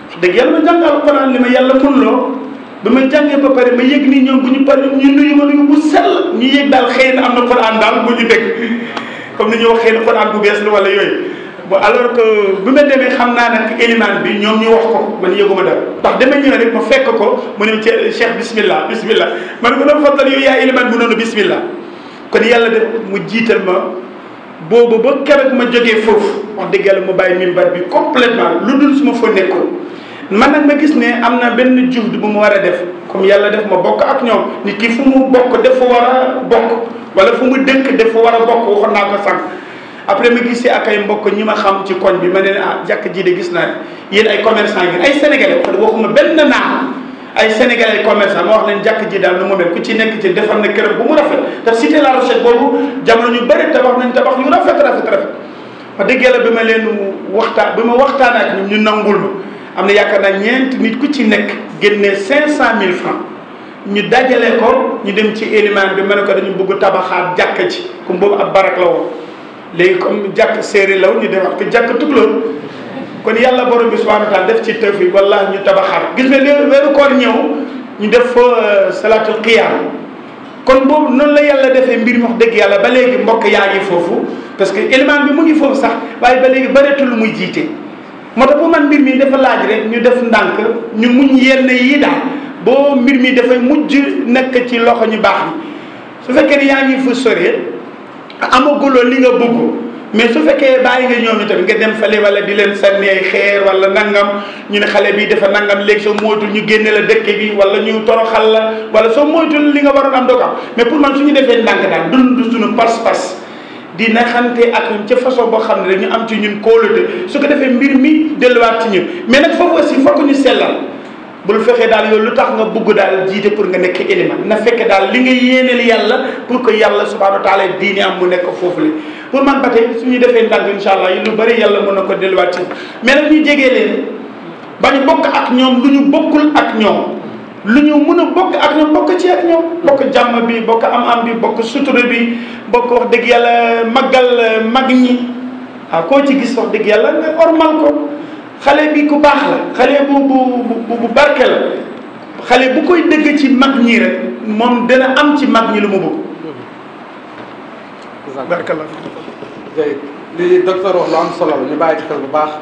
wax dëgg yàlla ma jàng alquran li ma yàlla funloo ba ma jàngee ba pare ma yëg ni ñoom bu ñu pare ñu nuyu ma nuyu bu sell ñu yëg daal xëy na am na quran daal bu ñu dégg comme ni ñuy wax xëy na quran bu bees la wala yooyu ba alors que bi ma demee xam naa nag élimaan bi ñoom ñu wax ko man yëguma dara ndax demee ñu ne rek ma fekk ko mu ne cheikh bismillah bismillah ma ko doon fàttal yow yaa élimaan bu noonu bismillah kon yàlla def mu jiital ma boobu ba keroog ma jógee foofu wax dëgg yàlla ma bàyyi mimbar bi complètement lu dul su ma fa nekkoon man nag ma gis ne am na benn juhd bu mu war a def comme yàlla def ma bokk ak ñoom nit ki fu mu bokk dafa war a bokk wala fu mu dëkk dafa war a bokk waxoon après ma gisee ak ay mbokk ñi ma xam ci koñ bi ma ne ah jàkk ji de gis naa yéen ay commerçant ngeen ay sénégalais wax waxuma benn naa ay sénégalais commerçant ma wax leen jàkk ji daal nu mu mel ku ci nekk ci defar na këram bu mu rafet te cité la Rochette boobu jamono ñu bëri tabax nañ tabax yu rafet rafet rafet dëgg yàlla bi ma leen waxtaan bi ma waxtaan ak ñu nangul ma am na yaakaar naa ñeent nit ku ci nekk génnee cinq cent mille francs ñu dajale ko ñu dem ci élément bi ma ne ko dañu bëgg tabaxaat jàkk ji comme boobu ab barak la woon léegi comme jàkk séeréer la woon ñu dem ak jàkk tukulóor kon yàlla borom bi subhanahu wa taala def ci tawfiq walla ñu tabaxaat gis nga léegi weeru koor ñëw ñu def fa euh, salaatul qiyaam kon boobu noonu la yàlla defee mbir mi dëgg yàlla ba léegi mbokk yaa ngi foofu parce que élément bi mu ngi foofu sax waaye ba léegi bëreetul lu muy jiite moo tax bu man mbir mi dafa laaj rek ñu def ndànk ñu muñ yenn yi daal boo mbir mi dafay mujj nekk ci loxo ñu baax yi su fekkee ne yaa ngi fa soree te amaguloo li nga bëgg mais su fekkee bàyyi nga ñoom tamit nga dem fale wala di leen sànni xeer wala nangam ñu ne xale bi dafa nangam léegi soo moytul ñu génnee la dëkk bi wala ñu toroxal la wala soo moytul li nga waroon am doo ko am mais pour man su ñu defee ndànk daal dund suñu pas-pas di naxante ak ca façon boo xam ne dañu am ci ñun kóolute su ko defee mbir mi delluwaat ci ñun mais nag foofu aussi foog ñu sellal. bul fexe daal yow lu tax nga bugg daal jiite pour nga nekk élément na fekke daal li nga yéeneel yàlla pour que yàlla subhanahu wa taala diine am mu nekk foofu la pour man ba tey suñu defee ndànk insha allah yi lu bari yàlla mën na ko delluwaat ci mais nag ñu jegee leen bañu bokk ak ñoom lu ñu bokkul ak ñoom lu ñu mën a bokk ak ñoom bokk ci ak ñoom bokk jàmm bi bokk am-am bi bokk sutura bi bokk wax dëgg yàlla màggal euh, mag ñi waaw koo ci gis wax dëgg yàlla nga ormal ko xale bi ku baax la xale bu bu bu barke la xale bu koy dëgg ci mag ñi rek moom dana am ci mag ñi lu mu bëgg. barke la. jërëjëf li docteur wax am solo la ñu bàyyi ci xel bu baax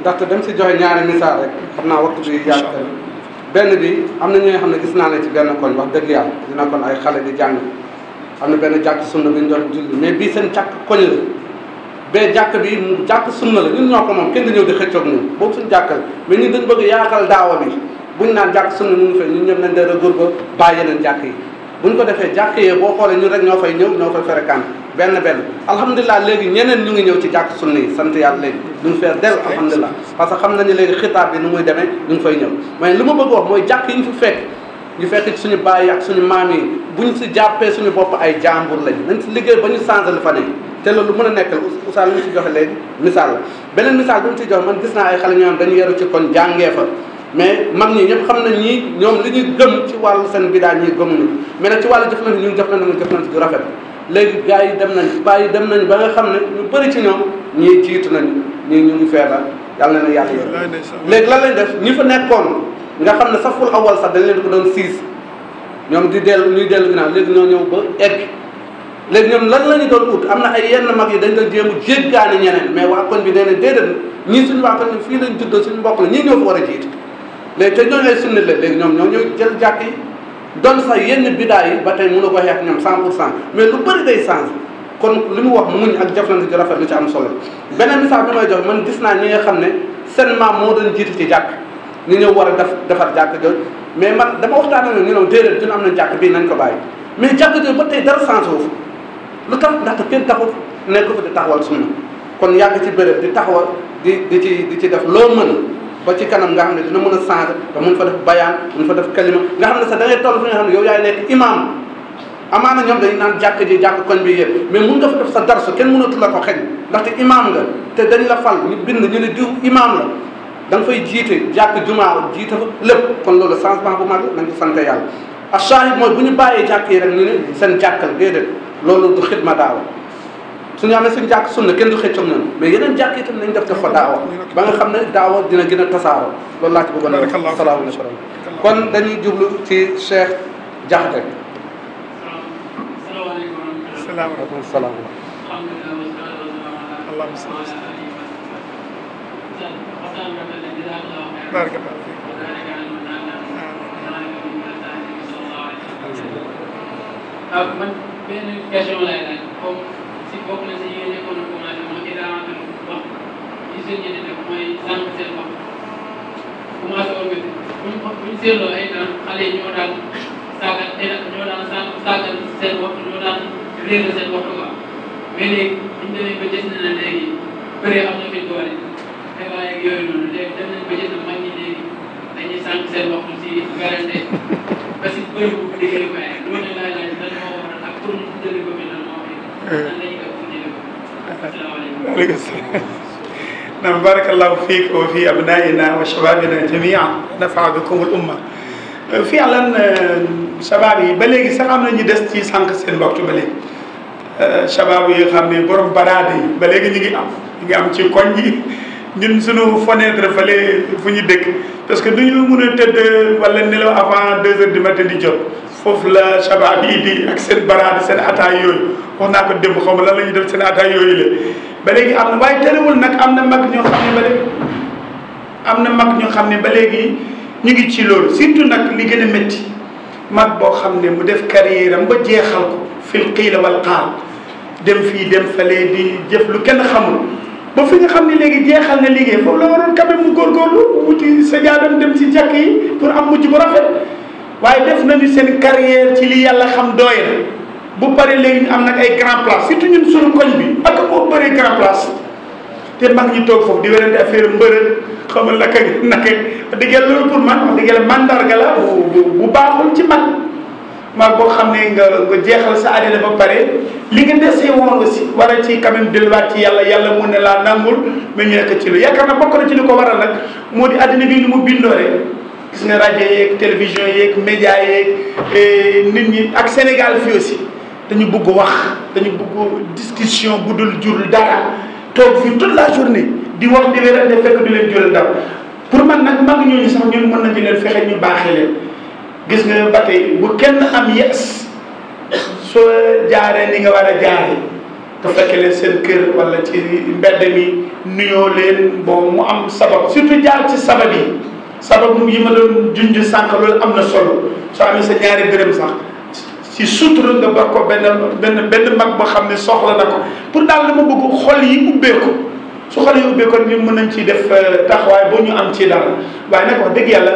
ndaxte dem si joxe ñaari misaal rek xam naa waxtu bi yàgg benn bi am na ñoo xam ne gis naa ne ci benn koñ wax dëgg yàlla dina kon ay xale di jàng xam na benn jàkk sunna bi ñu doon julli mais bii seen càkk koñ la. bee jàkk bi jàkk sunna la ñun ñoo ko moom kenn dañoo di xëccoog ñun boobu suñu naan jàkk sunna mu ngi fay ñun yi buñ ko defee jàkk boo xoolee ñun rek ñoo fay ñëw ñoo koy fréquente benn benn alhamdulilah léegi ñeneen ñu ngi ñëw ci jàkk sunna yi sant yàlla léegi duñ feer del alhamdulilah parce que xam nañu léegi xitaab bi nu muy demee duñ fay ñëw mais li ma bëgg wax mooy jàkk yi ñu fi fekk ñu fekk suñu bàyyi ak suñu maam yi bu ñu si jàppee suñu bopp ay jàmbur lañ nañ si liggéey ba ñu changé li fa te loolu mën a nekk la oustaz li mu si joxe léegi misaal la beneen misaal bi mu si joxe man gis naa ay xale ñoo xam dañu yaru ci kon jàngee fa mais mag ñi ñëpp xam nañ ñi ñoom li ñuy gëm ci wàllu seen bidaa ñi gëmuñu mais nag ci wàllu jëflante ñun jëflante nañ jëflante du rafet léegi gars yi dem nañ bàyyi dem nañ ba nga xam ne ñu bëri ci ñoom ñii jiitu nañ ñii ñu ngi feebar yàlla na yàlla yor léegi lan lañ def ñi fa nekkoon nga xam ne saful awal sax dañ leen ko doon siis ñoom di dellu ñuy dellu ginnaaw léegi ñoo ñëw ba egg léegi ñoom lan la ñu doon ut am na ay yenn mag yi dañ doon jéem a jéggaani ñeneen mais waa koñ bi nee na déedéet ñii suñu waa fa war a jiit léegi te ñooñu ay sunni la ñoom ñoo ñooy jël jàkk yi doon sax yenn bidaa yi ba tey a ko xeex ñoom 100 pour cent mais lu bëri day changé kon li mu wax muñ ak jëflante ci rafet lu ci am solo beneen misaal bi may jox man gis naa ñi nga xam ne seen maam moo doon jiitu war a def defar jàkk jooju mais man dama waxtaan ak ñu am na jàkk bii nañ ko bàyyi mais jàkk jooju ba tey dara changé wu lu tax ndaxte kenn fu nekk fa di taxawal sunna kon yàgg ci béréb di taxawal di di ci di ci def loo mën ba ci kanam nga xam ne dina mën a changer te mun fa def bayaan mun fa def kalima nga xam ne sax da ngay toll fi nga xam ne yow yaay nekk imam amaana ñoom dañu naan jàkk ji jàkk koñ bi yëpp mais mun nga fa def sa darsu kenn mënatu la ko xeñ ndaxte imam nga te dañ la fal ñu bind ñu ne diw imam la da fay jiite jàkk jumaa jiite fa lépp kon loolu changement bu mag la sant yàlla ak saahid mooy bu ñu bàyyee jàkk yi rek ñu ne seen jàkkal déedéet loolu du xidma daawa suñu amee suñu jàkk sunna kenn du xëccam noonu mais yeneen jàkk itam nañ def def fa daawa ba nga xam ne daawa dina gën a tasaaroo loolu laa ci bëggoon a salaamaaleykum kon dañuy jublu ci Cheikh Diakhaté salaamaaleykum salaam allahumma salli waaw ah, man benn question laay laaj comme si bokk na si yi nga nekkoon na commencé mooy élargir wax yi seen yéene nag mooy sànq seen wax commencé organisé buñ buñ seetloo ay daan xale yi ñoo daan saagal ñoo daan saagal seen wax ñoo daan réer seen wax quoi mais léegi buñ demee ba gis na léegi bëree am na fi doole débat yeeg yooyu noonu léegi dem nañ ba gis na mag ñi léegi dañuy sànq seen wax si garanté parce que bëri bu ko déggee waaye loolu pour ñu jëlee ko bi lan moo koy nan lañu def pour jëlee ko. asalaamaaleykum. naam barakallahu fiik fi abnaina wa fii alan euh, yi ba léegi sax am na ñu des ci sànq seen waxtu ba léegi euh, shabab yi xam ne borom baraade yi ba léegi ñu ngi am ñu ngi am ci koñ yi ñun suñu fenêtre fale fu ñu dëkk parce que du ñu mën a tëdd wala nelaw avant deux heures du matin di jot foofu la shabaab yi di ak seen baraade seen ataay yooyu wax naa ko démb xaw ma lan la ñuy def seen ataay yooyu la ba léegi am na waaye terewul nag am na mag ñoo am na mag ñoo xam ne ba léegi ñu ngi ci loolu surtout nag li gën a métti mag boo xam ne mu def carrière am ba jeexal ko fil qiila wal qaal dem fii dem falee di jëf lu kenn xamul ba fi nga xam ne léegi jeexal na liggéey foofu la waroon quand même mu góorgóorlu wuti sa jaadam dem si jàkk yi pour am mujj bu rafet waaye def nañu seen carrière ci li yàlla xam doyal bu pare léegi ñu am nag ay grand place surtout ñun suñu koñ bi ak moo bëree grand place te mag ñi toog foofu di werante affaire mbërël xam nga naka naka dëgg yàlla loolu pour man wax dëgg yàlla mandarga la bu baaxul ci mag mag boo xam ne nga nga jeexal sa àddina ba pare li nga dese woon aussi war a ci quand même delluwaat ci yàlla yàlla mun ne laa nangul mais ñu nekk ci lu yaakaar na bokk na ci li ko waral nag moo di àddina bi ni mu bindooree gis nga rajo yeeg télévision yeeg média yeeg eh, nit ñi ak Sénégal fii aussi dañu bëgg wax dañu bëgg discussion bu dul jurul dara toog fii toute la journée di wax di wérante fekk du leen jural dara pour man nag mag ñooñu sax ñun mën nañu leen fexe ñu baaxe leen gis nga ba bu kenn am yes soo jaaree li nga war a jaaree te fekk leen seen kër wala ci mbedd mi nuyoo leen bon mu am sabab surtout jaar ci sabab yi sababu yi ma doon junj sànq loolu am na solo soo amee sa ñaari dërëm sax si sutura nga ba ko benn benn benn mag boo xam ne soxla na ko pour daal dama bëgg xol yi ubbeeku su xol yi ubbeeku ni mën nañ ci def euh, taxawaay boo ñu am ci dara waaye nag wax dëgg yàlla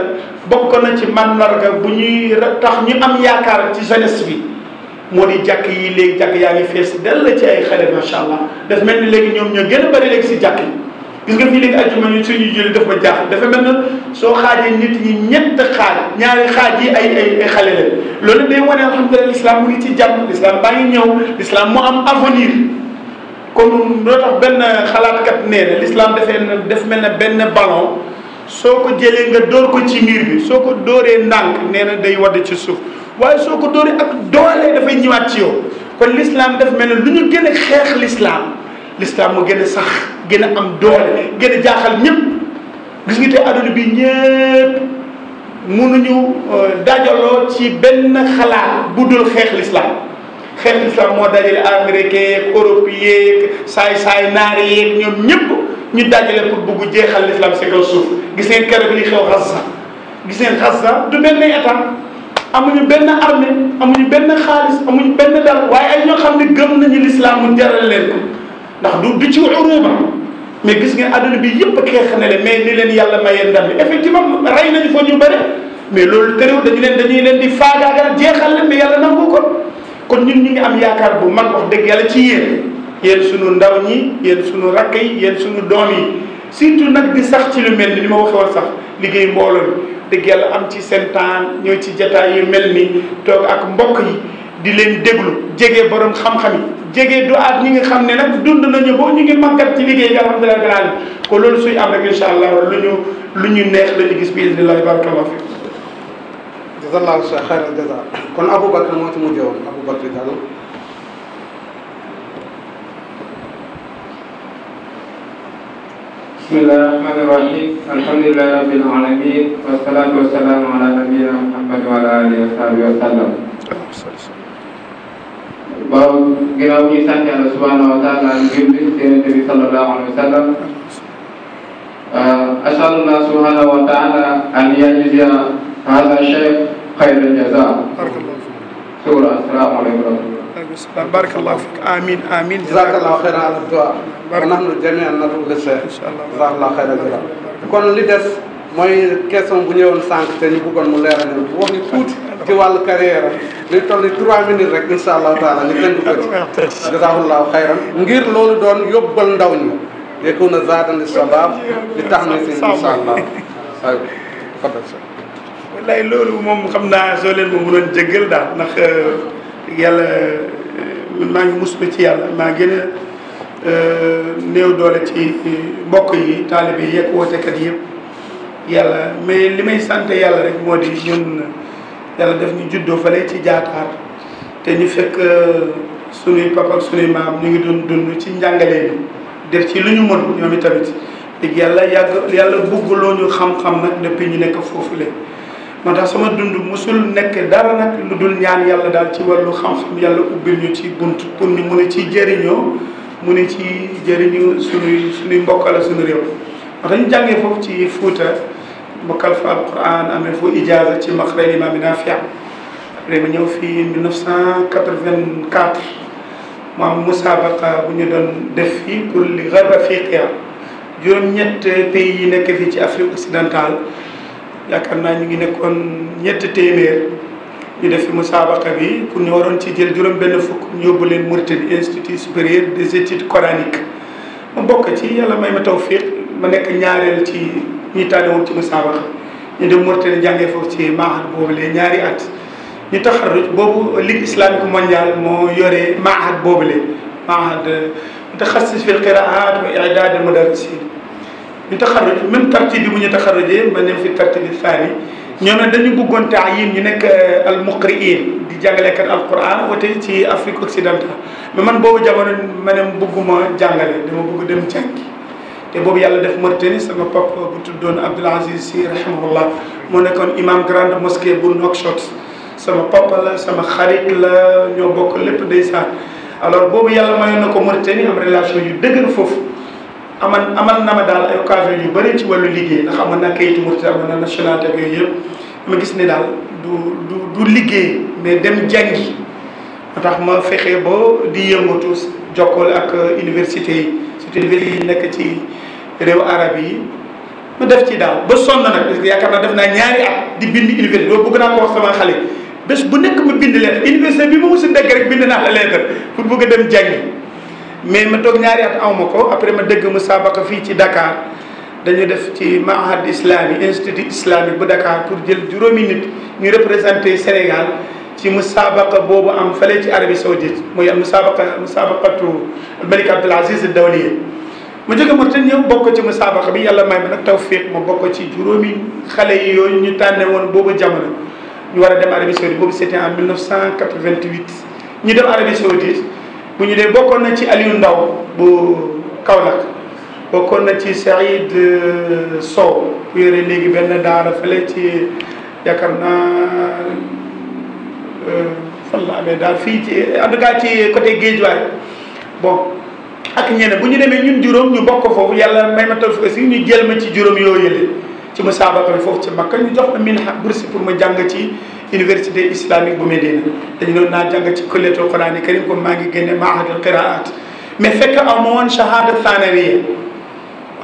bokk na ci mandarga bu ñuy tax ñu am yaakaar ci jeunesse bi. moo di jàkk yi léegi jàkk yaa ngi fees dell ci ay xale macha allah daf mel ni léegi ñoom ñoo gën a bëri léegi si jàkk yi gis nga fii léegi ajjuma ñu suñuy jëli daf ma jaaxal dafa mel na soo xaajee nit ñi ñett xaaj ñaari xaaj yi ay ay ay xale la loolu day wane alhamdulilah l'islam mu ngi ci jàmm l'islam baa ngi ñëw l'islam mu am avenir comme loo tax benn xalaatkat nee na l'islam dafee na def mel ne benn ballon soo ko jëlee nga door ko ci miir bi soo ko dooree ndànk nee na day wadd ci suuf waaye soo ko dooree ak doole dafay ñëwaat ci yow kon l'islam daf mel ne lu ñu gën a xeex l'islam l'islam mu gën a sax gën a am doole gën a jaaxal ñëpp gis nga te adduna bi ñëpp mënuñu euh, dajaloo ci benn xalaat bu dul xeex l'islam xeex l'islam moo dajale américain yeeg europe yeeg saay-saay naar yeeg ñoom ñëpp ñu dajale pour bugg jeexal l'islam si kaw suuf gis ngeen keroog li xew Gaza gis ngeen Gaza du benn état amuñu benn armée amuñu benn xaalis amuñu benn dara waaye ay ñoo xam ne gëm nañu l'islam mu jaral leen ko ndax du du ci uruba mais gis ngeen àdduna bi yëpp xeex ne leen mais ni leen yàlla mayee ndam bi effectivement rey nañu fa ñu bëri mais loolu terewul dañu leen dañuy leen di faagaagal jeexal leen mais yàlla nangu ko kon ñun ñu ngi am yaakaar bu man wax dëgg yàlla ci yéen yéen sunu ndaw ñi yéen suñu rakk yi yéen suñu doom yi surtout nag di sax ci lu mel ni li ma waxee woon sax liggéey mbooloo bi dëgg yàlla am ci seen temps ñëw ci jataay yi mel ni toog ak mbokk yi di leen déglu jege borom xam-xam yi jege du at ñi nga xam ne nag dund nañu boo ñu ngi màggat ci liggéey bi alhamdulilah bi alamin ko loolu suy am rek incha allah lu ñu lu ñu neex la ñu gis bi idnillahi barakallahu fi jasallahu xayral jaza kon Aboubacar moo ci mujjee woon Aboubacar daal bismillahi rahmani rahim alhamdulilahi rabbil alamin wasalaatu wasalaamu ala nabiyina muhammad wa ala alihi wa sahbihi wa sallam ba ginnaaw ñuy sant yàlla subhanahu wa taala julli ci yonent bi sallallahu alayhi wa sallam eh, asalullah subhanahu wa taala an yajziya hada cheikh xayra jaza suura assalaamu aleykum بارك الله فيك امين امين جزاك الله خير على الدعاء ونحن جميعا ندعو للشيخ جزاك الله خير الجزاء kon li des mooy question bu ñëwoon sànq te ñu bëggoon mu leeral wax ni tuuti ci wàllu carrière li toll ni trois minutes rek insha allahu taala ñu tënk ko ci jazaahullahu xayran ngir loolu doon yóbbal ndaw ñi yakuna zaadan li sabab li tax na si insha allah waaw fadal sa wallaay loolu moom xam naa soo leen ma mënoon jéggal daal ndax euh, yàlla man euh, maa ngi muslu ci yàlla maa gën a euh, néew doole ci mbokk yi taalibe yi yeeg wootekat yëpp yàlla mais li may sant yàlla rek moo di ñun yàlla def ñu juddoo fale ci jaataar te ñu fekk euh, sunuy papa ak sunuy maam ñu ngi doon dund ci njàngalee bi def ci lu ñu mën ñoom itamit léegi yàlla yàgg yàlla bëggloo ñu xam-xam nag depuis ñu nekk foofu le moo tax sama dund musul nekk dara nag lu dul ñaan yàlla daal ci wàllu xam-xam yàlla ubbil ñu ci bunt pour ni mun a ci jëriñoo mu ne ci jëriñu sunuy sunuy mbokk la sunu réew moo tax ñu jàngee foofu ci Fuuta bokkal fa alquran amee foo ijaza ci maxraj imaam Naafi après ma ñëw fii vingt mu am musaabaqa bu ñu doon def fii pour li Gharb Afriqiya juróom-ñett pays yi nekk fii ci Afrique occidentale yaakaar naa ñu ngi nekkoon ñett téeméer ñu def fi musaabaqa bi pour ñu waroon ci jël juróom benn fukk ñu yóbbu leen Mauritanie institut supérieur des études coraniques mu bokk ci yàlla may ma tawfiq ma nekk ñaareel ci ñu tànn woon ci musaabaqa ñu dem Mauritanie jàngee foofu ci mahad boobu lee ñaari at ñu taxarruj boobu ligue islamique mondiale moo yore mahad boobu lee mahad mutaxassis fil qiraat wa i'daad al mudarrisin ñu taxarruj même tartib bi mu ñu taxarrujee ma ne fi tartibi thani ñoom ne dañu bëggoon taayin ñu nekk eh, al muqriin di jàngalekat al quran wate ci Afrique occidentale mais man boobu jamono ma ne bëgguma jàngale dama bëgg dem jàngi te boobu yàlla def Mauritanie sama papa bu tuddoon Abdoul Aziz Sy rahimahullah moo nekkoon imam grande mosquée bu Nouakchott sama papa la sama xarit la ñoo bokk lépp ndeysaan alors boobu yàlla mayoon na ko Mauritanie am relation yu dëgër foofu amal amal na ma daal ay occasion yu bëri ci wàllu liggéey ndax amoon naa kayitu Mauritanie amoon naa national ak yooyu ma gis ne daal du du du liggéey mais dem jàngi moo tax ma fexe ba di yëngatu jokkool ak euh, université yi université yi nekk ci réew arab yi mu def ci daaw ba sonn nag parce que yaakaar naa def naa ñaari at di bind université loolu bëgg naa ko wax sama xale bés bu nekk mu bind lettre université bi ma mos a dégg rek bind naa la lettre pour bëgg dem jàngi mais ma toog ñaari at awma ko après ma dégg mu saabaka fii ci Dakar dañu def ci mahad islami institut islamique bu dakaar pour jël juróomi nit ñu représenté Sénégal ci musaabaqa boobu am fële ci Arabie Saoudite muy musaabaqa musaabaqatu Malik Abdul Aziz Dawliya mu jóge Mauritanie ñëw bokk ci musaabaqa bi yàlla may ma nag tawfiq ma bokk ci juróomi xale yooyu ñu tànne woon boobu jamono ñu war a dem Arabie Saoudite boobu c'était en 1988 ñu dem Arabie Saoudite bu ñu dee bokkoon na ci Aliou Ndaw bu Kaolack bokkoon na ci Saïd euh, Sow ku yore léegi benn daara fële ci yaakaar naa Euh, fan la amee daal fii ci en tout cas ci côté Géejuwaay bon ak ñeneen bu ñu demee ñun juróom ñu bokk foofu yàlla may ma tawfiq si ñu jël ma ci juróom yoo yële ci musaabaqa bi foofu ci Makka ñu jox ma minha bourse pour ma jàng ci université islamique bu Médina dañu doon naa jàng ci collège Qur'an karim comme maa ngi génne mahadul qiraat mais fekk aw ma woon shahada thanawiyya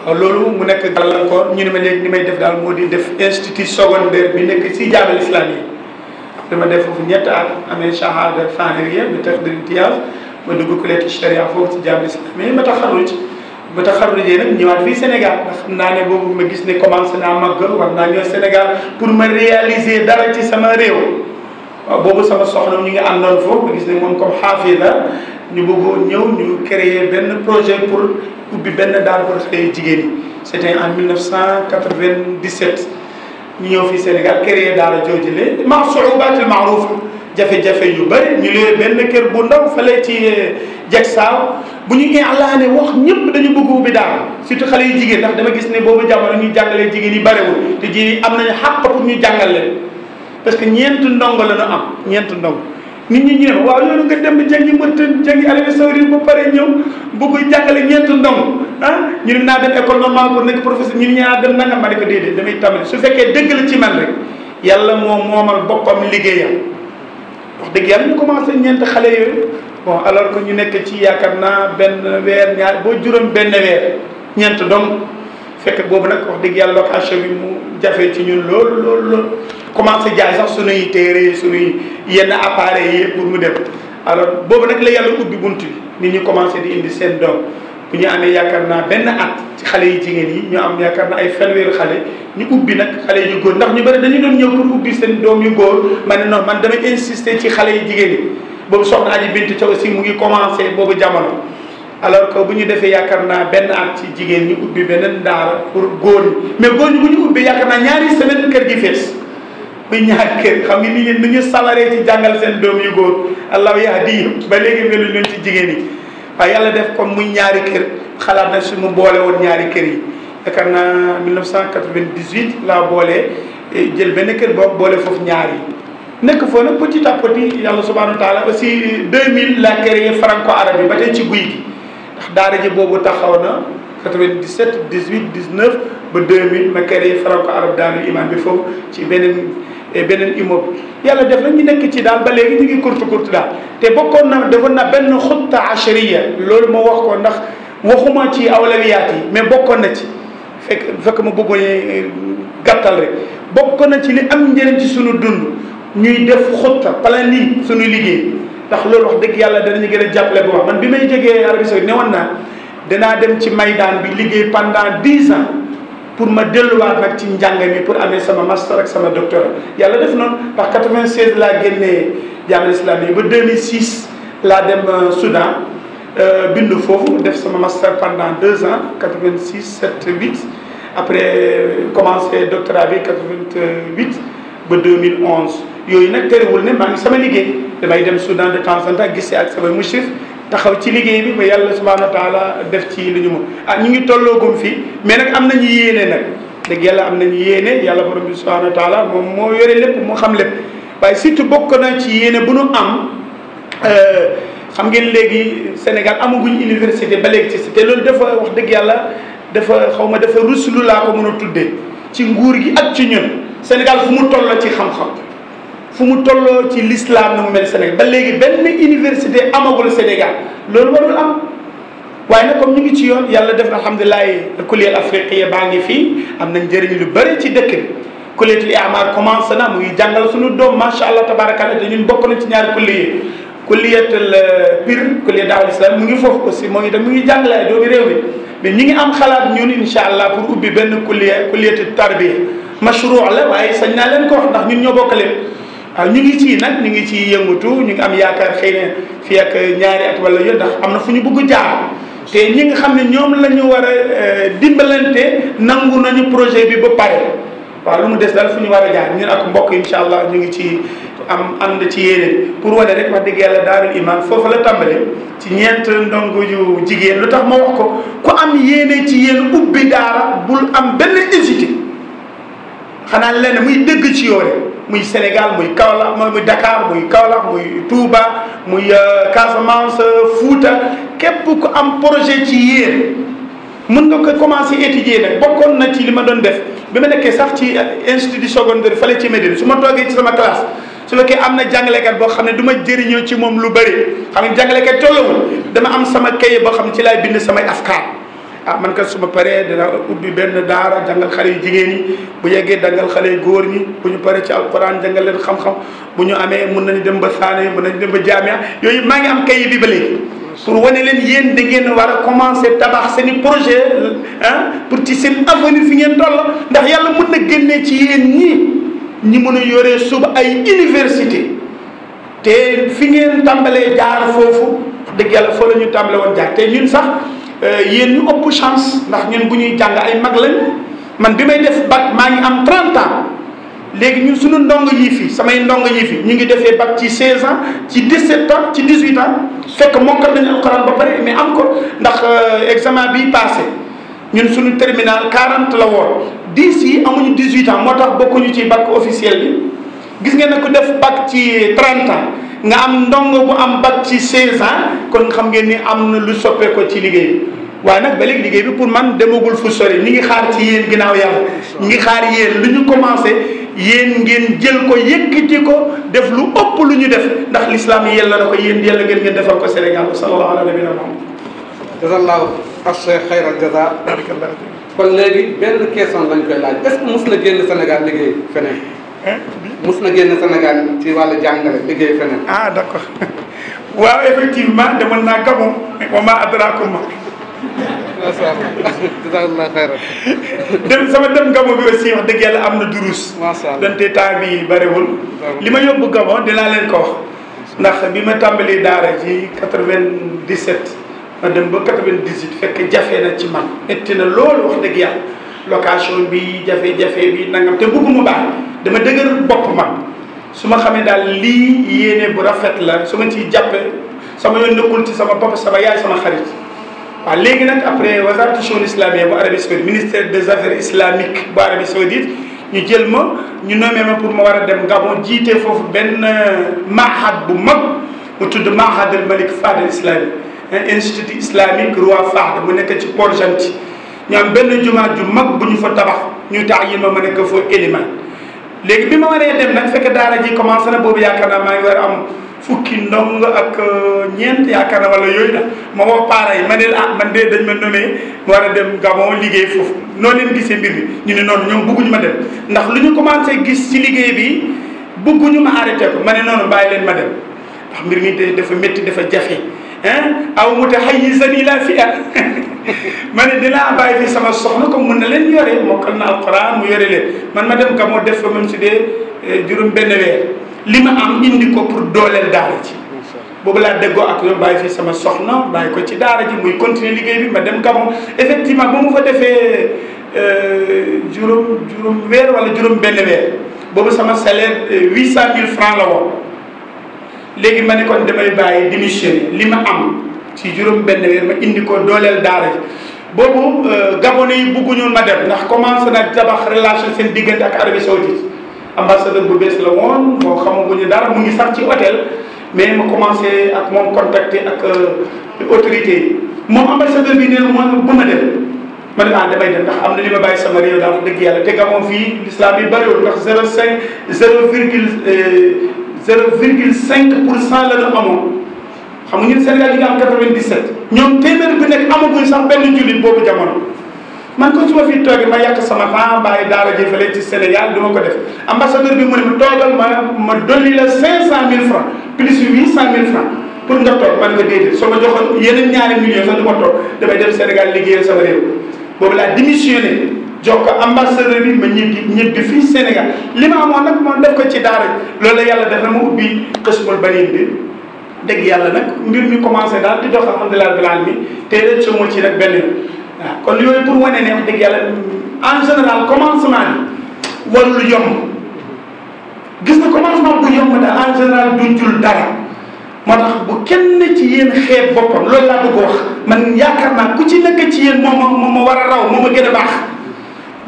waaw loolu mu nekk gàllankoor ñu ne ma léegi ni may def daal moo di def institut secondaire bi nekk si jaabel islamique dama def foofu ñett at amee shahada fanweer bi tax dërëmtiyaas ma dugg collège charia foofu ci jàmm si mais ma taxarruj ba taxarrujee nag ñëwaat fii Sénégal ndax xam naa ne boobu ma gis ne commencé naa màgg war naa ñëw Sénégal pour ma réaliser dara ci sama réew. waaw boobu sama soxna ñu ngi àndoon foofu ma gis ne moom comme xaafi la ñu bëggoon ñëw ñu créer benn projet pour ubbi benn daara pour xale jigéen yi c'était en 1997. ñu ñëw fii Sénégal créé daara joojule ma suubatil maaruf jafe-jafe yu bëri ñu lee benn kër bu ndaw fële ci eh, jeg saaw bu ñu ilaane wax ñëpp dañu bëgg ubbi daara surtout xale yu jigéen ndax dama gis ne boobu jamono ñu jàngalee jigéen yi bëriwul te ji am na xàq pour ñu jàngal leen parce que ñeent ndongo la ñu am ñeent ndongo nit ñi ñëw waaw yoonu nga dem jàngi mënta jàngi Arabie Saoudite ba pare ñëw bu koy ñeent ndong ah ñu ne naa dem école normale pour nekk professeur ñu ne naa dem nangam ma ne ko déedéet damay tàmbali su fekkee dëgg la ci man rek yàlla moo moomal boppam liggéeyam wax dëgg yàlla ñu commencé ñeent xale yooyu bon alors que ñu nekk ci yaakaar naa benn weer ñaar boo juróom benn weer ñeent dong fekk boobu nag wax dëgg yàlla location bi mu jafe ci ñun loolu loolu loolu commencé jaay sax sunuy téere sunuy yenn appareils yi pour mu def alors boobu nag la yàlla ubbi bunt bi nit ñu commencé di indi seen doom bu ñu amee yaakaar naa benn at ci xale yi jigéen yi ñu am yaakaar naa ay fanweeri xale ñu ubbi nag xale yu góor ndax ñu bëri dañu doon ñëw pour ubbi seen doom yu góor ma ne noonu man damay insister ci xale yi jigéen yi boobu soxna aji bint ca aussi mu ngi commencé boobu jamono alors ko bu ñu defee yaakaar naa benn at ci jigéen ñu ubbi beneen daara pour góor ñi mais góor ñi bu ñu ubbee yaakaar naa ñaari semaine kër gi fees muy ñaar kër xam nga nii ñu ni ñu sawaree ci jàngal seen doom yu góor allah yahdi ba léegi meluñ leen ci jigéen yi waaye yàlla def comme muy ñaari kër xalaat na su mu boole woon ñaari kër yi yaakaar naa 1998 laa boolee eh, jël benn kër boobu boole foofu ñaari nekk foo nag petit à petit yàlla subhanahu wa taala aussi 2000 eh, la créé franco arabe yi ba tey ci guy daara ji boobu taxaw na 97 18 19 ba 2000 ma kër yi faral ko arab daanu imaam bi foofu ci beneen eh, beneen immeuble yàlla def na ñu nekk ci daal ba léegi ñu ngi kurtu kurtu daal te bokkoon na defoon na benn xutta ashariya loolu ma wax ko ndax waxuma ci awlawiyaat yi mais bokkoon na ci fekk fekk ma bëggoon eh, gàttal rek bokkoon na ci li am njëriñ ci sunu dund ñuy def xutta planning sunu liggéey ndax loolu wax dëgg yàlla danañu gën a jàppale bu wax man bi may jógee Arabie Saoudite ne woon naa danaa dem ci maydaan bi liggéey pendant dix ans pour ma delluwaat ak ci njàng mi pour amee sama master ak sama doctorat yàlla def noonu ndax 96 laa génnee jaamel islam yi ba 2006 laa dem euh, Soudan euh, bindu foofu def sama master pendant deux ans 86 7 8 après euh, commencé doctorat bi 88 ba 2011 yooyu nag terewul ne maa sama liggéey. damay dem Soudan de temps en temps gisee ak sama mushrif taxaw ci liggéey bi ba yàlla subhanahu wa taala def ci li ñu mën ah ñu ngi tolloogum fii mais nag am nañu yéene nag dëgg yàlla am na ñu yéene yàlla borom bi subhanahu moom moo yore lépp moo xam lépp waaye surtout bokk na ci yéene bu nu am euh, xam ngeen léegi Sénégal amaguñ université ba léegi ci si te loolu dafa wax dëgg yàlla dafa xaw ma dafa ruslu laa ko mën a tuddee ci nguur gi ak ci ñun Sénégal fu mu toll ci xam-xam fu mu tolloo ci l'islam nu mu mel Sénégal ba léegi benn université amagul Sénégal loolu warul am waaye ne comme ñu ngi ci yoon yàlla def na alhamdulilah kulliyal afriqiya maa ngi fii am na njëriñ lu bëri ci dëkk bi kulliyatul amar commencé na mu ngi jàngal suñu doom macha allah tabarakalla te ñun bokk nañ ci ñaari kulliya kulliyatul euh, pir kulliya daawal islam mu ngi foofu aussi moo ngi dem mu ngi jàngale ay doomi réew mi mais ñi ngi am xalaat ñun incha allah pour ubbi benn kulliya kulliyatul tarbiya mashru la waaye sañ naa leen ko wax ndax bokk leen waaw ah, ñu ngi ci nag ñu ngi ci yëngatu ñu ngi am yaakaar xëy na fii ak ñaari at wala yooyu ndax am na fu ñu bëgg jaar te ñi nga xam ne ñoom la war a eh, dimbalante nangu nañu projet bi ba pare waaw lu mu des daal fu ñu war a jaar ñun ak mbokk incha allah ñu ngi ci am am na ci yéene pour wane rek wax dëgg yàlla daarul iman foofu la tàmbale ci ñeent ndongo yu jigéen lu tax ma wax ko ku am yéene ci yéen ubbi daara bul am benn hésité xanaa lenn muy dëgg ci yoore muy Sénégal muy Kaolack muy Dakar muy Kaolack muy Touba muy euh, Casamance euh, Fouta képp ku am projet ci yéen mën nga ko commencé étudier nag bokkoon na ci li ma doon def bi ma nekkee sax ci euh, institut secondaire fale ci Médine su ma toogee ci sama classe su fekkee am na jàngalekat boo xam ne du ma jëriñoo ci moom lu bëri xam ne jàngalekat tollawul dama am sama kaye boo xam ne ci laay bind samay afkaar ah man kat suma paree dana ubbi benn daara jàngal xale yu jigéen ñi bu yeggee jàngal xale yu góor ñi bu ñu paree ci alquran jàngal leen xam-xam bu ñu amee mun nañu dem ba saane mun nañu dem ba jaamia yooyu maa ngi am kayit bi ba léegi pour wane leen yéen da ngeen war a commencer tabax seen i projet ah pour ci seen avenir fi ngeen toll ndax yàlla mun na génnee ci yéen ñi ñi mën a yoree suba ay université te fi ngeen tàmbalee jaar foofu dëgg yàlla foo la ñu tàmbale woon jaar te ñun sax Euh, yéen ñu chance ndax ñun bu ñuy jàng ay mag lañ man bi may def bac maa ngi am 30 léegi ñun suñu ndongo yii fi samay ndongo yii fi ñu ngi defee bac ci 16 ans ci 17 ans ci 18 ans fekk mokkal nañu alxuraan ba pare mais am ko ndax euh, examen bi passé ñun suñu terminal 40 la woon 10 yi amuñu 18 ans moo tax bokkuñu ci bac officiel bi gis ngeen ne ku def bac ci 30 ans. nga am ndongo bu am bac ci 16 ans kon xam ngeen ni am na lu soppe ko ci liggéey bi waaye nag ba léegi liggéey bi pour man demagul fu sori ni ngi xaar ci yéen ginnaaw yàlla ñi ngi xaar yéen lu ñu commencé yéen ngeen jël ko yëkkati ko def lu ëpp lu ñu def ndax l'islam yi yàlla na ko yéen yàlla ngeen ngeen defal ko Sénégal sallallahu ala nabina Muhammad jazallahu ache xayral jaza kon léegi benn question lañ koy laaj est-ce que mos na génn Sénégal liggéey feneen mus na génn Sénégal ci wàllu jàngale liggéey feneen. ah d' accord [LAUGHS] waaw effectivement demal naa Gabon wa ma adraakum ma. macha allah [LAUGHS] dem sama dem Gabon bi aussi wax dëgg yàlla am na durus. macha allah donte temps bi bëriwul. li ma yóbbu Gabon dinaa leen ko wax. ndax bi ma tàmbali daara ji 97 ma dem ba 98 fekk jafe na ci man. metti na loolu wax dëgg yàlla. location bi jafe-jafe bi nangam te mu baax dama dëgër bopp ma su ma xamee daal lii yéene bu rafet la su ma ciy jàppee sama yoon nekkul ci sama bopp sama yaay sama xarit waaw léegi nag après wasaratu shoun islamien bu Arabie Saoudite ministère des affaires islamiques bu Arabie Saoudite ñu jël ma ñu nommé ma pour ma war a dem Gabon jiite foofu benn euh, mahad bu mag mu tudd mahad al malik Fahd al islami institut islamique roi Fahd mu nekk ci Port-Gentil ñu am benn jumaa ju mag bu ñu fa tabax ñu tax yéen ma ma nekk foo élément léegi bi ma waree dem nag fekk daara ji commencé na boobu yaakaar naa maa ngi war am fukki ndong ak euh, ñeent yaakaar na wala yooyu la ma woo paara yi ma ne ah man de dañ ma nommé ma war a dem Gabon liggéey foofu noo leen gisee mbir bi ñu ne noonu ñoom bëgguñu ma dem ndax lu ñu commencé gis ci liggéey bi bëgguñu ma arrêté ko ma ne noonu bàyyi leen ma dem ndax mbir mi dafa métti dafa jafe ah aw mu te xay yi sani laa fi at [LAUGHS] [LAUGHS] ma ne dinaa bàyyi fi sama soxna ko mun na leen yore mokkal na alquran mu yore leen man ma dem ka moo def fa même su dee eh, juróom benn weer li ma am indi ko pour dooleel daara ji boobu laa déggoo ak yow bàyyi fi sama soxna bàyyi ko ci daara ji muy continuer liggéey bi ma dem ka moom effectivement ba mu ko defee eh, juróom juróom weer wala juróom benn weer boobu sama salaire eh, huit cent mille francs la woon léegi ma ne kon damay bàyyi démissionné li ma am ci juróom benn weer ma indi ko dooleel daara ji boobu euh, gabonais yi bugguñu ma dem ndax commencé na tabax relation seen diggante ak Arabie Saoudite ambassadeur bu bees la woon moo xamaguñu dara mu ngi sax ci hôtel mais ma commencé ak moom contacté ak euh, autorité yi moom ambassadeur bi nee na moom bu ma dem ma ne ah damay dem ndax am na li ma bàyyi sama réew daal wax dëgg yàlla te gamoon fii l'islam yi bëriwul ndax zéro cinq zéro virgule euh, zéro virgule cinq pour cent la xam nga ñun Sénégal yi nga am 97 ñoom téeméer bi nekk amaguñ sax benn jullit boobu jamono man kon su ma toogee ma yàq sax ma toog ma ñibbi ñibbi fii Sénégal li ma amoon nag moom def ko ci loolu la yàlla def na ma ubbi xësmul baniin bi dëgg yàlla nag mbir mi commencé daal di dox alhamdulilah rabbil alamin te rëccu ma ci nag benn yoon waaw kon yooyu pour wane ne wax dëgg yàlla en général commencement bi lu yomb gis na commencement bu yomb daal en général duñ jul dara moo tax bu ci yéen xeeb boppam loolu laa bëgg wax man yaakaar ku ci nekk ci yéen moom moo ma war a raw moo ma gën a baax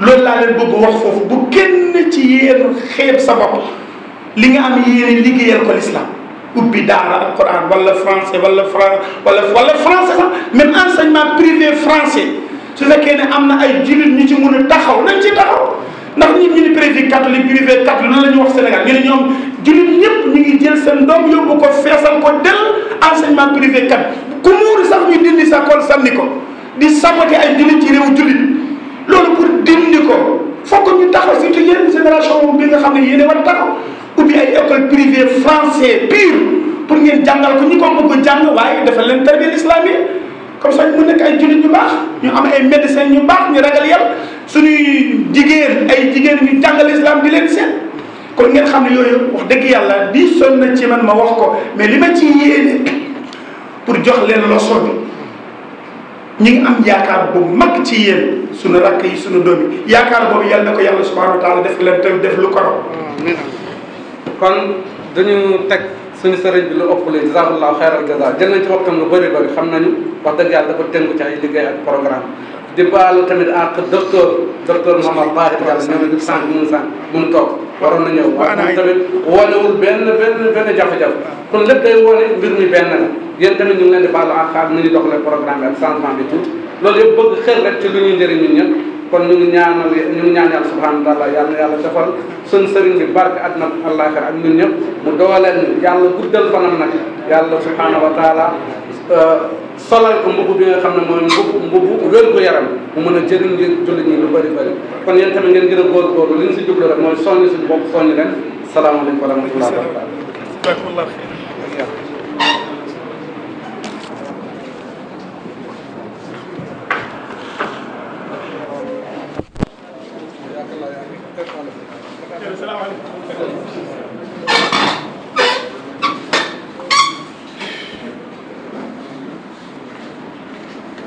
loolu laa leen bëgg wax foofu bu kenn ci yéen xeeb sa bopp li nga am yéene liggéeyal ko l'islam ubbi daara alquran wala français wala fran wala wala français sax même enseignement privé français su fekkee ne am na ay jullit ñu ci mën taxaw nañ ci taxaw ndax ñun ñu ni privé catholique privé catholique nan la ñu wax Sénégal ñu ne ñoom jullit ñëpp ñu ngi jël seen doom yóbbu ko feesal ko del enseignement privé kat ku muuru sax ñu dindi sax kool sànni ko di saboté ay jullit ci réew jullit loolu pour dindi ko foog ñu taxaw surtout yéen génération moom bi nga xam ne yéen a war ubbi ay école privée français pur pour ngeen jàngal ko ñi ko bëgg jàng waaye defal leen tarbiya islamique comme ça ñu nekk ay jullit ñu baax ñu am ay médecins ñu baax ñu ragal yàlla suñuy jigéen ay jigéen ñu jàngal islam di leen seet kon ngeen xam ne yooyu wax dëgg yàlla di sonn na ci man ma wax ko mais li ma ci yéene pour jox leen leçon bi ñu ngi am yaakaar bu mag ci yéen sunu rakk yi sunu doom yaakaar boobu yàlla na ko yàlla subhanahu wa taala def leen tamit def lu ko raw kon dañu teg suñu sëriñ bi lu ëpp li jazakallahu xayral jaza jël nañ ci waxtam lu bëri bëri xam nañu wax dëgg yàlla ko tënku ci ay liggéey ak programme di baalu tamit àq docteur docteur Momar Baare Diallo ñoom ñu sànq mu sànq mu mu toog waroon kon lépp day wone mbir mi benn la yéen tamit ñu ngi leen di baalu àq ak nu ñuy doxalee programme bi ak changement bi tuuti loolu yëpp kon ñu ngi ñaanal ñu ngi ñaan yàlla subhanahu wa taala yàlla na yàlla defal suñ sëriñ bi barke at na àllaaxira ak ñun mu dooleel yàlla guddal fanam nag yàlla subhanahu taala Euh, solal ko mbubb bi nga xam ne mooy mbubb mbubb wér gu yaram mu mën a jëriñ ngir jullit ñi lu bëri bëri kon yéen tamit ngeen gën a góorgóorlu li ñu si jublu rek mooy soññi suñu bopp soññi leen salaamaaleykum wa rahmatulah wa barakatu